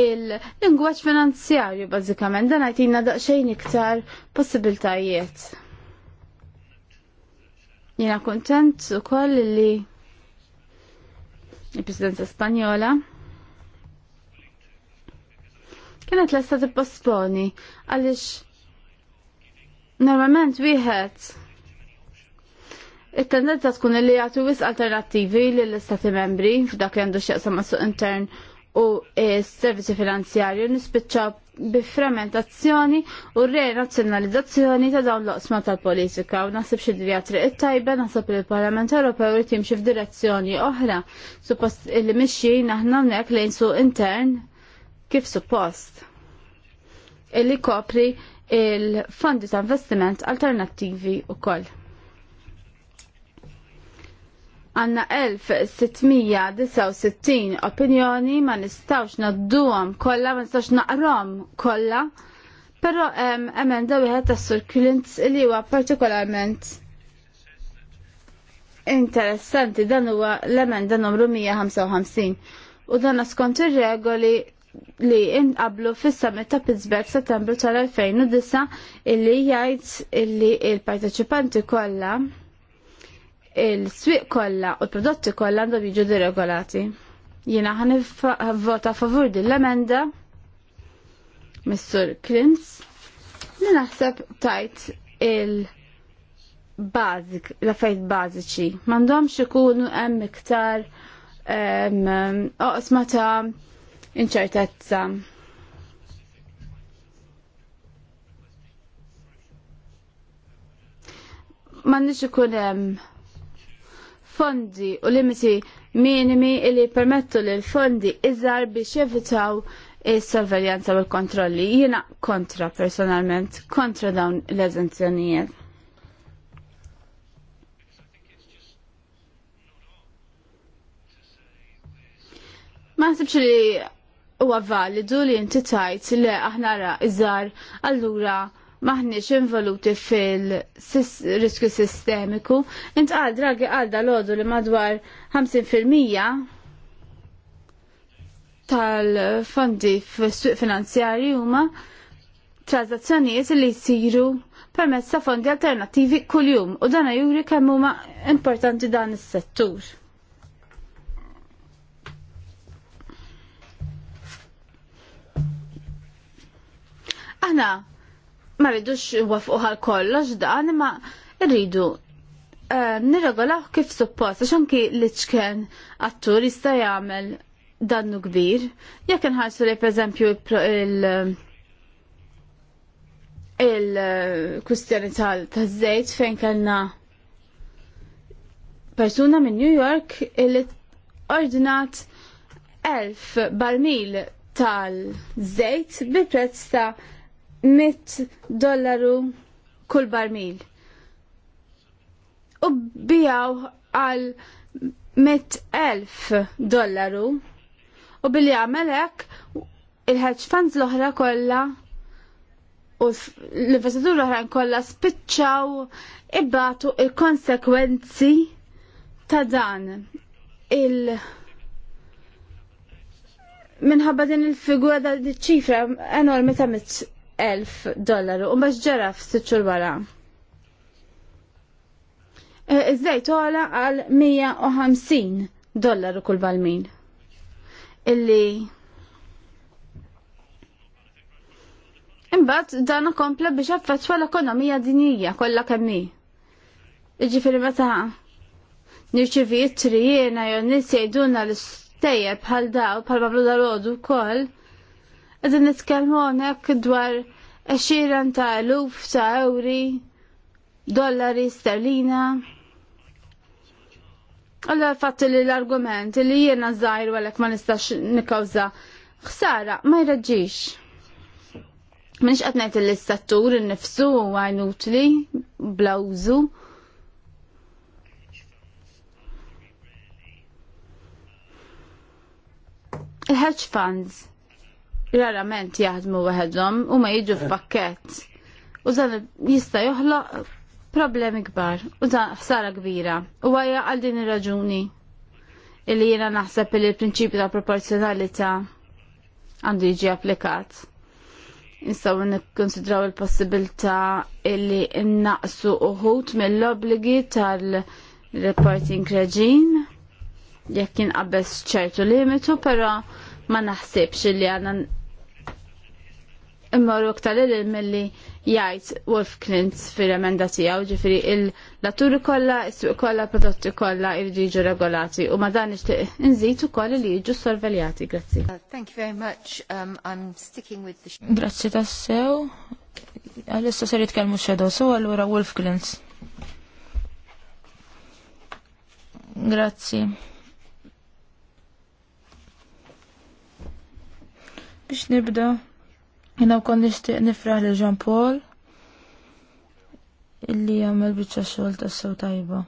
il lingwaċ finanzjarju bażikament dan ħajtina daqsxejn iktar possibiltajiet. Jena kontent ukoll li il-Presidenza Spanjola kienet lesta posponi għaliex normalment wieħed it-tendenza tkun li jagħtu wis alternattivi lill-istati membri f'dak li għandu x'jaqsam mas-suq intern u s-servizzi finanzjarju nispiċċaw bifrementazzjoni u renazzjonalizzazzjoni ta' dawn l-oqsma tal-politika u naħseb xi li triq it-tajba naħseb li l-Parlament Ewropew jrid jimxi f'direzzjoni oħra suppost li mixjin aħna hawnhekk lejn suq intern kif suppost illi kopri il-fondi ta' investiment alternattivi u koll. Għanna 1669 opinjoni ma nistawx nadduhom kollha, ma nistawx naqrom kollha, però hemm emenda wieħed tas Sur li huwa partikolarment interessanti dan huwa l-emenda numru 155 u dan skont ir-regoli li inqablu fis-summit ta' Pittsburgh settembru tal-2009 illi jgħid illi il-parteċipanti kollha il-swieq kollha u l-prodotti kollha għandhom jiġu deregolati. Jiena ħan vota favur din l-emenda Mr. Klims li naħseb tajt il- bazik, l-affajt bażiċi. M'għandhomx ikunu hemm iktar oqsma ta' inċertezza. Ma nix ikun hemm fondi u limiti minimi li permettu li l-fondi iżar biex jevitaw il sorveljanza u l-kontrolli. Jiena kontra personalment, kontra dawn l-eżenzjonijiet. Ma nsibx li huwa validu li inti tajt li aħna ra iżar allura maħniex involuti fil-riskju sistemiku. Int għal dragi għal dal-ħodu li madwar 50% tal-fondi f-suq finanzjari huma transazzjonijiet li jsiru permezz ta' fondi alternattivi kuljum u dan juri kemm huma importanti dan is-settur. Aħna ma rridux wafquħ l kollox dan imma rridu eh, nirregolaw kif suppost għax anki l-iċken attur jista' jagħmel dannu kbir. Jekk inħarsu li pereżempju il- il-kustjoni tal-żejt fejn kellna persuna minn New York illi ordinat elf barmil tal-żejt bi prezz ta' 100 dollaru kull barmil. U bijaw għal 100.000 dollaru u billi għamelek il-hedge funds l-oħra kolla u l-investitur l-oħra kolla spiċċaw ibbatu il-konsekwenzi ta' dan il- minħabba din il-figura da' ċifra enormi ta' elf dollaru u mbax ġara f'sitxur wara. E, Iżdejt għala għal 150 dollaru kull balmin. Illi Imbagħad dan kompla biex affaċċwa l-ekonomija dinjija kollha kemm hi. Jiġifieri meta nirċivi t-trijiena jew nies jgħiduna l-istejjeb bħal daw bħal Pablo Darodu wkoll Għadin nitkellmu hawnhekk dwar xiran ta' eluf ta' euri, dollari sterlina. Alla fatt li l-argument li jena zaħir għalhekk ma nistax nikkawża ħsara ma jraġġix. Minix li l-istattur n-nifsu għajnutli, blawzu. Il-hedge funds rarament jaħdmu waħedhom u ma jiġu f'pakkett. U dan jista' joħloq problemi kbar u dan ħsara kbira. U għajja għal din ir-raġuni illi jiena naħseb li l-prinċipju ta' proporzjonalità għandu jiġi applikat. Nistaw nikkonsidraw il-possibilità illi innaqsu uħut mill-obligi tal-reporting reġin jekk inqabbes ċertu limitu, però ma naħsibx li għandna immorru ktar l milli jgħid Wolf Klint fil-emenda tiegħu ġifieri il-laturi kollha, is-suq kollha, prodotti kollha il-ġiġu regolati u ma dan nixtieq kolli ukoll li jiġu sorveljati. Grazie. Uh, thank you very much. Um, I'm sticking with the Grazzi tassew. Għalissa ser jitkellmu xedo, so allura Wolf Klint. Grazzi. Biex nibda Jina kon nishtiq nifraħ li Jean Paul illi jagħmel biċċa xogħol tas-sew tajba.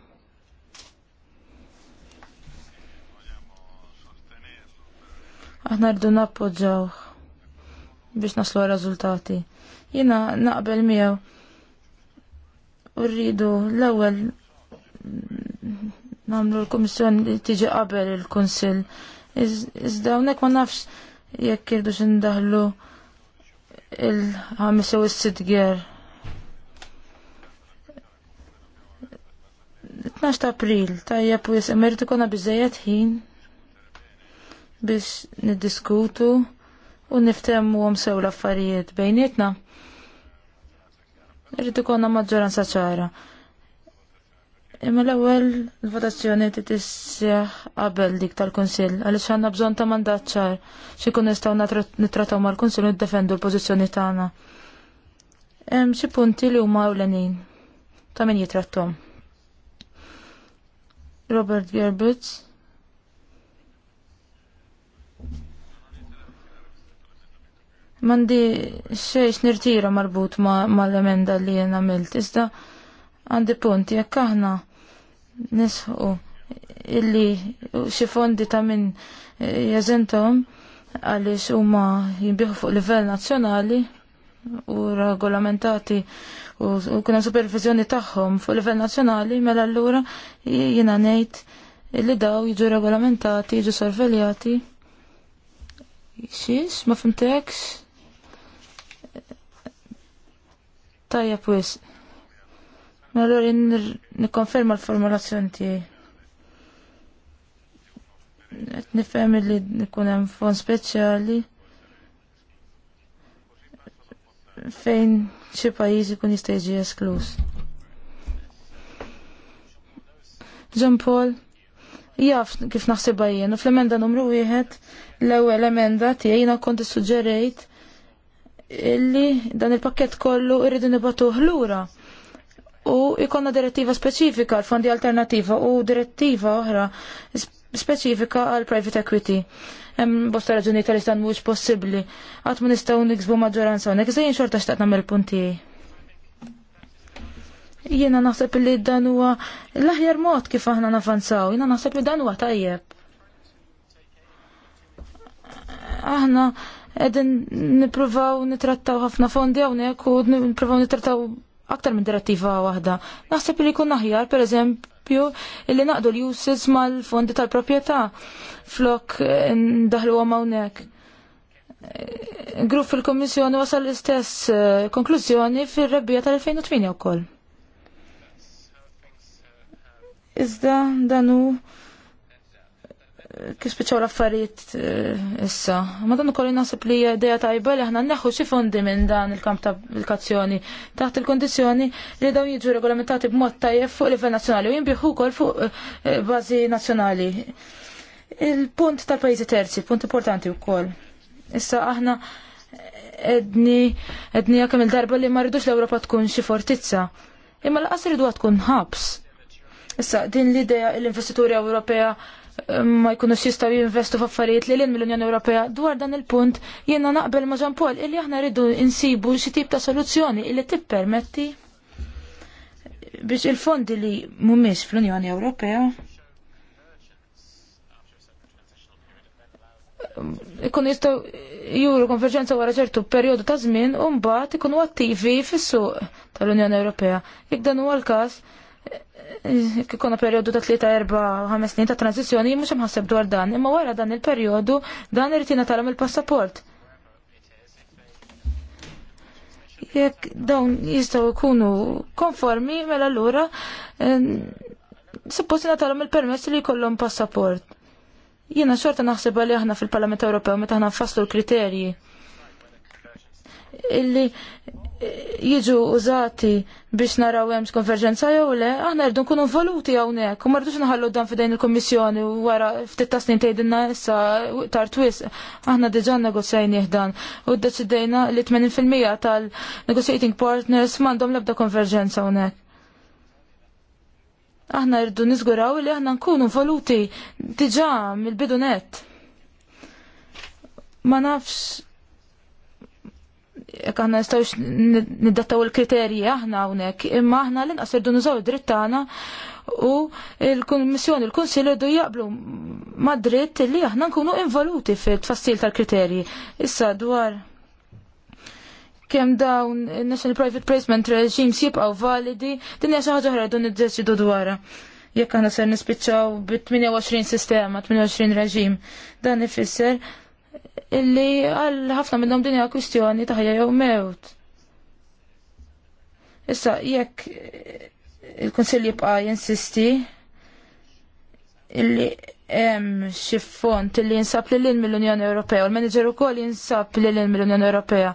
Aħna rridu nappoġġaw biex naslu r-rażultati. Jina naqbel miegħu u rridu l-ewwel nagħmlu l-Kummissjoni li tiġi qabel il-Kunsill. Iżda hawnhekk ma nafx jekk irdu xindaħlu il-ħamis u s-sidger. 12 ta' april, tajjeb u jisem, irritu konna bizzejet ħin biex niddiskutu u niftemu għom sew l-affarijiet bejnietna. Irritu konna maġġoranza ċara. Imma l-ewwel il-votazzjoni titissieħ qabel dik tal-Kunsill għaliex għandna bżonn ta' mandat ċar xi kun nistgħu nittrattaw mal-Kunsill u niddefendu l-pożizzjoni tagħna. Hemm xi punti li huma ewlenin ta' min jitrattom. Robert Gerbitz. Mandi xejx nirtira marbut mal-emenda li jena għamilt, iżda għandi punti jekk aħna nisħu illi xi fondi ta' min eh, jeżentom għaliex huma jimbiħu fuq livell nazzjonali u regolamentati u, u kuna supervizjoni tagħhom fuq livell nazzjonali mela allura jiena ngħid li daw jiġu regolamentati, jiġu sorveljati. Xiex, ma fimtekx. Tajja pwis. Allora nikkonferma l-formulazzjoni tiegħi. Qed nifhem li nkun hemm fond speċjali fejn xi pajjiżi ikun jista' jiġi esklus. John Paul jaf kif naħsibha jien u fl-emenda numru wieħed l-ewwel emenda tiegħi jiena kont issuġġerejt illi dan il-pakket kollu irridu nibatuh lura u ikonna direttiva speċifika għal fondi alternativa u direttiva oħra speċifika għal private equity. Hemm bosta raġuni tal-istan mhux possibbli. Qatt ma nistgħu niksbu maġġoranza hawnhekk se jien xorta xtaqt nagħmel punti. Jiena naħseb li dan huwa l-aħjar mod kif aħna nafanzaw, jiena naħseb li dan huwa tajjeb. Aħna qegħdin nippruvaw nitrattaw ħafna fondi hawnhekk u nippruvaw nitrattaw aktar minn direttiva waħda. Naħseb li jkun aħjar, pereżempju, li naqdu l-uses mal-fondi tal-proprjetà flok eh, ndaħlu hawnhekk. Eh, grupp fil komissjoni wasal l-istess eh, konklużjoni fir-rebbija tal-2008 wkoll. Iżda danu kif l-affarijiet eh, issa. Ma ukoll naħseb li idea tajba li aħna neħu xi fondi minn dan il-kamp ta' applikazzjoni taħt il kundizzjoni li dawn jiġu regolamentati b'mod tajjeb fuq livell nazzjonali u jinbieħu wkoll fuq eh, bażi nazzjonali. Il-punt tal-pajjiżi terzi, punt importanti wkoll. Issa aħna edni edni kemm il-darba li ma rridux l-Ewropa tkun xi fortizza. Imma l ridu tkun ħabs. Issa din l-idea l-investituri Ewropea ma jkunux jistaw jinvestu f'affarijiet li l mill-Unjoni Ewropea dwar dan il-punt jiena naqbel ma' Ġan Paul illi aħna rridu insibu xi tip ta' soluzzjoni illi tippermetti biex il-fondi li mhumiex fl-Unjoni Ewropea ikun jistaw juru konverġenza wara ċertu periodu ta' żmien u mbagħad ikunu attivi fis-suq tal-Unjoni Ewropea. Jekk dan huwa l-każ, Eh, kikona periodu ta' 3-4-5 snin ta' tranzizjoni mux mħasseb dwar dan, imma wara dan il-periodu dan irritina talam il-passaport. Jekk dawn jistaw ikunu konformi mela l-ura, eh, suppost natalhom il-permess li jkollhom passaport. Jiena xorta naħseb li aħna fil-Parlament Ewropew meta aħna nfasslu l-kriterji illi jiġu użati biex naraw hemm konverġenza jew le, aħna rridu nkunu valuti hawnhekk u ma rridux naħallu dan f'dejn il-Kummissjoni wara ftit ta' snin tgħidilna issa tar twis. Aħna diġà negozjajn dan u ddeċidejna li 80% tal-negotiating partners m'għandhom l-ebda konverġenza hawnhekk. Aħna rridu niżguraw li aħna nkunu valuti diġà mill-bidu Ma nafx jekk aħna nistgħux niddattaw il-kriterji aħna hawnhekk, imma aħna l-inqas irdu nużaw id-dritt tagħna u l kommissjoni l konsil irdu jaqblu ma' dritt li aħna nkunu involuti fil tfassil tal-kriterji. Issa dwar kemm dawn national private placement regimes jibqgħu validi, din hija xi ħaġa oħra rridu dwar jekk aħna ser nispiċċaw bit 28 sistema, 28 reġim. Dan ifisser illi għal ħafna minnhom din hija kwistjoni ta' jew mewt. Issa jekk il-Kunsill jibqa' jinsisti illi hemm xi font illi jinsab lil lin mill-Unjoni Ewropea u l-manager ukoll jinsab lil lin mill-Unjoni Ewropea.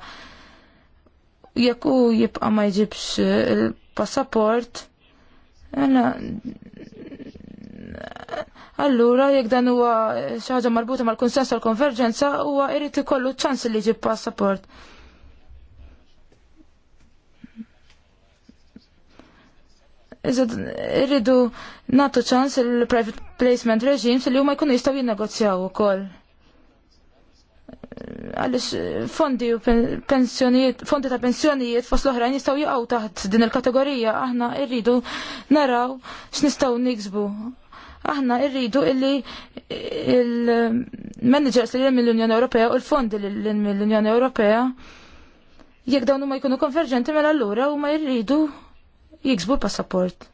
Jekk hu jibqa' ma jġibx il-passaport, għana Allura, jekk dan huwa eh, xi ħaġa marbuta mal-konsens tal-konverġenza, huwa irid ikollu ċans li jġib passaport. Iżad irridu nagħtu ċans il-private placement regimes li huma jkunu jistgħu jinnegozjaw ukoll. Għaliex eh, fondi u pensjonijiet, fondi ta' pensjonijiet fost l-oħrajn jistgħu jaqgħu taħt din il-kategorija, aħna rridu naraw x'nistgħu niksbu aħna irridu illi il-managers li mill-Unjoni Ewropea u l-fondi li mill-Unjoni Ewropea jekk dawn huma jkunu konverġenti mela u huma jirridu jiksbu passaport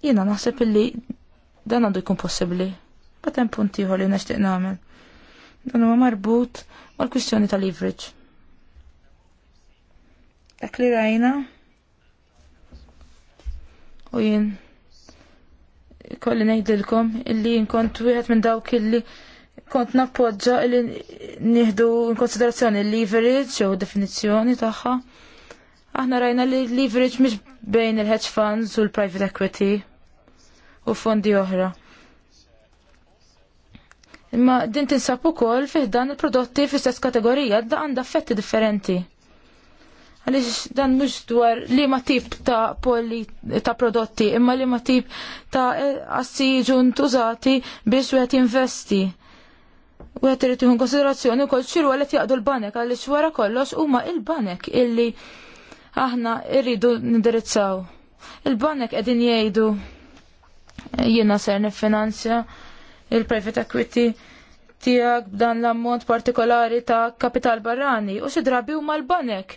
Jiena naħseb illi dan għandu jkun possibbli. Batem punt ieħor li nixtieq nagħmel. Dan huwa marbut mal-kwistjoni tal-leverage. Dak li rajna u jien kolli ngħidilkom illi nkont wieħed minn dawk illi kont nappoġġa illi nieħdu konsiderazzjoni l-leverage jew definizzjoni tagħha. Aħna rajna li leverage mhix bejn il-hedge funds u l-private equity u fondi oħra. Imma din tinsab ukoll fih dan il-prodotti fl-istess kategorija għandha effetti differenti għaliex dan mhux dwar li ma tip ta' poli ta' prodotti imma li ma tip ta' e, assi jiġu ntużati biex wieħed jinvesti. Wieħed irid jieħu konsiderazzjoni wkoll xiru għalet jaqdu l-banek għaliex wara kollox huma il-banek illi aħna rridu nindirizzaw. Il-banek qegħdin jgħidu jina ser niffinanzja il-private equity tijak b'dan l-ammont partikolari ta' kapital barrani u xi drabi huma l-banek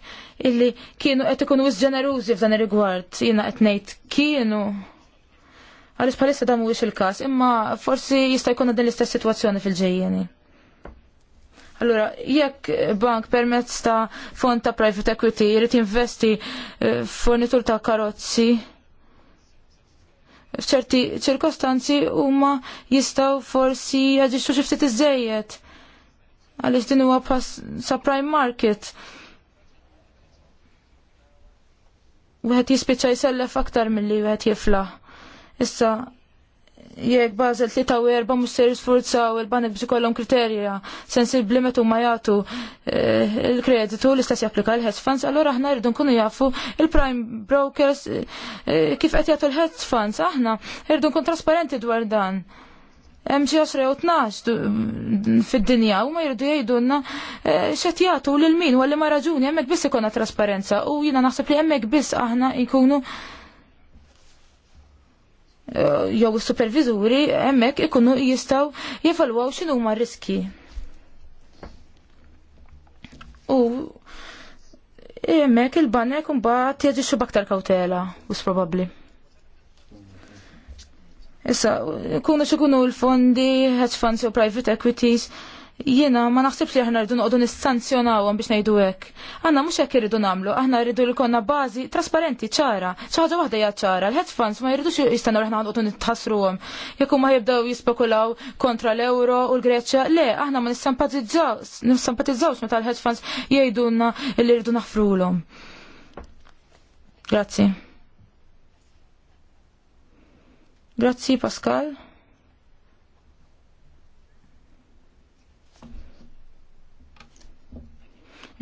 illi kienu qed ikunu wis ġenerużi f'dan ir-rigward jiena qed ngħid kienu. Għaliex bħalissa dan mhuwiex il-każ, imma forsi jista' jkun din l-istess sitwazzjoni fil-ġejjeni. Allura, jekk bank permezz ta' fond ta' private equity jrid jinvesti eh, fornitur ta' karozzi, f'ċerti ċirkostanzi huma jistgħu forsi jaġixxu xi ftit iżejjed. Għaliex din huwa sa prime market. Wieħed jispiċċa jsellef aktar milli wieħed jifla. Issa jekk bażel 3 u erba mhux se jisfurzaw il-banek biex ikollhom kriterja sensibbli meta huma jagħtu eh, il-kreditu li stess japplika l-hedge funds, allura aħna rridu nkunu jafu il-prime brokers eh, kif qed jagħtu l-hedge funds, aħna rridu nkun trasparenti dwar dan. Hemm xi għoxra jew tnax fid-dinja huma jridu jgħidulna eh, x'għed jagħtu lil min walli ma raġuni hemmhekk biss ikunna trasparenza u jiena naħseb li hemmhekk biss aħna jkunu Eh, jew supervizuri hemmhekk ikunu jistgħu jevalwaw x'inhu huma riski. U hemmhekk il-banek imbagħad jeġixxu b'aktar kawtela wis probabbli. Issa, kuna xikunu l-fondi, hedge funds u private equities, Jiena ma naħsibx li aħna rridu noqogħdu nissanzjonawhom biex ngħidu hekk. Aħna mhux hekk irridu nagħmlu, aħna rridu li konna bażi trasparenti ċara, xi ħaġa waħda hija ċara. L-hedge funds ma jridux jistennew aħna noqogħdu nitħassruhom. Jekk huma jibdew jispekulaw kontra l ewro u l-Greċja, le aħna ma nissempatizzawx meta l-hedge funds jgħidulna li rridu naħfrulhom. Grazzi. Grazzi Pascal.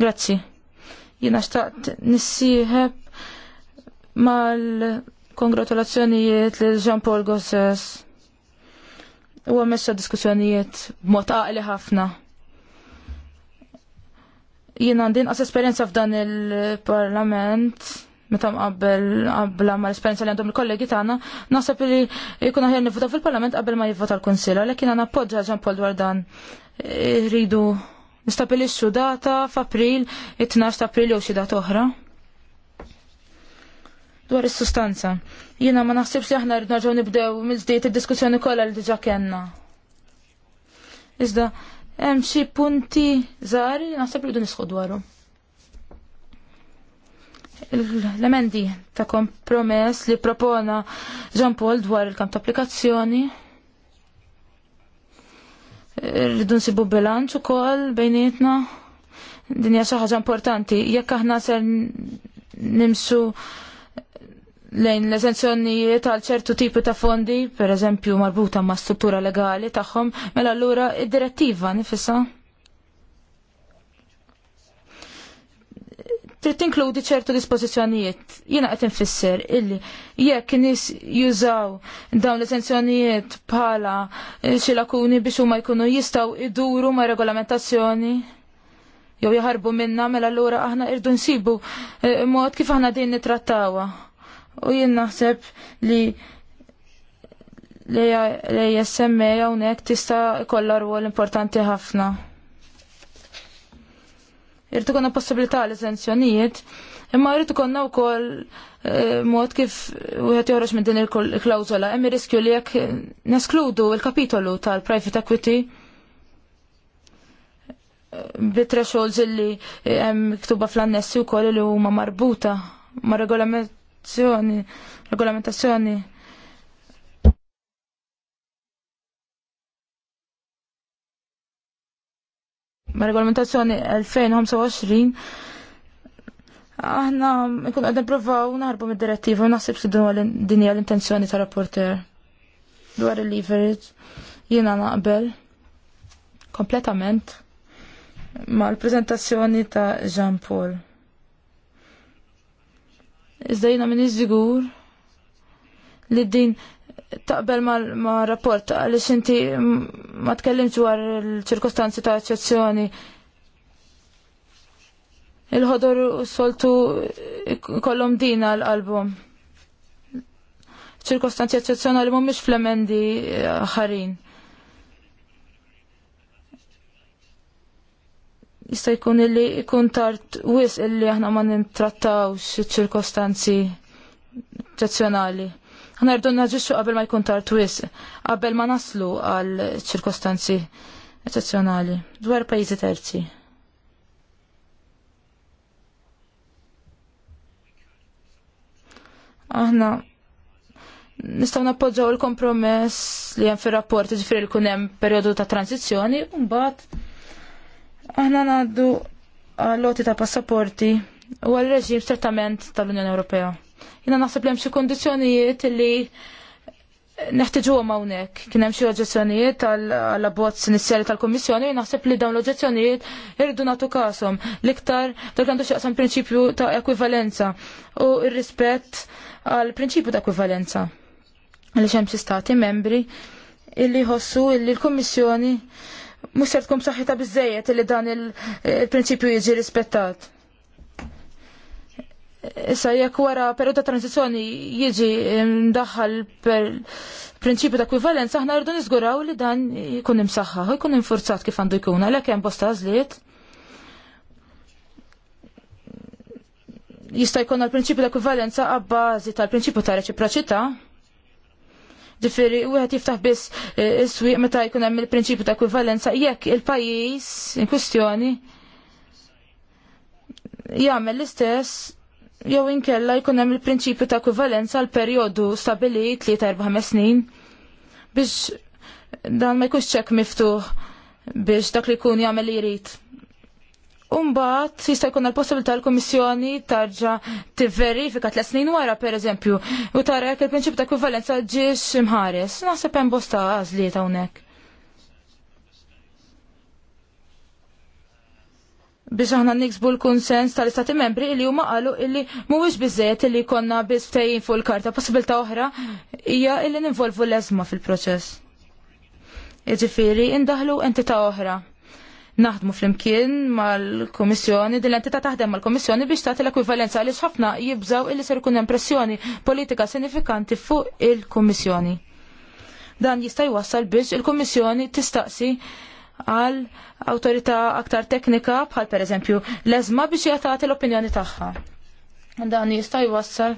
Grazzi. Jina xtaqt nissiħeb mal-kongratulazzjonijiet li Jean Paul Gossess. U għamessa diskussjonijiet b'mod għaqli ħafna. Jina għandin għas esperienza f'dan il-parlament, meta mqabbel qabla ma l-esperienza li għandhom il-kollegi tagħna, naħseb li jkun aħjar nivvota fil-parlament qabel ma jivvota l-Kunsill, għalhekk jiena nappoġġa Jean Paul dwar dan nistabilixxu data f'April, it-12 ta' April jew xi data oħra. Dwar is-sustanza. Jiena ma naħsibx li aħna rridu nerġgħu nibdew mill-ġdid id-diskussjoni kollha li diġà kellna. Iżda hemm xi punti żgħar li naħseb li rridu nisħu dwarhom. L-emendi ta' kompromess li propona Jean Paul dwar il-kamp ta' applikazzjoni rridu nsibu bilanċ ukoll bejnietna. Din hija xi ħaġa importanti. Jekk aħna ser nimsu lejn l-eżenzjonijiet għal ċertu tipi ta' fondi, per eżempju marbuta ma' struttura legali tagħhom, mela allura id-direttiva nifissa. trid tinkludi ċertu dispożizzjonijiet. Jiena qed infisser illi jekk nies jużaw dawn l-esenzjonijiet bħala eh, xi lakuni biex huma jkunu jistgħu iduru ma' regolamentazzjoni jew jaħarbu minna mela allura aħna irdu nsibu eh, mod kif aħna din nitrattawha. U jien naħseb li l-ASMA e hawnhekk tista' jkollha rwol importanti ħafna. Irrid konna possibilità l-eżenzjonijiet, imma konna u wkoll eh, mod kif wieħed joħroġ minn din il-klawżola hemm riskju li jekk neskludu l-kapitolu tal-private equity eh, bit thresholds illi eh, hemm miktuba fl-annessi wkoll li huma marbuta ma' regolamentazzjoni regolamentazzjoni ma' regolamentazzjoni 2025 aħna ikun qed nippruvaw naħarbu mid-direttiva u naħseb li din hija l-intenzjoni tar-rapporter dwar il-leverage jiena naqbel kompletament mal-prezentazzjoni ta' Jean Paul. Iżda jina minn iżgur li din taqbel ma rapport għaliex inti ma tkellimx dwar il-ċirkostanzi ta' eċċezzjoni. Il-ħodor soltu kollom dina l-album. Ċirkostanzi eċċezzjonali mhumiex flemendi eh, ħarin. jista' jkun illi jkun tard wis illi aħna ma nintrattawx iċ-ċirkostanzi eċċezzjonali rdu naġiċu qabel ma jkun tard wis, qabel ma naslu għal ċirkostanzi eccezzjonali dwar pajjiżi terzi. Aħna nistaw nappoġġaw il-kompromess li hemm fir-rapport ġifri li kun hemm perjodu ta' tranzizzjoni mbagħad aħna ngħaddu għal loti ta' passaporti u għal reġim strettament tal-Unjoni Ewropea. Jina naħseb li hemm xi li neħtiġu hawnhekk. Kien hemm xi oġġezzjonijiet għall abbozz inizjali tal-Kummissjoni naħseb li dawn l-oġġezzjonijiet irridu nagħtu każhom. L-iktar dak għandu x'jaqsam prinċipju ta' ekwivalenza u r-rispett għal prinċipju ta' ekwivalenza. Għaliex hemm xi stati membri illi ħossu illi l-Kummissjoni mhux se tkun b'saħħitha biżejjed illi dan il-prinċipju jiġi rispettat. Issa jekk wara periodu ta' tranzizjoni jiġi mdaħħal per prinċipju ta' ekwivalenza, aħna rridu niżguraw li dan jkun imsaħħa, jkun infurzat kif għandu jkun, għalhekk hemm bosta għażliet. Jista' jkun għall-prinċipju ta' ekwivalenza għabbażi tal-prinċipju ta' reċiproċità, ġifieri wieħed jiftaħ biss eh, is-swieq meta jkun hemm il-prinċipju ta' ekwivalenza jekk il-pajjiż in kwistjoni jagħmel l-istess jew inkella jkun hemm il-prinċipju ta' ekwivalenza għal perjodu stabbilit li ta' erba' ħames snin biex dan ma jkunx ċek miftuħ biex dak li jkun jagħmel li jrid. Umbat, jista' jkun l-possibilità l-Kummissjoni tarġa tivverifika tliet snin wara pereżempju u tara jekk il-prinċipju ta' ekwivalenza ġiex imħares. Naħseb hemm bosta għażliet hawnhekk. biex aħna niksbu l-konsens tal-istati membri illi huma qalu illi mhuwiex biżejjed illi konna biss fejn fuq il-karta. Possibilità oħra hija illi ninvolvu l-eżma fil-proċess. Jiġifieri indaħlu entità oħra. Naħdmu flimkien mal-Komissjoni, din l-entità taħdem mal-Komissjoni biex tagħti l-ekwivalenza għaliex ħafna jibżaw illi ser ikun hemm pressjoni politika sinifikanti fuq il-Komissjoni. Dan jista' jwassal biex il-Komissjoni tistaqsi għal awtorità aktar teknika bħal pereżempju l-eżma biex jagħtati l-opinjoni tagħha. Dan jista' jwassal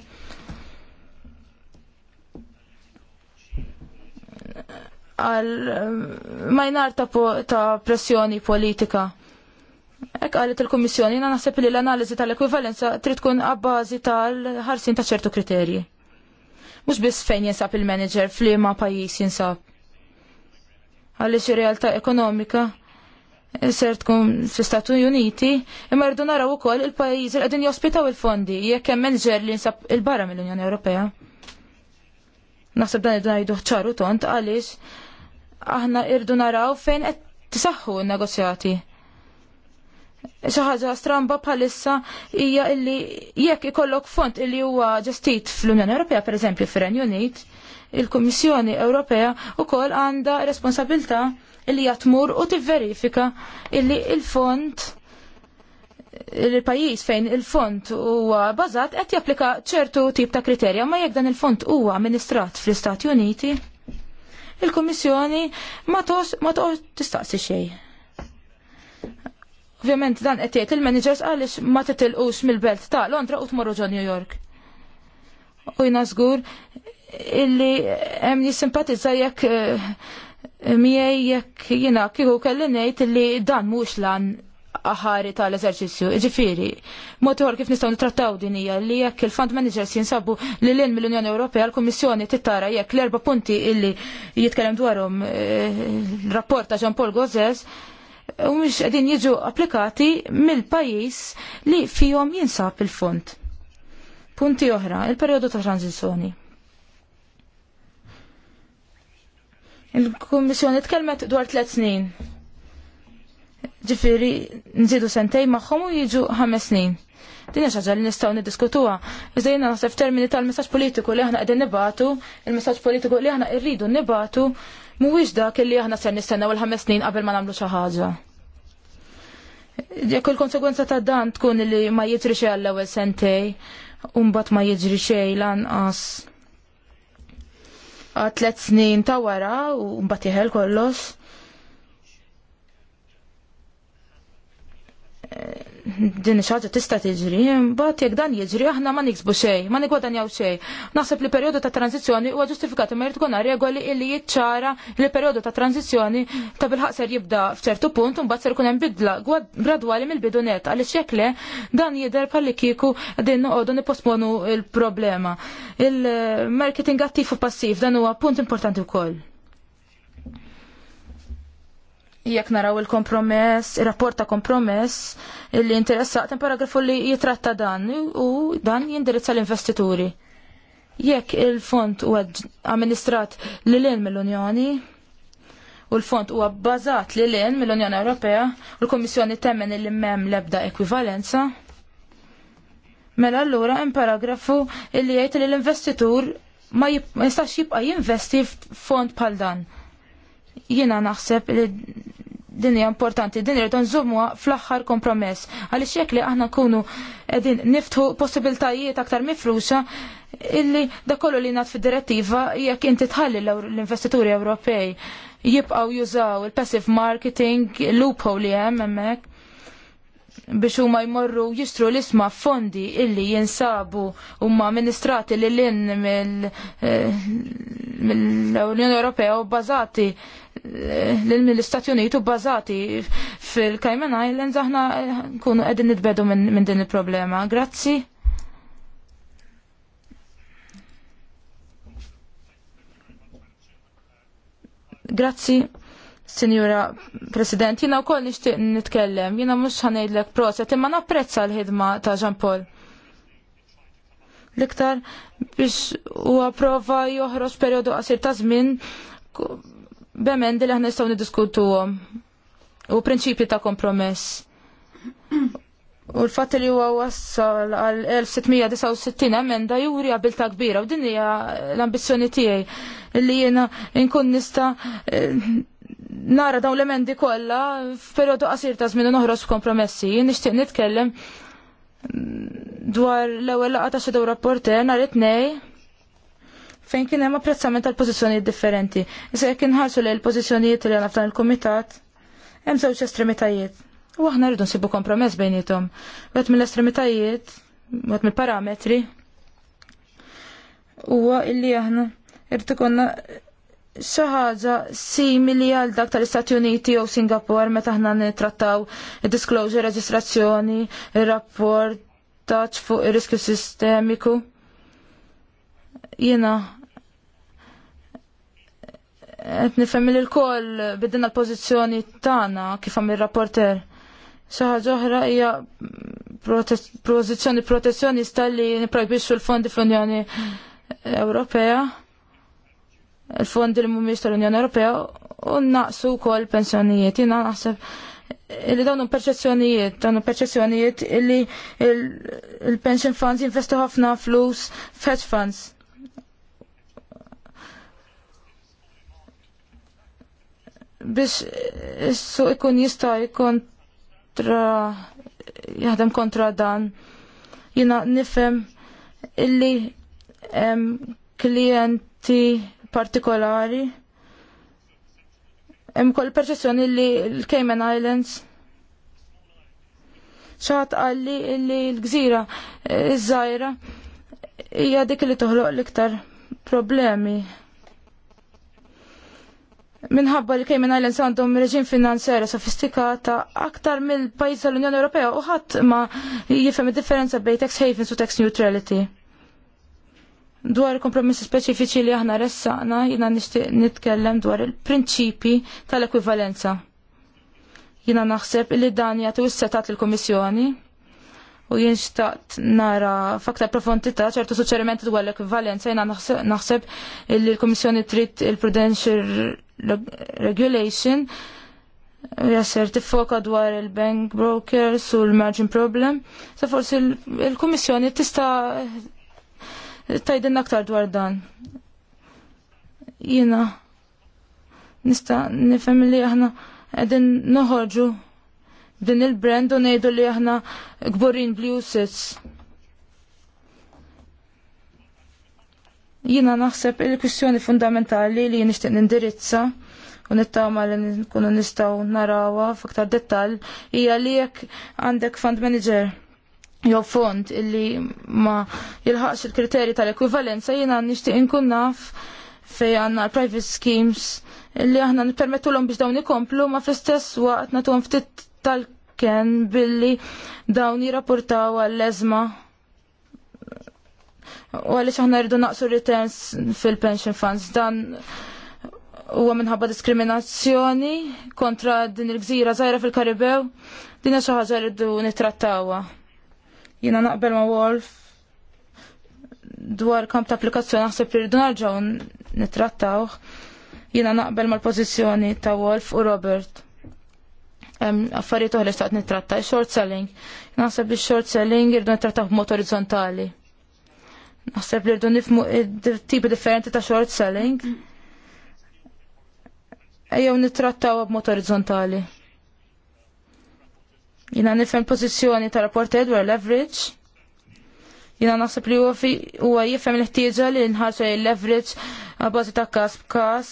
għal eh, majnar ta', po, ta pressjoni politika. Ek għalet il-Komissjoni na naħseb li l-analizi tal ekvivalenza trid tkun għabbażi tal-ħarsin ta' ċertu kriterji. Mhux biss fejn jinsab il-manager f'liema pajjiż jinsab għaliex ir-realtà ekonomika ser tkun fl-Istati Uniti, imma rridu naraw ukoll il-pajjiżi li qegħdin jospitaw il-fondi jekk hemm manager li nsab il-barra mill-Unjoni Ewropea. Naħseb dan id-najdu ċaru tont għaliex aħna irdu naraw fejn qed tisaħħu n-negozjati xi ħaġa stramba bħalissa hija illi jekk ikollok font illi huwa ġestit fl-Unjoni Ewropea pereżempju fir-Renju Unit, il-Kummissjoni Ewropea wkoll għandha responsabilità illi jatmur u tivverifika illi il-fond il-pajis fejn il-fond huwa bażat qed japplika ċertu tip ta' kriterja, ma jekk dan il-fond huwa amministrat fl-Istati Uniti, il-Kummissjoni ma tos ma tos tistaqsi xejn. Ovvjament dan qed jgħid il-managers għaliex ma titilqux mill-belt ta' Londra u tmorru ġo New York. U jnażgur illi hemm jissimpatizza jekk eh, miej jekk jiena kieku kelli ngħid illi dan mhux lan aħari tal-eżerċizzju. Ġifiri, motor kif nistgħu nitrattaw din hija li jekk il-fund managers jinsabu li l mill-Unjoni Ewropea l-Kummissjoni tittara jekk l-erba' punti illi jitkellem dwarhom eh, rapport ta' Jean Paul Gozes u mhux qegħdin jiġu applikati mill-pajjiż li fihom jinsab il-fond. Punti oħra, il-perjodu ta' tranzizzjoni. Il-Kummissjoni tkellmet dwar tliet snin. Ġifieri nżidu sentej magħhom u jiġu ħames snin. Din hija xaġa li nistgħu niddiskutuha. Iżda jiena naħseb termini tal-messaġġ politiku li aħna qegħdin nibatu, il-messaġġ politiku li aħna rridu nibatu, mhuwiex dak li aħna ser nistennew il-ħames snin qabel ma nagħmlu xi ħaġa. Jekk il-konsegwenza ta' dan tkun li ma jiġri xejn għall-ewwel sentej, u mbagħad ma jiġri xejn lanqas tlet snin ta' wara u mbatiħel kollox din xaġa tista' tiġri, imbagħad jekk dan jiġri aħna ma niksbu xejn, ma nigwadanjaw xejn. Naħseb li perjodu ta' tranzizzjoni huwa ġustifikat imma jrid tkun regoli li jiċċara li perjodu ta' tranzizzjoni ta' bil ser jibda f'ċertu punt u mbagħad ser ikun hemm bidla gradwali mill-bidu net għaliex jekk le dan jidher bħalli kieku din noqogħdu nipposponu l problema Il-marketing attiv u passiv dan huwa punt importanti wkoll jekk naraw il-kompromess, il-rapport ta' kompromess, li interessat paragrafu li jitratta dan u dan jindirizza l-investituri. Jekk il-font u amministrat li l mill-Unjoni u l-font huwa bbażat li l mill-Unjoni Ewropea u l komissjoni temmen li mem lebda ekvivalenza, mela allura hemm paragrafu li jgħid li l-investitur ma jistax jibqa' jinvesti f'fond bħal dan. Jiena naħseb li din hija importanti, din irridu nżommuha fl-aħħar kompromess. Għaliex jekk li aħna nkunu qegħdin niftħu possibiltajiet aktar mifruxa illi da kollu li nat fid-direttiva jekk inti tħalli l-investituri Ewropej jibqgħu jużaw il-passive marketing, loophole li hemm hemmhekk biex huma jmorru jistru l-isma fondi illi jinsabu huma amministrati li l-in eh, mill-Unjoni Ewropea u bazati eh, l-Istati Unitu bazati fil-Cayman Islands aħna eh, nkunu qegħdin nitbedu minn din il-problema. Grazzi. Grazzi. Sinjura President, jina u koll nishtiq nitkellem, jina mux ħanejdlek proset, imma napprezza l-ħidma ta' Jean Paul. L-iktar biex u prova joħroġ periodu qasir ta' żmien b'emendi li ħna nistgħu niddiskutuhom u prinċipji ta' kompromess. U l-fatt li huwa wassal għal 1669 emenda juri għabilta kbira u din hija l-ambizzjoni tiegħi li jiena nkun nista' eh, nara dawn l-emendi kollha f'perjodu qasir ta' żmien noħroġ f'kompromessi, nixtieq nitkellem dwar l-ewwel laqgħa ta' xedew rapporter nhar it-tnej fejn kien hemm apprezzament tal-pożizzjonijiet differenti. Issa jekk inħarsu lejn il-pożizzjonijiet li għandna f'dan il-kumitat, hemm żewġ estremitajiet. U aħna rridu nsibu kompromess bejnietom. Wet mill-estremitajiet, wet mill-parametri, huwa illi aħna irtikonna xi ħaġa simili għal dak tal-Istati Uniti jew Singapore meta aħna nittrattaw disclosure, reġistrazzjoni, rapport taċ fuq ir-riskju sistemiku. Jiena qed nifhem li l-koll bidilna l-pożizzjoni tagħna kif għamil rapporter. Xi ħaġa oħra hija pożizzjoni protezzjonista li nipprojbixxu l-fondi fl-Unjoni Ewropea il-fondi li mhumiex tal-Unjoni Ewropea u naqsu wkoll pensjonijiet. Jina naħseb li dawnu perċezzjonijiet, dawnu perċezzjonijiet li il-pension funds jinvestu ħafna flus f'hedge funds. biex issu ikun jista' jkun kontra jaħdem kontra dan jina nifem illi em, klienti partikolari. Hemm kol perċessjoni li l-Cayman Islands ċat għalli li l-gżira eh, iż-żajra hija dik li toħloq l-iktar problemi. Minħabba li Cayman Islands għandhom reġim finanzjarja sofistikata aktar mill-pajjiż tal-Unjoni Ewropea u ħadd ma jifhem id-differenza bejn tax havens u tax neutrality. Dwar il-kompromissi speċifiċi li aħna ressaqna, jina nishtiq nitkellem dwar il-prinċipi tal-ekwivalenza. Jina naħseb li dan s setat il-Komissjoni u jien nara faktar profondità ċertu suċerimenti dwar l-ekwivalenza jina naħseb li l-Komissjoni trid il-Prudential Regulation jasser tifoka dwar il-bank brokers u l-margin problem, sa forsi il-Komissjoni tista' tajden aktar dwar dan. Jina, nista nifhem li aħna qegħdin noħorġu din il-brand u ngħidu li aħna gburin bluesis. Jina naħseb il-kwistjoni fundamentali li nixtieq nindirizza u nittama li nkunu nistgħu narawha f'aktar dettal hija li jekk għandek fund manager Jo font illi ma jilħaqx il-kriterji tal-ekwivalenza jiena nixtieq inkun naf fej għanna private schemes illi aħna nippermettulhom l biex dawn ikomplu ma fl-istess waqt nagħtuhom ftit tal-ken billi dawn jirrapportaw għall leżma u għaliex aħna rridu naqsu returns fil-pension funds dan huwa minħabba diskriminazzjoni kontra din il-gżira żgħira fil-Karibew din xi ħaġa rridu nittrattawha. Jina naqbel ma' Wolf dwar kamp ta' applikazzjoni naħseb li rridu narġgħu nittrattawh. Jina naqbel mal-pożizzjoni ta' Wolf u Robert affarijiet oħra staqt nitratta, short selling. Naħseb li short selling irdu nitrattaw b'mod orizzontali. Naħseb li rridu nifmu tipi differenti ta' short selling. Ejjew nittrattaw b'mod orizzontali. Jina nifhem pożizzjoni ta' rapport Edward Leverage. Jina naħseb li huwa jifhem l-ħtieġa li nħarsu leverage għabbażi ta' kas b'kas.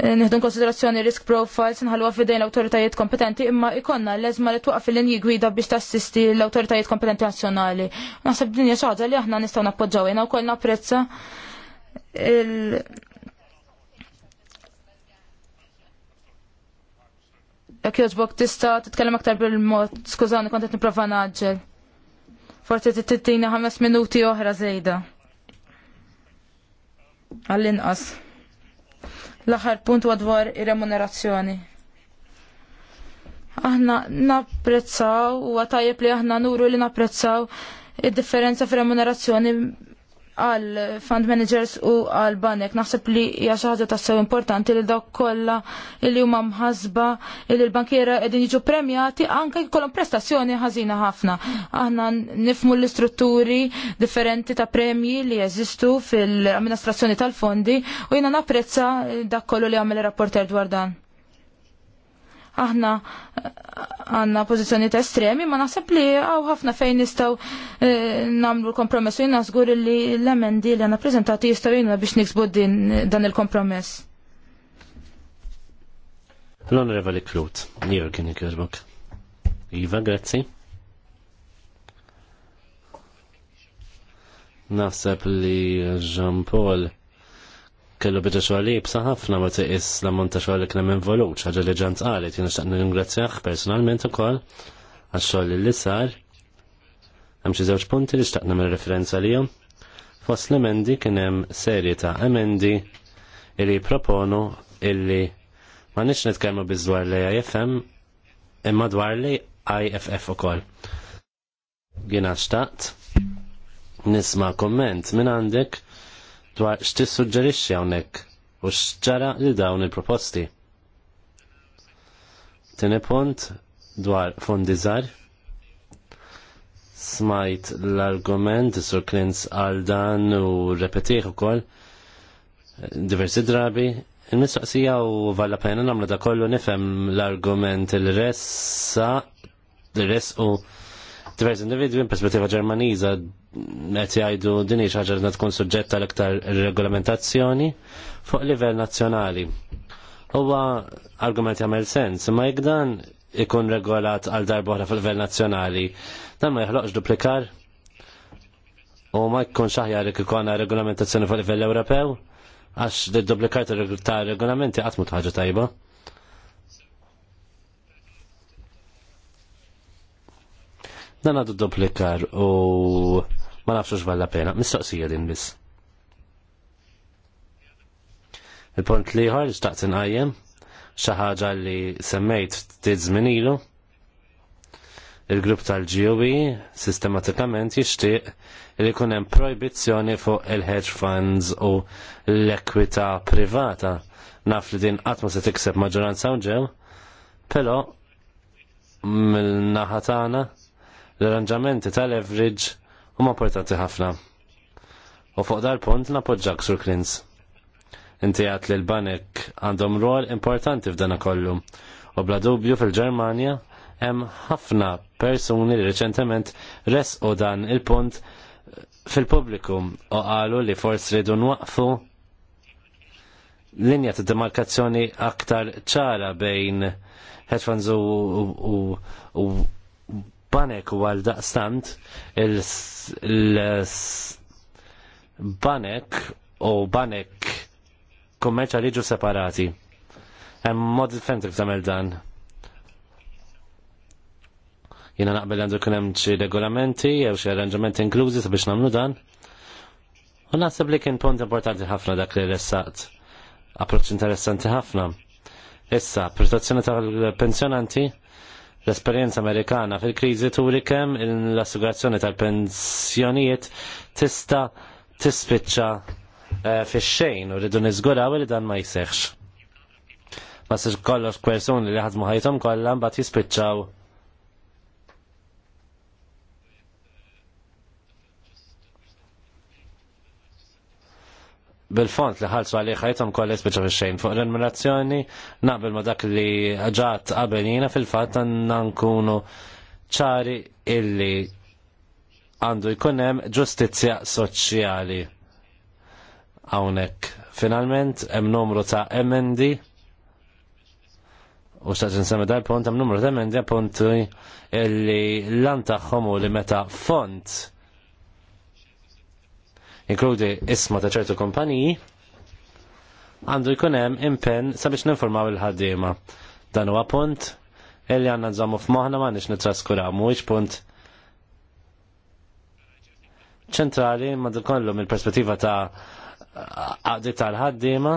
Eh, n konsiderazzjoni risk profiles nħallu fidejn l-autoritajiet kompetenti imma ikonna l-ezma li twaqaf l-linji gwida biex tassisti l-autoritajiet kompetenti nazzjonali. Naħseb dinja xaġa li aħna nistgħu nappoġġaw jena wkoll napprezza jekk jogħġbok tista' titkellem aktar bil-mod, skużani kont qed nipprova naġġel. Forsi tittina ħames minuti oħra żejda. Għall-inqas. L-aħħar punt huwa dwar ir-remunerazzjoni. Aħna napprezzaw u tajjeb li aħna nuru li napprezzaw id-differenza fir-remunerazzjoni għal fund managers u għal banek. Naħseb li hija xi ħaġa tassew importanti li dawk kollha li huma mħasba li l-bankiera qegħdin jiġu premjati anke jkollhom prestazzjoni ħażina ħafna. Aħna nifmu l-istrutturi differenti ta' premji li jeżistu fil-amministrazzjoni tal-fondi u jiena napprezza dak kollu li għamel rapporter dwar dan aħna eh, għanna pozizjoni ta' estremi, ma naħseb li għaw ħafna fejn nistaw e, namlu kompromess u jina zgur li l-emendi li għanna prezentati jistaw jina biex niksbu din dan il-kompromess. L-onorevoli Klut, Jorgen Ikirbuck. Iva, grazzi. Naħseb li Jean-Paul kellu bidu xogħol jibsa ħafna ma tiqis l-ammont ta' xogħol li kien involut, ħaġa li ġant qalet jien nixtaq nirringrazzjah personalment ukoll għax-xogħol li sar. Hemm xi żewġ punti li xtaqna minn referenza li Fost l-emendi kien hemm serje ta' emendi li proponu illi ma nix nitkellmu biż dwar li IFM imma dwar li IFF ukoll. Jiena xtaqt nisma' komment minn għandek dwar x'tissuġġerixxi hawnhekk u x'ġara li dawn il-proposti. Tieni punt dwar fondi żgħar. Smajt l-argument sur Klins għal dan u repetih ukoll diversi drabi. Il-mistoqsija u valla pena namlu da kollu nifhem l-argument il-ressa il-res u il diversi individwi perspettiva ġermaniża qed jgħidu din xaġa ħaġa li tkun suġġetta l-iktar regolamentazzjoni fuq livell nazzjonali. Huwa argument jagħmel sens, ma jekk dan ikun regolat għal darbohra fil livell nazzjonali, dan ma jħloqx duplikar u ma jkunx aħjar jekk ikun regolamentazzjoni fuq livell Ewropew għax d-duplikar ta' regolamenti qatt mu ħaġa tajba. Dan għadu duplikar u ma nafxux valla pena, mistoqsija din biss. Il-punt liħor, xtaqtin inqajjem, xaħġa li semmejt ftit ilu. il-grupp tal-GOB e sistematikament jixtieq li jkun hemm proibizzjoni fuq il-hedge funds u l ekwita privata. Naf li din qatt ma se tikseb maġġoranza ġew, però mill-naħa tagħna L-arranġamenti tal-leverage huma importanti ħafna. U fuq dal-punt napoġġak sur Klins. Inti għat li l-banek għandhom rol importanti f'dana kollu. U bla dubju fil-Ġermanja hemm ħafna persuni li reċentement resqu dan il-punt fil-pubbliku u qalu li forsi ridu nwaqfu linja ta' demarkazzjoni aktar ċara bejn hedge funds u, u, u, u banek u għal daqstant il-banek u banek kummerċa liġu separati. Hemm mod differenti f'tamel dan. Jiena naqbel għandu kien hemm xi regolamenti jew xi arranġamenti inklużi sabiex nagħmlu dan. U naħseb li kien punt importanti ħafna dak li ressaqt. Approċċ interessanti ħafna. Issa, protezzjoni tal-pensjonanti L-esperienza Amerikana fil-kriżi turi kemm l-assigurazzjoni tal-pensjonijiet tista' tispiċċa eh, fix-xejn u rridu niżguraw li dan ma jseħħx. Ma kollox persuni li ħadmu ħajtom kollha mbagħad jispiċċaw bil-font li ħalsu għalli ħajtom kolli speċa xejn fuq remunerazzjoni naqbel ma dak li ġat għabenina fil-fat għanna nkunu ċari illi għandu jkunem ġustizja soċjali. Hawnhekk finalment hemm numru ta' emendi u xtaġ nsemmi dal-punt hemm numru ta' emendi appunti illi l-antaħħomu li meta font inkludi isma ta' ċertu kumpaniji, għandu jkun hemm impenn sabiex ninformaw il-ħaddiema. Dan huwa punt illi għandna nżammu f'moħħna m'għandniex nitraskuraw mhuwiex punt ċentrali kollu mill perspettiva ta' għaddi tal-ħaddiema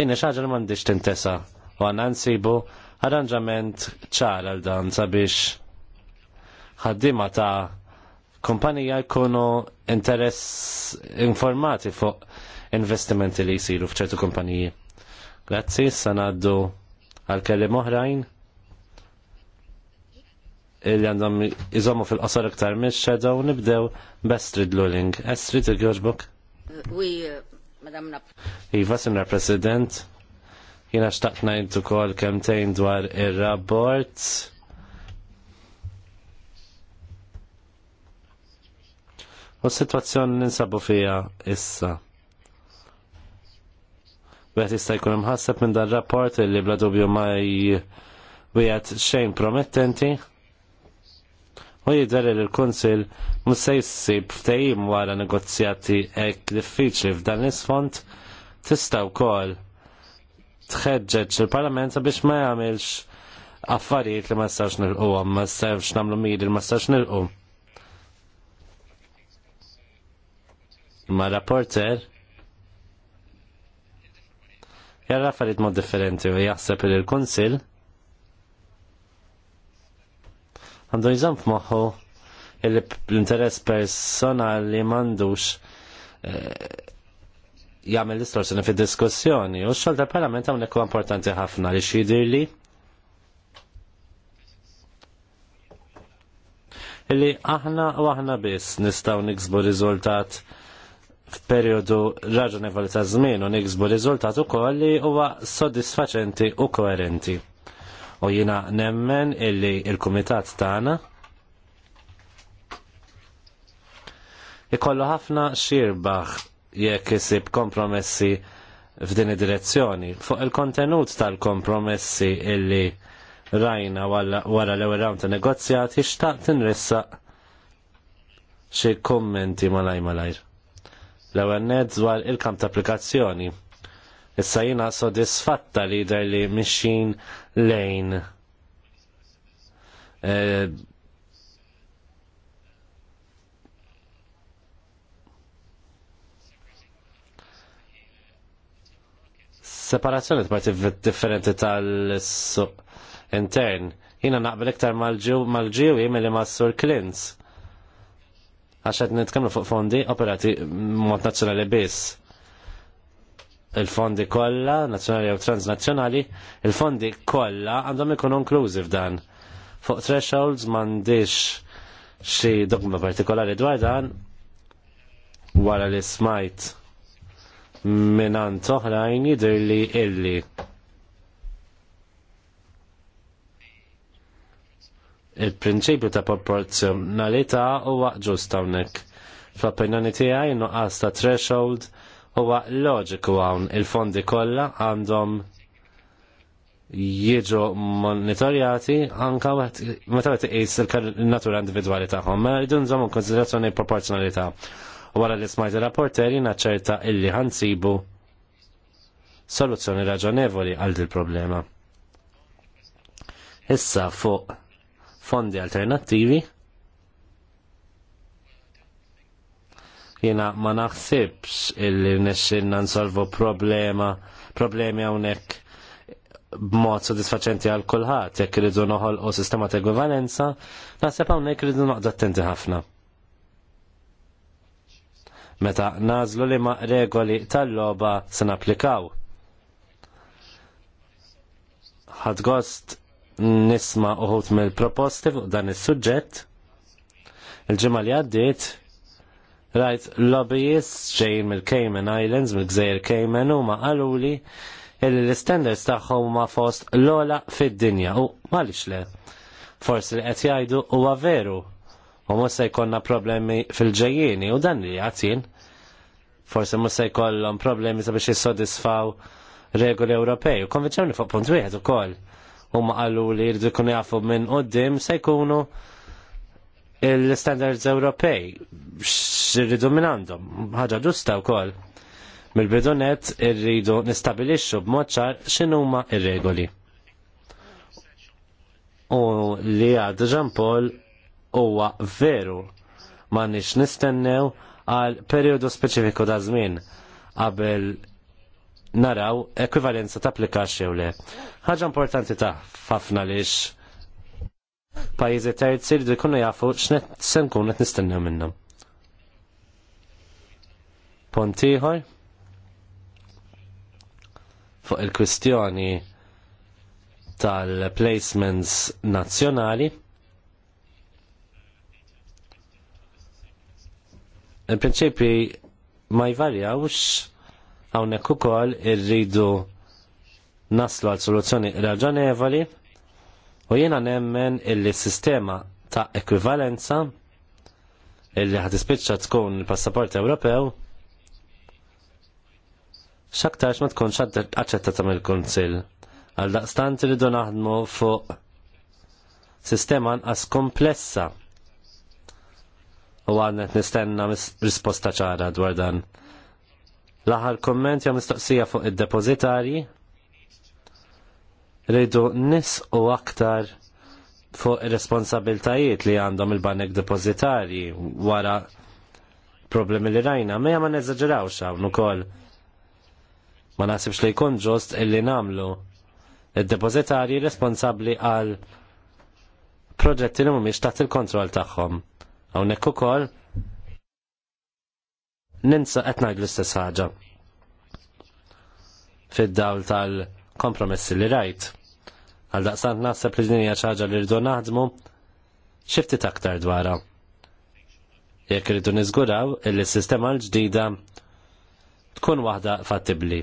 tinni xaġa li m'għandix tintesa u għandna nsibu arranġament ċar għal dan sabiex ħaddiema ta' kumpanija jkunu interess informati fuq investimenti li jisiru f'ċertu kumpaniji. Grazzi, sanaddu għal-kellim oħrajn illi għandhom jizomu fil-qosor iktar minn xedaw nibdew bestrid Luling. Estrid il-għoġbok? Wi, uh, uh, madam Nap. Iva, sinra president, jina xtaqt najt kol kemtejn dwar ir-rapport U s-situazzjoni ninsabu fija issa. Bħet jista' jkun imħasseb minn dan rapport li bla dubju ma jgħat xejn promettenti. U jidher li l-Kunsil mhux se jsib ftehim wara negozjati hekk diffiċli f'dan l-isfond tista' wkoll tħeġġeġ il-Parlament biex ma jagħmilx affarijiet li ma sarx nilqu, ma sarx nagħmlu miri, ma sarx nilqu. ma rapporter jarra farid mod differenti u jaħseb il-konsil? għandu jżam f'moħħu l-interess personali mandux eh, jagħmel distorsjoni fid-diskussjoni u x-xogħol tal-Parlament hawnhekk huwa importanti ħafna li xidirli illi aħna u aħna biss nistgħu niksbu riżultat f'perjodu raġunevoli ta' żmien u niksbu riżultat ukoll li huwa sodisfaċenti u koerenti. U jiena nemmen illi il-kumitat tagħna ikollu ħafna xirbaħ jekk isib kompromessi f'din id-direzzjoni. Fuq il-kontenut tal-kompromessi illi rajna wara l-ewwel round ta' negozjat ixtaq tinressa xi kummenti malaj malajr. L-ewwel nett dwar il-kamp ta' applikazzjoni. Issa jiena sodisfatta li der li mixin lejn e, separazzjoni parti differenti tal-suq intern. Jina naqbel iktar mal-ġiw mal-ġiw jimili ma' Sur Klintz Għax qed nitkellmu fuq fondi operati mod nazzjonali biss. Il-fondi kollha, nazzjonali jew transnazzjonali, il-fondi kollha għandhom ikunu inklużi f'dan. Fuq thresholds m'għandix xi dogma partikolari dwar dan wara li smajt minant oħrajn jidher li illi il-prinċipju ta' proporzjonalità huwa ġust hawnhekk. Fl-opinjoni tiegħi nuqqas ta' threshold huwa loġiku hawn il-fondi kollha għandhom jiġu monitorjati anka meta qed iqis il-natura individwali tagħhom. Ma mela rridu nżommu konsiderazzjoni proporzjonalità. u Wara li smajt il-rapporteri jiena ċerta illi ħansibu soluzzjoni raġonevoli għal dil problema Issa fuq fondi alternattivi. Jena ma naħsibx illi nixxinna nsolvu problema, problemi hawnhekk b'mod sodisfaċenti għal kulħadd jekk iridu noħolqu sistema ta' ekwivalenza, naħseb hawnhekk iridu noqgħod attenti ħafna. Meta nażlu li ma' regoli tal-logħba se napplikaw. Ħadgost nisma uħut mill-proposti fuq dan is-suġġett. Il-ġimgħa li għaddiet rajt lobbyist ġejjin mill-Cayman Islands, mill-Gżejjer Cayman huma qaluli illi l-standards tagħhom huma fost l-ola fid-dinja u għaliex le. Forsi li qed jgħidu huwa veru u mhux se jkollna problemi fil ġejjini u dan li għatin. Forsi mhux se jkollhom problemi sabiex jissodisfaw regoli Ewropej. U konvinċewni fuq punt wieħed ukoll u ma qalu li jirdu jkunu jafu minn qoddim se jkunu il-standards Ewropej xirridu minn għandhom. Ħaġa ġusta wkoll. Mill-bidunet irridu nistabilixxu b'mod ċar x'inhuma ir-regoli. U li għad Jean Paul huwa veru ma nix nistennew għal periodu speċifiku ta' żmien qabel naraw ekwivalenza ta' applikax jew le. Ħaġa importanti ta' ħafna lix pajjiżi terzi li jkunu jafu x'net se nkunu qed nistennew minnhom. Punt ieħor fuq il-kwistjoni tal-placements nazzjonali. il prinċipji ma jvarjawx Hawnhekk ukoll irridu naslu għal soluzzjoni raġonevoli u jiena nemmen illi sistema ta' ekvivalenza illi ħad ispiċċa tkun il-passaport Ewropew x'aktarx ma tkunx aċċettata mill-Kunsill. Għal daqstant rridu naħdmu fuq sistema nqas komplessa u għadnet nistenna risposta ċara dwar dan. L-aħħar komment jew mistoqsija fuq id-depozitarji. Rridu u aktar fuq responsabiltajiet li għandhom il-banek depozitarji wara problemi li rajna, ma ma neżagġerawx hawn ukoll. Ma nasibx li jkun ġost illi namlu id-depozitarji responsabli responsabbli għal proġetti li mhumiex taħt il-kontroll tagħhom. Hawnhekk ukoll ninsa qed ngħid l-istess ħaġa. Fid-dawl tal-kompromessi li rajt. Għal daqsant naħseb li dinja ħaġa li rridu naħdmu xifti aktar dwarha. Jekk irridu niżguraw illi s-sistema l-ġdida tkun waħda fattibbli.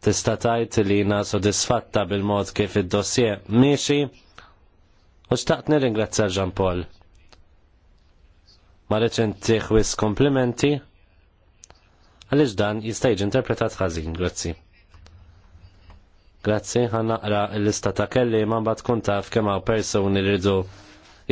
Tista' tgħid li jiena sodisfatta bil-mod kif id-dossier miexi u xtaqt nirringrazzja Jean Paul. Ma reċenti ħwis komplimenti għalix dan jista' jiġi interpretat ħażin, grazzi. Grazzi, ħan naqra l-lista ta' kelli ma bat tkun taf kemm hawn persuni li rridu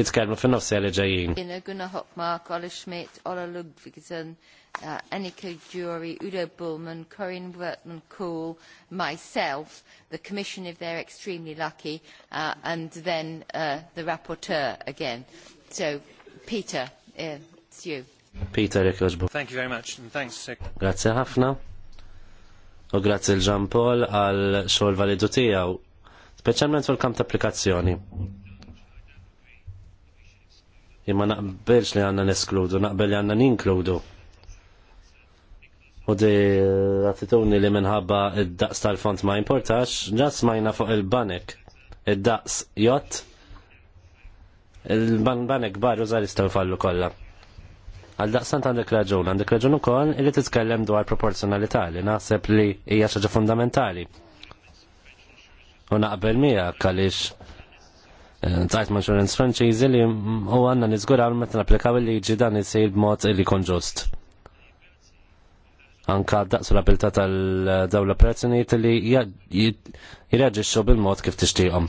jitkellmu fin-nofsi għal ġejjin. Jiena Gunnar Hockmark, Ola Schmidt, Ola Ludvigsen, uh, Annika Jury, Udo Bullman, Corinne Wertman Cool, myself, the Commission if they're extremely lucky, uh, and then uh, the rapporteur again. So, Peter, uh, it's you. Peter Ekosbo. Thank you very much and thanks. Grazie ħafna. U grazie l-Ġan Paul għal xogħol validu tiegħu, speċjalment fil-kamp ta' applikazzjoni. Imma naqbilx li għandna neskludu, naqbel li għandna ninkludu. U di għatituni li minħabba id-daqs tal-font ma importax, ġas majna fuq il-banek. Id-daqs jott, il-banek barru zaħristaw fallu kolla. Għal daqsan għandek raġun, għandek raġun ukoll li titkellem dwar proporzjonalità li naħseb li hija xaġa fundamentali. U naqbel miegħek għaliex eh, tajt ma' insurance franċiżi li u għanna nizgur għal meta applikaw il-liġi dan jisir b'mod li kun ġust. Anka daqsu l-abilità tal-dawla prezzjonijiet li jirreġixxu bil-mod kif t-ixtiqom.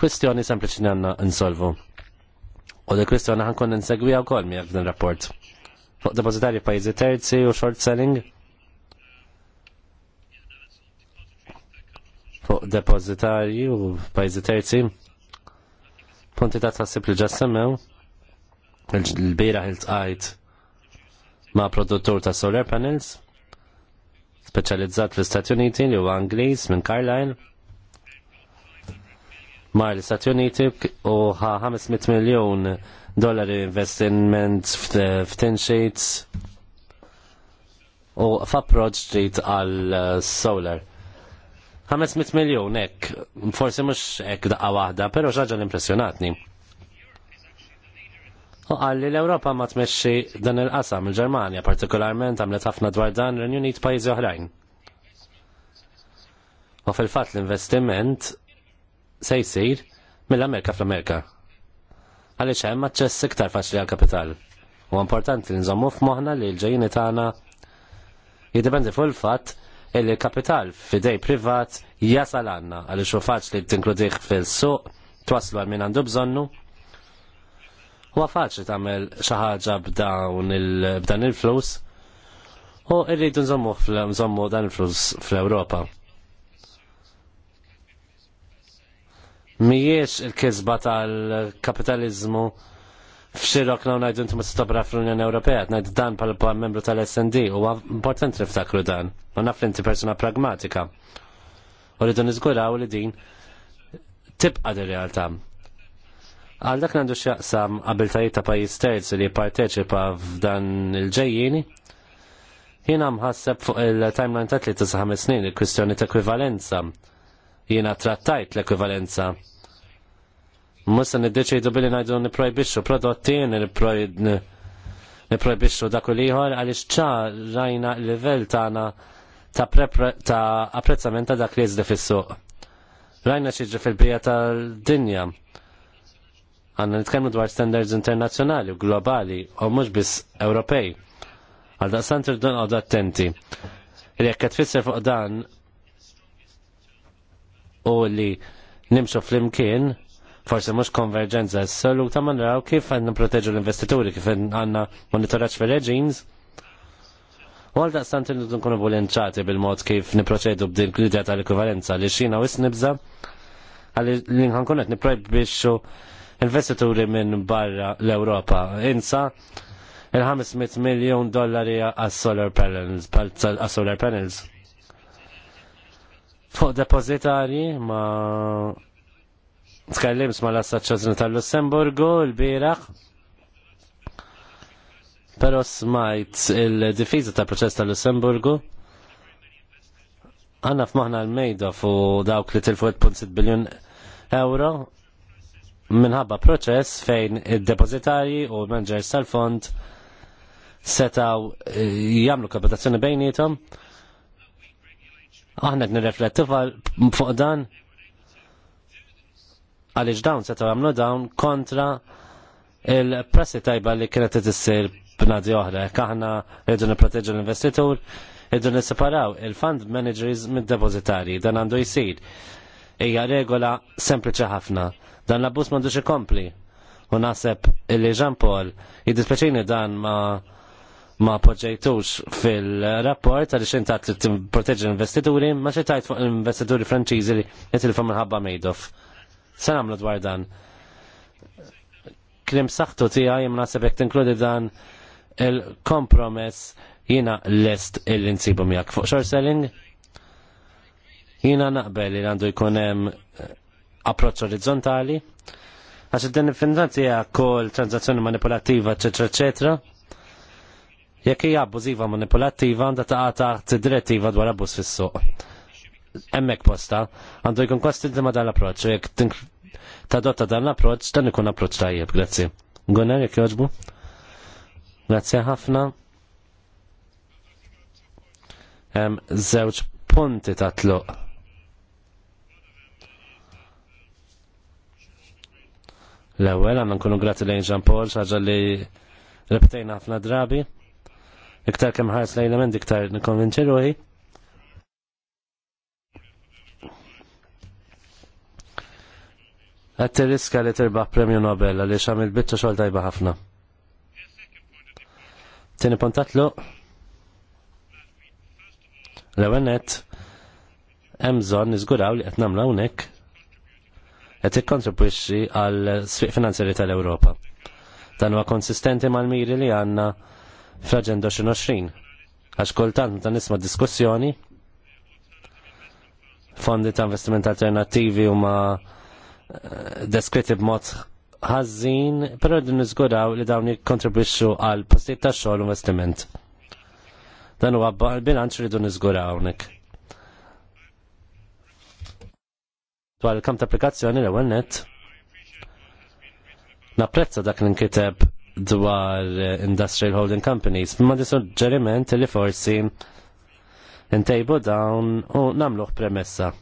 kwestjoni sempliċi għanna insolvu. U li n ħankun nsegwija wkoll miħak din rapport. Fuq depozitarji pajjiżi terzi u short selling. Fuq depozitarji u p'ajzi terzi. Punti ta' tħassib li ġas semmew. Il-bira il-tqajt ma' produttur ta' solar panels Specializzat fl-Istati Uniti li huwa Anglis minn Carlisle mar l-Istati Uniti u ħa 500 miljon dollari investiment f'tin sheets u fa' ġdid għal uh, solar. 500 miljon ek, forsi mux ek daqqa wahda, pero xaġan l-impressjonatni. U għalli l-Europa ma tmexxi dan il-qasam, il-Germania partikolarment għamlet ħafna dwar dan l-Unit pajizi oħrajn. U fil-fat l-investiment se jsir mill-Amerika fl-Amerika. Għaliex hemm aċċess iktar faċli għal kapital. U importanti li nżommu f'moħħna li l ġejni tagħna jiddependi fuq il-fatt li kapital f'idej privat jasal għandna għaliex hu faċli tinkludih fil-suq twaslu għal min għandu bżonnu. Huwa faċli tagħmel xi ħaġa b'dan il-flus. U irridu nżommu dan il-flus fl-Ewropa. Mijiex il-kizba tal-kapitalizmu f'xirok law najdu inti ma fl-Unjoni Ewropea, najd dan pal membru tal-SND, u importanti niftakru dan, u naf li inti persona pragmatika. U rridu u li din tibqa di realtà. Għal dak nandu xaqsam abiltajiet ta' pajis terz li parteċipa f'dan il-ġejjini, jiena mħasseb fuq il-timeline ta' 3-5 snin il-kwistjoni ta' ekwivalenza. Jiena trattajt l-ekwivalenza Musa niddeċidu billi najdu niprojbixxu prodotti, niprojbixxu dakul ieħor għaliex ċa rajna l-livell tagħna ta' ta' apprezzament ta' dak li jiżdi fis-suq. Rajna xieġi fil-bija tal-dinja. Għanna nitkellmu dwar standards internazzjonali u globali u mhux biss Ewropej. Għalda daqstant dun għodu attenti. Rijek jekk qed tfisser fuq dan u li nimxu flimkien forse mhux konverġenza assoluta ma naraw kif għanna proteġu l-investituri, kif għandna monitoraċ fil-reġims. U għal daqstant irridu nkunu bulinċati bil-mod kif niproċedu b'din l-idea tal ekvivalenza li xina s-nibza, għalli li nħankunet biex investituri minn barra l-Ewropa. Insa il-500 miljon dollari għas-solar panels, għas-solar panels. Fuq depozitari ma' Tkellimt sma l assaċċazna tal-Lussemburgu l-bieraħ. Però smajt il-difiża tal-proċess tal-Lussemburgu. Għanna f'maħna l-mejda fu dawk li tilfu 1.6 biljun euro minħabba proċess fejn id-depozitarji u managers tal-fond setaw eh, jamlu kapitazzjoni bejnietom. Aħna nirreflettu fuq dan għaliex dawn setgħu jagħmlu dawn kontra il-prassi tajba li kienet tissir b'nadi oħra. Kaħna rridu nipproteġu l-investitur, rridu nisseparaw il-fund managers mid-depozitarji, dan għandu jsir. Hija regola sempliċi ħafna. Dan l-abbuż m'għandux ikompli. U naħseb li Ġampol Paul jiddispeċini dan ma ma poġġejtux fil-rapport għal xin tat proteġi l-investituri, ma xe tajt fuq l-investituri franċiżi li jitilfu minħabba Madoff Se nagħmlu dwar dan. Krim saħtu tiegħi jim naħseb jekk tinkludi dan il-kompromess jiena lest il-insibu miak. Fuq short selling jiena naqbel li għandu jkun hemm eh, approċċ orizzontali għax id-din finanzi hija kol tranzazzjoni manipolattiva, eċetera, eċetera. Jekk hija abbużiva manipolattiva għandha taqa' t direttiva dwar abbuż fis-suq emmek posta, għandu jkun kosti ma dan l-approċ, jek tadotta dan l-approċ, dan ikun approċ tajjeb, grazzi. Gunnar, jek joġbu? Grazzi ħafna. Zewċ punti ta' tluq. L-ewel, għanna nkunu grati lejn Jean Paul, xaġa li reptejna ħafna drabi. Iktar kem ħars lejn emendi, iktar nikonvinċi ruħi. għed tirriska li tirbaħ premju Nobel għaliex għamil bitċa xogħol tajba ħafna. Tieni puntatlu? L-ewwel nett hemm bżonn niżguraw li qed nagħmlu hawnhekk qed ikkontribuixi għal swieq finanzjari tal-Ewropa. Dan huwa konsistenti mal-miri li għandna fl-Aġenda 2020. Għax kultant ta' nisma' diskussjoni fondi ta' investimenti alternattivi huma deskritti b'mod ħażin, però din niżguraw li dawn jikkontribwixxu għal postijiet ta' xogħol u investiment. Dan huwa bilanċ dun niżguraw hawnhekk. Dwar il-kamp ta' applikazzjoni l-ewwel nett. Napprezza dak li nkiteb dwar Industrial Holding Companies, ma di suġġeriment li forsi ntejbu dawn u namluħ premessa.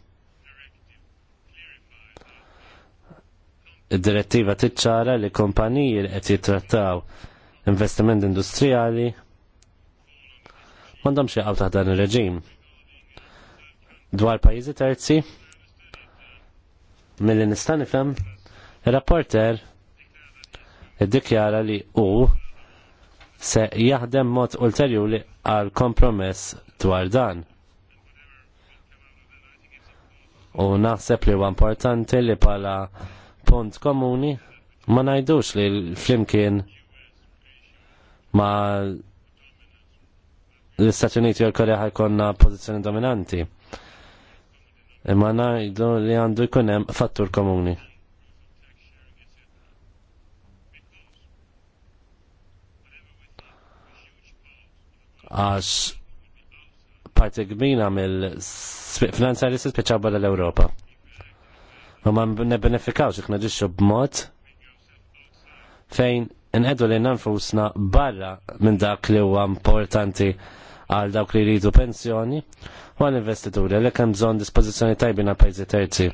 Id-direttiva tiċċara li kompaniji qed jittrattaw investiment industrijali m'għandhomx jaqgħu taħt dan ir-reġim. Dwar pajjiżi terzi, milli nista' nifhem, ir-rapporter iddikjara li hu se jaħdem mod ulterjuri għal kompromess dwar dan. U naħseb li huwa importanti li pala pont komuni ma najdux li flimkien ma l-Istati Uniti u l-Korea ħajkonna pozizjoni dominanti. Imma najdu li għandu jkunem fattur komuni. Għax parti kbira mill-finanzjari s-speċa l-Europa. U ma nebenefikawx jek naġiċu b'mod fejn inħedu li nanfusna barra minn dak li huwa importanti għal dawk li jridu pensjoni u għal investituri li hemm bżonn dispożizzjoni tajbin għal pajjiżi terzi.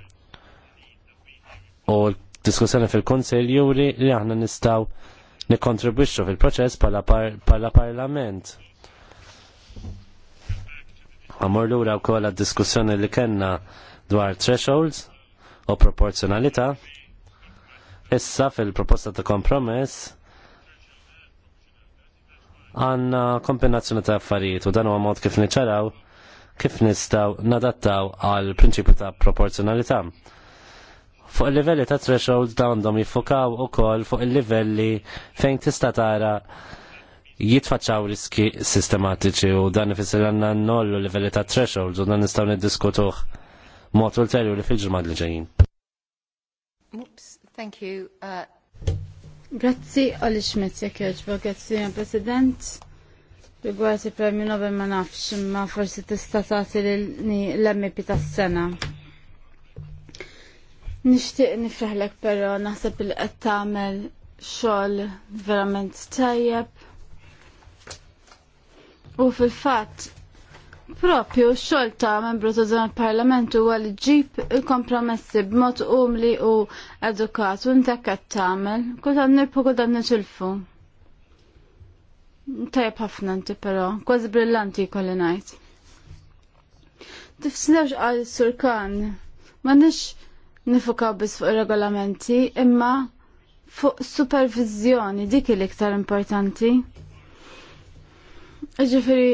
U diskussjoni fil-Kunsill juri li aħna nistgħu nikkontribwixxu fil-proċess bħala parlament. Għamur lura wkoll għad-diskussjoni li kellna dwar thresholds u proporzjonalità. Issa fil-proposta ta' kompromess għanna kombinazzjoni ta' affarijiet u dan huwa mod kif niċċaraw kif nistaw nadattaw għal prinċipju ta' proporzjonalità. Fuq il-livelli ta' threshold dawn dom jiffokaw ukoll fuq il-livelli fejn tista' tara jitfaċċaw riski sistematiċi u dan ifisser għandna nollu livelli ta' threshold u dan nistgħu niddiskutuh mod ulterjuri fil-ġurmad li ġejjin. Thank you. Uh, grazzi għalli xmet jek joġba, grazzi President. Rigward il-Premju Nobel ma nafx, ma forsi tista' tagħti l-MP tas-sena. Nixtieq nifraħlek però naħseb il qed tagħmel xogħol verament tajjeb. U fil-fatt Propju xogħol ta' membru ta' dan il-Parlament huwa li ġib il-kompromessi b'mod umli u edukat u ntek qed tagħmel, kull dan nirpu kull dan Tajb ħafna inti però, kważi brillanti jkolli ngħid. Tifsnewx għal surkan, ma nix nifukaw biss fuq regolamenti imma fuq supervizjoni dik il iktar importanti. Ġifiri,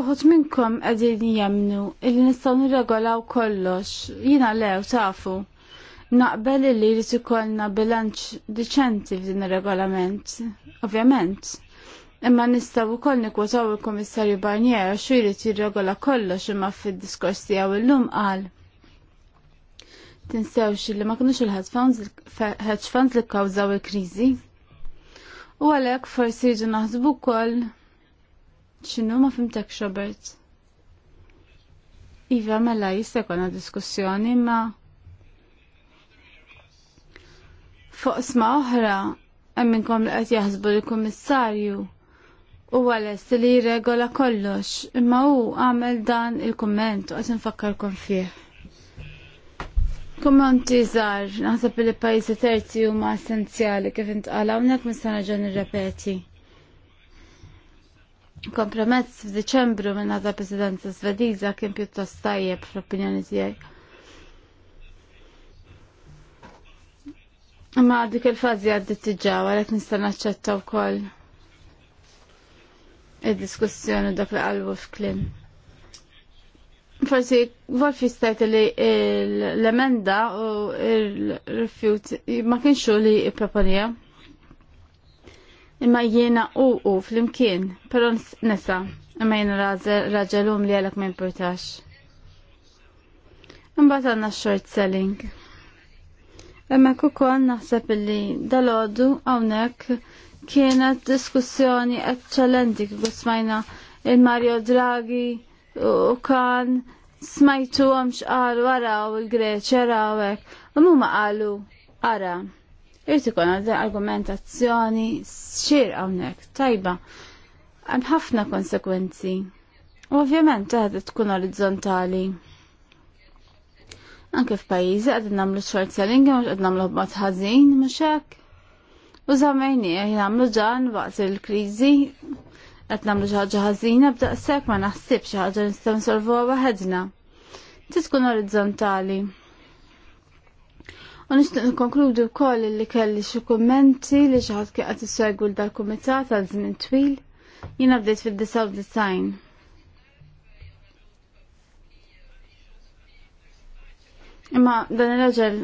uħut minnkom għadin jemnu li nistaw nirregolaw kollox, jina lew tafu. Naqbel li jrid ikollna bilanċ diċenti f'din ir-regolament, ovvjament. Imma nistaw ukoll nikwotaw il-Kummissarju Barnier għax jrid jirregola kollox imma fid-diskors tiegħu illum qal. Tinsewx li ma kunux il-hedge funds li kkawżaw il-kriżi. U għalhekk forsi jridu naħsbu wkoll ċinu ma fimtek Robert? Iva mela jistekona diskussjoni ma fuq sma oħra għemminkom li għet jahzbu l-komissarju u għalest li jiregola kollox imma u għamel dan il-komment u għet kon fih. Kommenti jizar, naħseb li pajjiżi terzi huma essenzjali kif intqala hawnhekk ġan nerġa' nirrepeti kompromess f'Diċembru minn għadha Presidenza Svediża kien pjuttost tajjeb fl-opinjoni tiegħi. Ma dik il-fazi għaddit tiġa, għalek nista naċċetta u koll il-diskussjoni dak li għalbu f'klim. Forsi, fi stajt li l-emenda u il refjut ma kienxu li proponija imma jiena u u fl-imkien, pero nisa, imma jiena raġelum li għalek ma importax. Imbagħad għandna short selling. Imma għanna naħseb li dal ħodu hawnhekk kienet diskussjoni eccellenti kif smajna il-Mario Draghi u kan smajtu għamx għaraw il-Greċ għarawek. U mumma għalu għara. Irrid ikun għandha argumentazzjoni xir hawnhekk tajba għan ħafna konsekwenzi. U ovvjament għadha tkun orizzontali. Anke f'pajjiżi qed nagħmlu short selling mhux qed nagħmlu ħobmat ħażin mhux hekk. U żammejni qed nagħmlu ġan waqt il-kriżi qed nagħmlu xi ħaġa ħażina b'daqshekk ma naħsibx xi ħaġa nistgħu nsolvuha waħedna. Tiskun orizzontali. U nixtieq nikkonkludu wkoll li kelli xi kummenti li xi ħadd kien qed isegwu dal-kumitat għal żmien twil. Jiena bdejt fid-design. Imma dan ir-raġel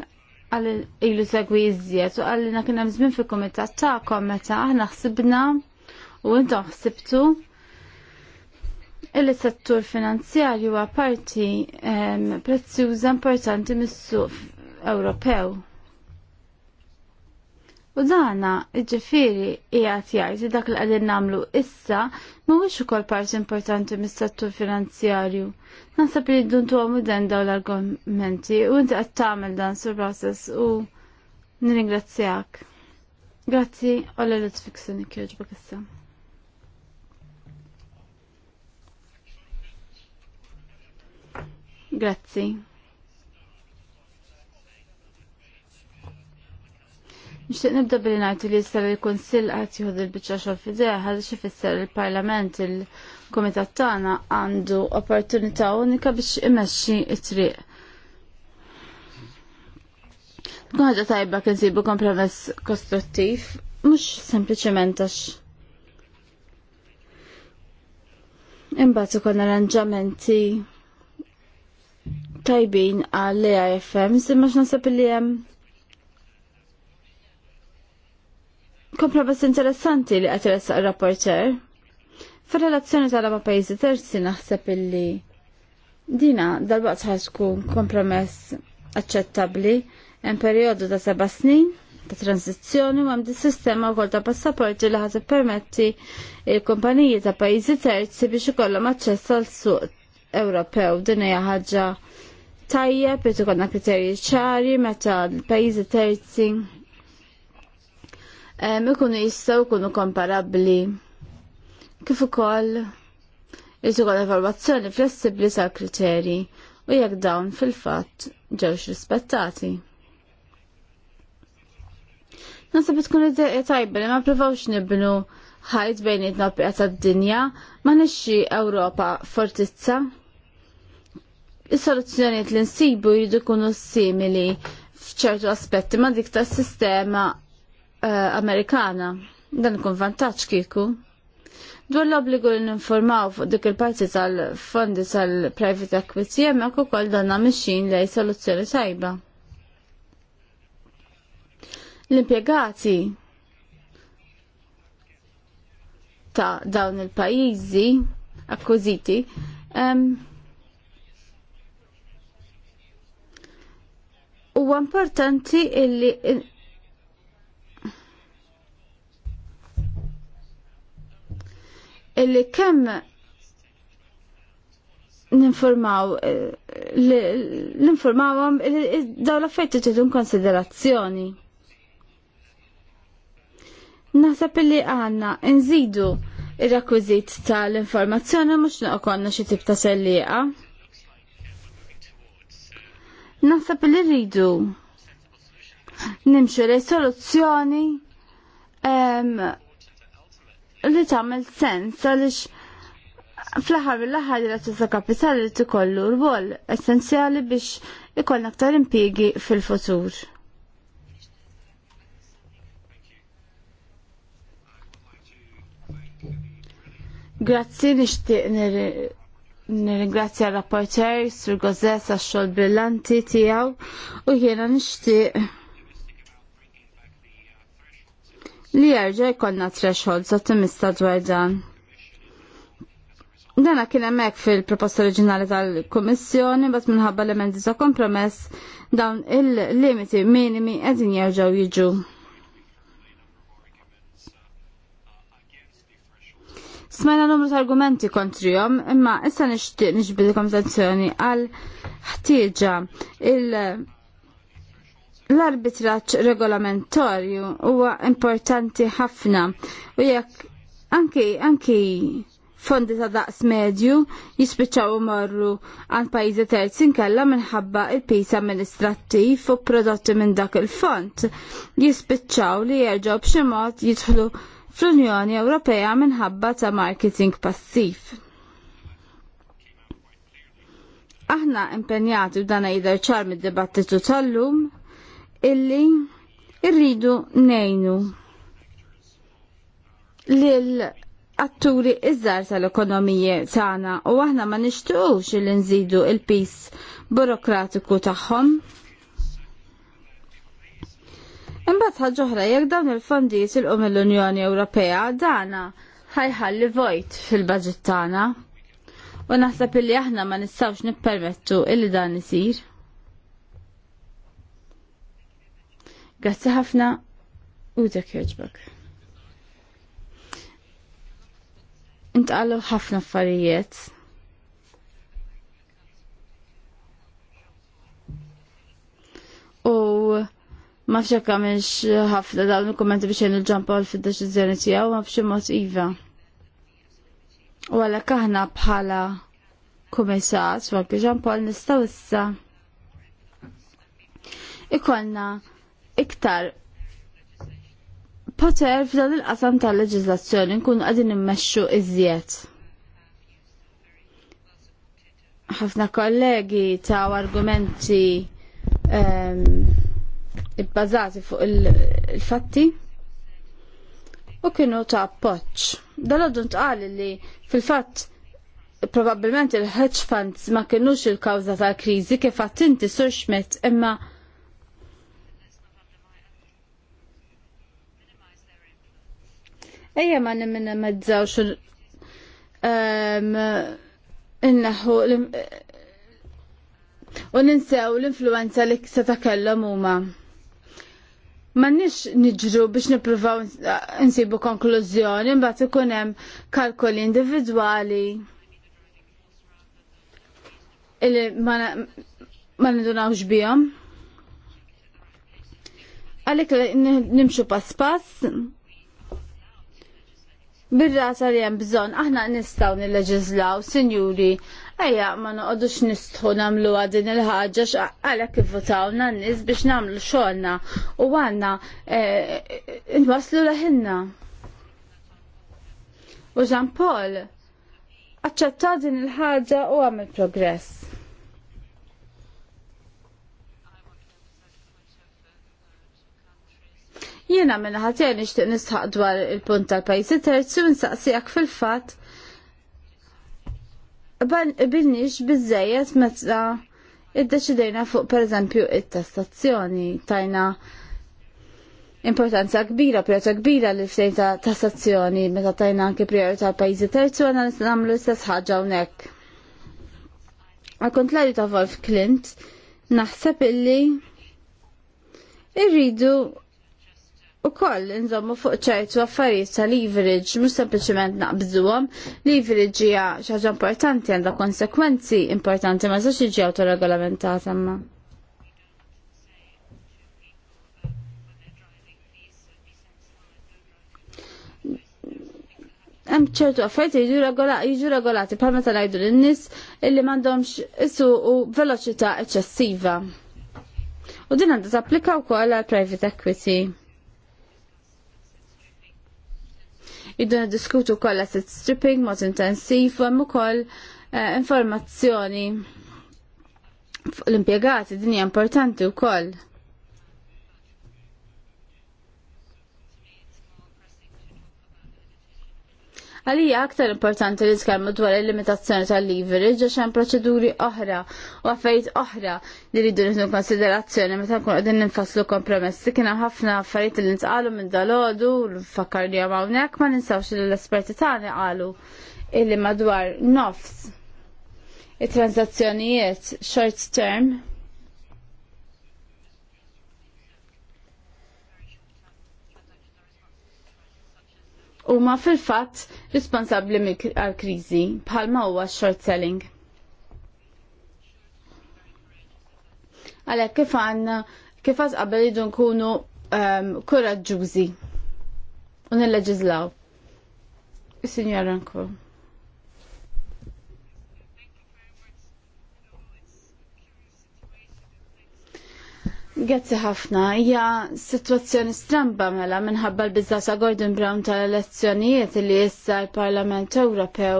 għal ilu segwi iżjed u għal na hemm żmien fil komitat ta'kom meta aħna ħsibna u intom ħsibtu il-settur finanzjarju huwa parti ehm, prezzjuża importanti mis suf Ewropew. U dana ġifiri ijat jajti dak li għadin namlu issa ma wix u kol parti importanti mis-settur finanzjarju. Nasab li duntu għamu den daw l-argumenti u inti għad tamil dan sur process u nirringrazzjak. Grazzi, u l t-fiksini kjoġbak issa. Grazzi. Nixtieq nibda billi ngħid li jista' l-Kunsill qed jieħu l-biċċa xogħol f'idejha xi ifisser il-Parlament il-Kumitat tagħna għandu opportunità unika biex imexxi t-triq. Tkun ħaġa tajba kien sibu kompromess kostruttiv, mhux sempliċement għax imbagħad ukoll arranġamenti tajbin għal AFM, imma x'naħseb li hemm kompromess interessanti li qed iressaq ir-rapporter. F'relazzjoni relazzjoni tal-aba pajjiżi terzi naħseb illi dina dal-waqt tkun kompromess aċċettabbli hemm perjodu ta' seba' snin ta' tranzizzjoni għam di sistema u ta' passaporti li ħat permetti il-kumpaniji ta' pajizi terzi biex ikollhom aċċess għal suq Ewropew. Din hija ħaġa tajjeb biex ikollna kriterji ċari meta l-pajjiżi terzi ikunu jistgħu jkunu komparabbli kif ukoll irid ukoll evalwazzjoni flessibbli sa' kriterji u jekk dawn fil-fatt ġewx rispettati. Nasab tkun id-deqja tajba li ma provawx nibnu ħajt bejn id-nobqja tad-dinja ma nixxi Ewropa fortizza. Is-soluzzjonijiet li nsibu jridu jkunu simili f'ċertu aspetti ma dik tas-sistema Eh, Amerikana. Dan ikun vantaġġ kieku. Dwar l-obbligu li ninformaw fuq dik il-parti tal-fondi tal-private equity hemmhekk ukoll danna mixin lejn soluzzjoni tajba. L-impjegati ta' dawn il-pajjiżi akkużiti huwa importanti illi illi kemm ninformaw eh, l-informawam eh, eh, daw l-affetti ċedun konsiderazzjoni. Naħseb li għanna nżidu il-rekwizit tal-informazzjoni mux naqonna xie tip ta' sellieqa. Naħseb li rridu nimxu li soluzzjoni li tagħmel sens għaliex fl-aħħar mill-aħħar li tista' kapitali li tikollu rwol essenzjali biex ikollna aktar impiegi fil-futur. Grazzi nixtieq nirringrazzja r-rapporter Sur Gozzess għax-xogħol brillanti tiegħu u jiena nixtieq li jerġa' jkollna thresholds ottimista dwar dan. Dana kien hemmhekk fil-proposta oriġinali tal-Kummissjoni bat minħabba elementi ta' kompromess dawn il-limiti minimi qegħdin jerġgħu jiġu. Smajna numru ta' argumenti kontrihom, imma issa nixtieq nixbidilkom attenzjoni għal ħtieġa il- L-arbitraċ regolamentorju huwa importanti ħafna u jekk anki anki fondi ta' daqs medju jispiċċaw marru għal pajjiżi terzi nkella minħabba il piż amministrattiv u prodotti minn dak il-fond jispiċċaw li jerġgħu b'xi mod jidħlu fl-Unjoni Ewropea minħabba ta' marketing passiv. Aħna impenjati b'dan jidher ċar mid-dibattitu tal-lum illi irridu nejnu lill atturi iżżar tal-ekonomiji tagħna u aħna ma nixtiequx li nżidu il-pis burokratiku tagħhom. Imbagħad ħaġoħra jekk dawn il-fondi jisilqu mill-Unjoni Ewropea dana ħajħalli vojt fil-baġit tagħna u naħseb illi aħna ma nistgħux nippermettu illi dan isir. Grazzi ħafna u dak jogħġbok. Intqalu ħafna affarijiet. U ma fxek ħafna dawn il-kommenti biex jen il-ġampol fil-deċizjoni tijaw, ma fxie mot Iva. U għalla kaħna bħala komissat, u ġampa ġampol iva, nistawissa issa. Ikolna iktar poter f'dan il-qasam tal-leġizlazzjoni nkun għadin immexxu iżjed. Ħafna kollegi ta' argumenti ehm, bbażati fuq il-fatti u kienu ta' appoġġ. Dan għadun tqali li fil-fatt probabbilment il-hedge funds ma kienux il-kawza tal-kriżi kif għattinti sur Schmidt imma Ejja ma nimminna mezzawx innaħu u ninsew l-influenza li se takellem huma. Ma nix niġru biex niprufaw nsibu konklużjoni, mbagħad ikun hemm kalkoli individwali illi ma nidunawx bihom. Għalhekk nimxu pas pass, Birra sar li hemm bżonn aħna nistgħu nilleġislaw, sinjuri, ejja ma noqogħdux nistħu nagħmluha din il-ħaġa għalhekk ivvutawna n-nies biex nagħmlu xogħolna u għandna eh, inwaslu laħinna. U Jean Paul aċċettaw din il-ħaġa u għamil progress. Jena minn ħatjen nixtieq nisħaq dwar il-punt tal pajzi terzu nsaqsijak fil-fatt bilniex metta meta iddeċidejna fuq pereżempju it-tassazzjoni tajna importanza kbira, priorità kbira li ftejn ta' tassazzjoni meta tajna anke priorità pajzi terzu għandna nagħmlu l-istess ħaġa hawnhekk. Għal kontlarju ta' Wolf Klint, naħseb illi irridu u koll nżommu fuq ċertu affarijiet ta' leverage, mhux sempliċement naqbżuhom, leverage hija xi ħaġa importanti għandha konsekwenzi importanti ma sax jiġi autoregolamentat imma. Hemm ċertu affarijiet jiġu regolati jiġu regolati bħal meta ngħidu lin-nies illi m'għandhomx isuqu veloċità eċċessiva. U din għandha tapplika wkoll għal private equity. Iduna diskutu koll asset stripping mod intensiv u hemm ukoll eh, informazzjoni l-impjegati din hija importanti wkoll. Għalija aktar importanti li tkellmu dwar il-limitazzjoni tal-leverage għax hemm proċeduri oħra u affarijiet oħra li rridu nieħdu konsiderazzjoni meta nkun qegħdin ninfasslu kompromessi. Kien hemm ħafna affarijiet li ntqalu minn dalodu u fakkar li hemm hawnhekk ma ninsawx li l-esperti tagħna qalu illi madwar nofs it-transazzjonijiet short term u ma fil-fat responsabbli għal kriżi bħalma huwa short selling. Għalhekk kif għanna kif għaz qabel jidu nkunu um, ehm, koraġġużi u nilleġizlaw. Is-Sinjor Ranko. Grazzi ħafna, hija sitwazzjoni stramba mela minħabba l-bizzata Gordon Brown tal-elezzjonijiet li issa l-Parlament Ewropew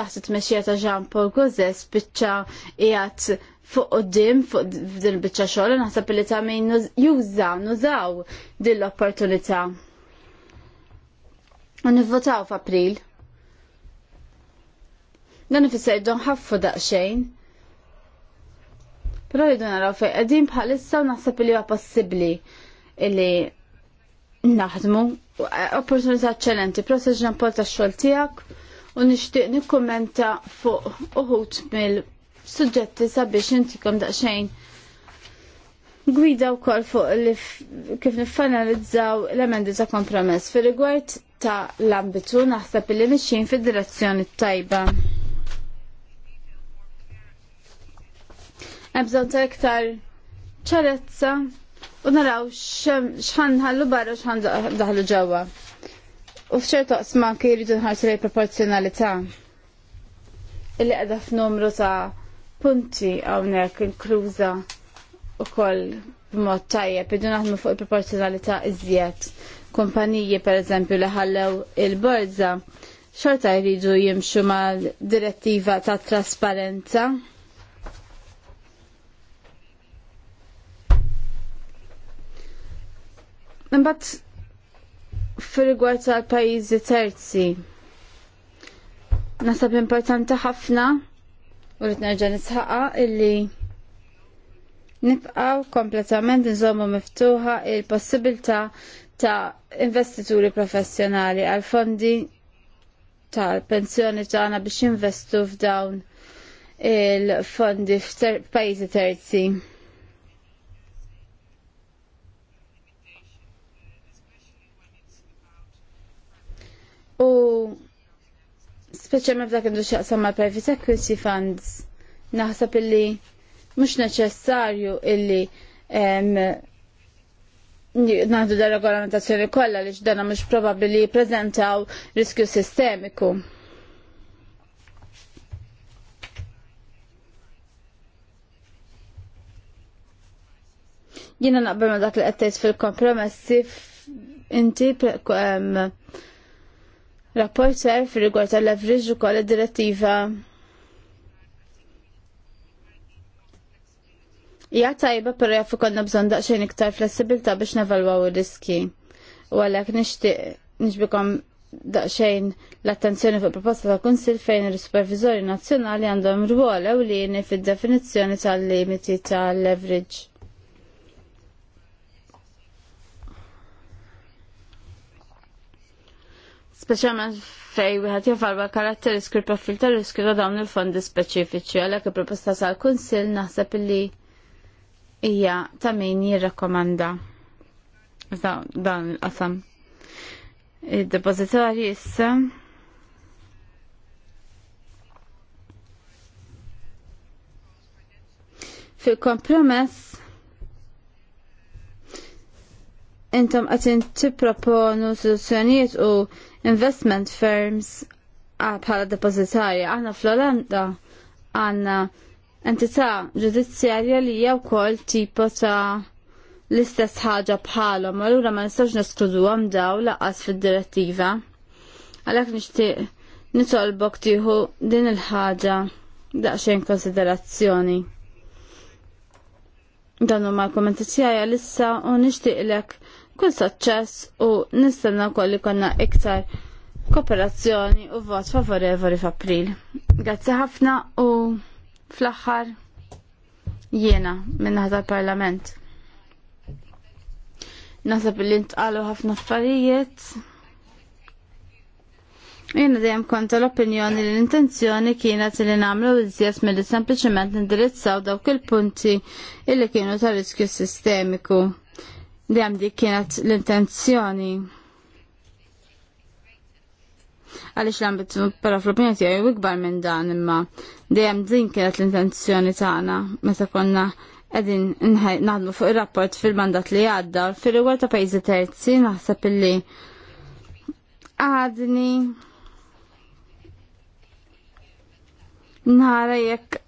taħt it-mexxija ta' Jean Paul Gozes biċċa qiegħed fuq qudiem fuq din biċċa xogħol naħseb li ta' min juża nużaw din l-opportunità. U nivvotaw f'April. Dan ifisser jdon ħaffu daqsxejn. Pero rridu naraw fej, għedin bħalissa u naħseb li huwa possibbli naħdmu opportunità ċelenti, pero ġampol ta' xogħol tiegħek u nixtieq nikkommenta fuq uħut mill-suġġetti sabiex intikom daqsxejn gwida wkoll fuq li kif niffanalizzaw l-emendi ta' kompromess fir rigward ta' l-ambitu naħseb li mixin fil direzzjoni tajba. bżonn ta' iktar ċarezza u naraw x'ħan ħallu barra x'ħan daħlu ġewwa. U f'ċertu qsma anke jridu nħarsu li proporzjonalità illi qiegħda f'numru ta' punti hawnhekk inkluża ukoll b'mod tajjeb idu naħdmu fuq il-proporzjonalità iżjed. Kumpaniji pereżempju li ħallew il-borza xorta jridu jimxu mal direttiva ta' trasparenza Imbagħad fil rigward pajjiżi terzi. Nasab importanti ħafna u rrid nerġa' nisħaqa illi nibqaw kompletament nżommu miftuħa il-possibilità ta' investituri professjonali għal fondi tal-pensjoni tagħna biex jinvestu f'dawn il-fondi f'pajjiżi terzi. U speċjalment f'dak indu xaqsam ma' private equity funds, naħseb illi mhux neċessarju illi naħdu da regolamentazzjoni kollha li x'dana mhux probabbli li jippreżentaw riskju sistemiku. Jiena naqbel ma dak li qed fil-kompromessi inti rapporter fil rigward tal-leverage ukoll id-direttiva Ja tajba per jaf konna bżonn daqsxejn iktar flessibilta biex nevalwaw ir-riski. U għalhekk nixtieq nishbikom daqsxejn l-attenzjoni fuq proposta ta' kunsil fejn ir-supervizori nazzjonali għandhom rwol ewlieni fid-definizzjoni tal-limiti tal-leverage. specialment fej wieħed jafarba karatteristiku l-profil u dawn il-fondi speċifiċi għalhekk il-proposta sal-Kunsill naħseb illi hija ta' min jirrakkomanda dan il-qasam. id depożitarji issa fil-kompromess intom għatin tipproponu soluzzjonijiet u investment firms ah, bħala depozitarja. Aħna fl-Olanda għanna entità ġudizzjarja li jew kol tipo ta' l-istess ħaġa bħalhom, allura ma nistax għam daw laqas fid-direttiva. Għalhekk nixtieq nitolbok tieħu din il-ħaġa daqsxejn konsiderazzjoni. Dan huma l-kommenti tiegħi għalissa u nixtieqlek kull suċċess u nistenna li konna iktar kooperazzjoni u vot favorevoli f'April. Grazzi ħafna u fl-aħħar jiena minnaħ tal-Parlament. Nasab li ntqalu ħafna affarijiet. Jena dejjem konta l-opinjoni li l-intenzjoni kienet li nagħmlu iżjed milli sempliċement nindirizzaw dawk il-punti illi kienu ta' riskju sistemiku dejjem dik kienet l-intenzjoni. Għaliex l-ambitu però fl tijaj u ikbar minn dan imma dejjem din kienet l-intenzjoni tagħna meta konna Edin, naħdmu fuq il-rapport fil-mandat li għadda, fil-rigward ta' pajzi terzi, naħseb illi għadni nara jekk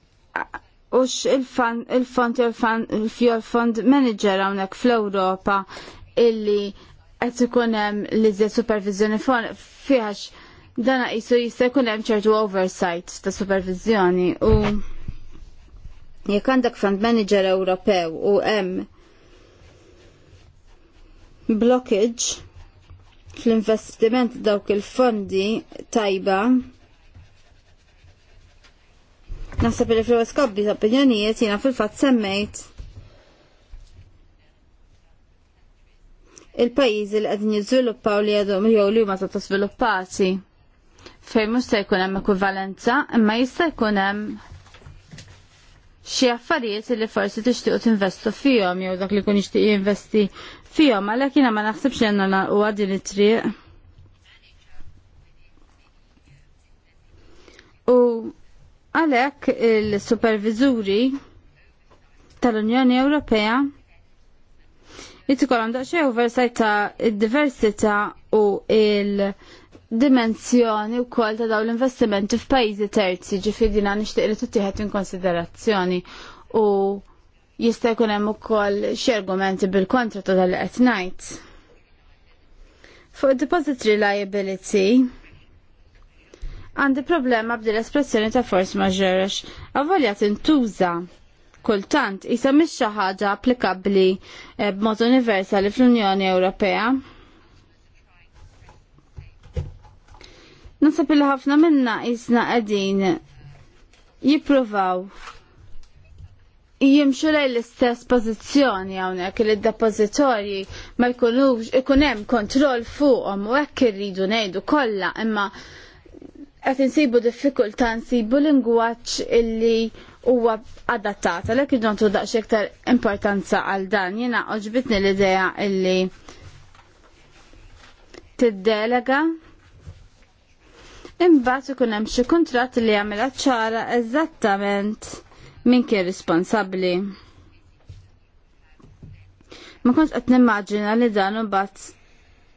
ux il-fond il fund manager għonek fl-Europa illi għet ikunem li zja supervizjoni fiħax dana jisu jista jkunem ċertu oversight ta' supervizjoni u jek għandek fund manager Ewropew u hemm blockage fl-investiment dawk il-fondi tajba Naħseb li fru skobbi ta' opinjonijiet jiena fil-fatt semmejt il-pajjiżi li qegħdin jiżviluppaw li għadu jew li huma ta' sviluppati fejn mhux se jkun hemm imma jista' jkun hemm xi affarijiet li forsi tixtiequ tinvestu fihom jew dak li jkun jixtieq jinvesti fihom għalhekk jiena ma naħsibx jenna u għadin din it-triq. Għalhekk il-supervizuri tal-Unjoni Ewropea jitikolam daċċe oversight ta' id-diversità u il-dimensjoni u kol ta' daw l-investimenti f'pajjiżi terzi ġifidina nixtieq li tittieħed in konsiderazzjoni u jista' jkun hemm ukoll xi argumenti bil-kontra ta' dal qed ngħid. Fuq deposit reliability għandi problema b'dil espressjoni ta' force majeure għavolja tintuża kultant isa mhix xi ħaġa applikabbli eh, b'mod universali fl-Unjoni Ewropea. Nasab li ħafna minna isna qegħdin jippruvaw jimxu lej l-istess pozizjoni għawnek li d-depozitorji ma jkunux ikun hemm kontroll fuqhom u hekk irridu ngħidu kollha imma qed insibu diffikultà nsibu lingwaġġ illi huwa adattat, għalhekk idu ntu daqs iktar importanza għal dan. Jiena oġbitni l-idea illi tiddelega imbagħad ikun hemm xi kuntratt li jagħmilha ċara eżattament min kien responsabbli. Ma kontx qed nimmaġina li dan imbagħad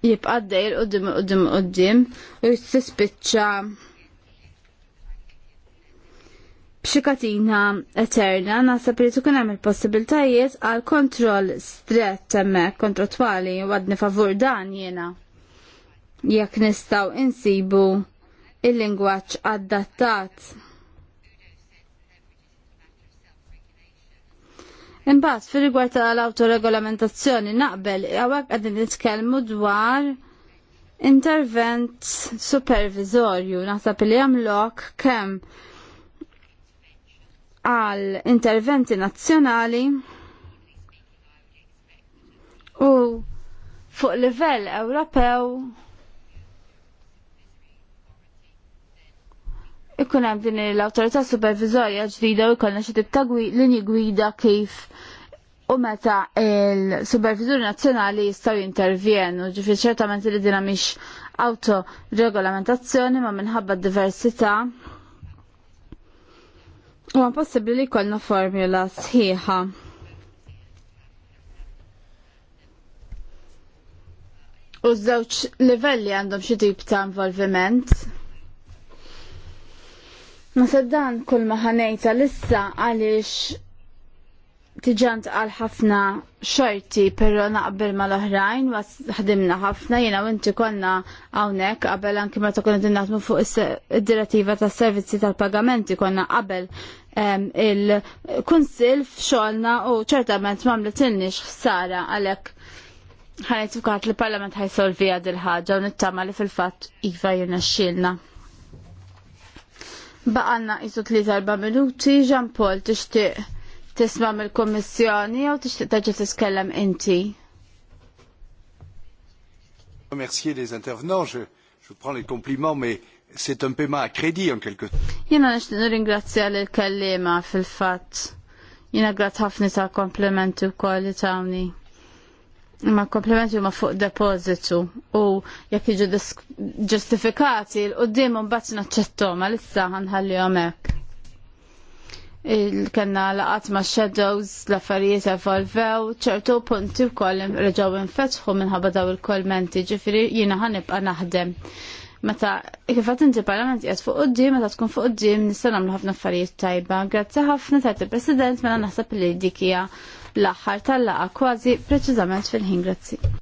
jibqa' dejjer qudiem qudiem qudiem u jispiċċa b'xikatina eterna nasab li tkun hemm il-possibiltajiet għal kontroll strett hemmhekk kontratwali u għadni favur dan jiena. Jekk nistgħu insibu il-lingwaġġ adattat. Imbagħad fir-rigward tal-awtoregolamentazzjoni naqbel għawak qegħdin nitkellmu dwar intervent supervizorju naħseb li jagħmlok kemm għal interventi nazzjonali u fuq livell Ewropew ikun hemm din l-awtorità supervizorja ġdida u jkollna xi tip ta' linji gwida kif u meta il supervizuri nazzjonali jistgħu jintervjenu, ġifi ċertament li dinha mhix autoregolamentazzjoni ma minħabba d diversità Huwa possibbli li jkollna formula sħiħa. U żewġ livelli għandhom xi tip ta' involviment. Ma dan kull ma ħanejta lissa għaliex tiġant għal ħafna xorti perro naqbel ma l-oħrajn was ħdimna ħafna jena u inti konna għawnek qabel anki ma konna dinnatmu fuq id-direttiva ta' servizzi tal-pagamenti konna qabel il-kunsil f'xolna u ċertament ma mletilniex ħsara għalek ħanet fukat li parlament ħajsolvi għad il-ħagġa u nittama li fil-fat iva jena xilna. Baqanna jisu li 4 minuti, Jean Paul tixtieq tisma mill-Kommissjoni jew tixtieq terġa' tiskellem inti? Remercier les intervenants, je, je prends les compliments, mais c'est un paiement à crédit en quelque Jena nixtieq nirringrazzja lil kellima fil-fatt. Jena grat ħafna ta' komplimenti wkoll li tawni. Ma komplimenti huma fuq depożitu u jekk jiġu ġustifikati l-qudiem mbagħad naċċettom għalissa ħanħallihom hekk il-kanna laqat ma' shadows l-affarijiet evolvew, ċertu punti wkoll reġgħu infetħu minħabba daw il-kolmenti, ġifieri jiena ħanibqa' naħdem. Meta kif inti parlament qiegħed fuq quddiem, meta tkun fuq quddiem nista' nagħmlu ħafna affarijiet tajba. Grazzi ħafna ta' il-President mela naħseb li dikija hija l-aħħar tal-laqa kważi preċiżament fil-ħin grazzi.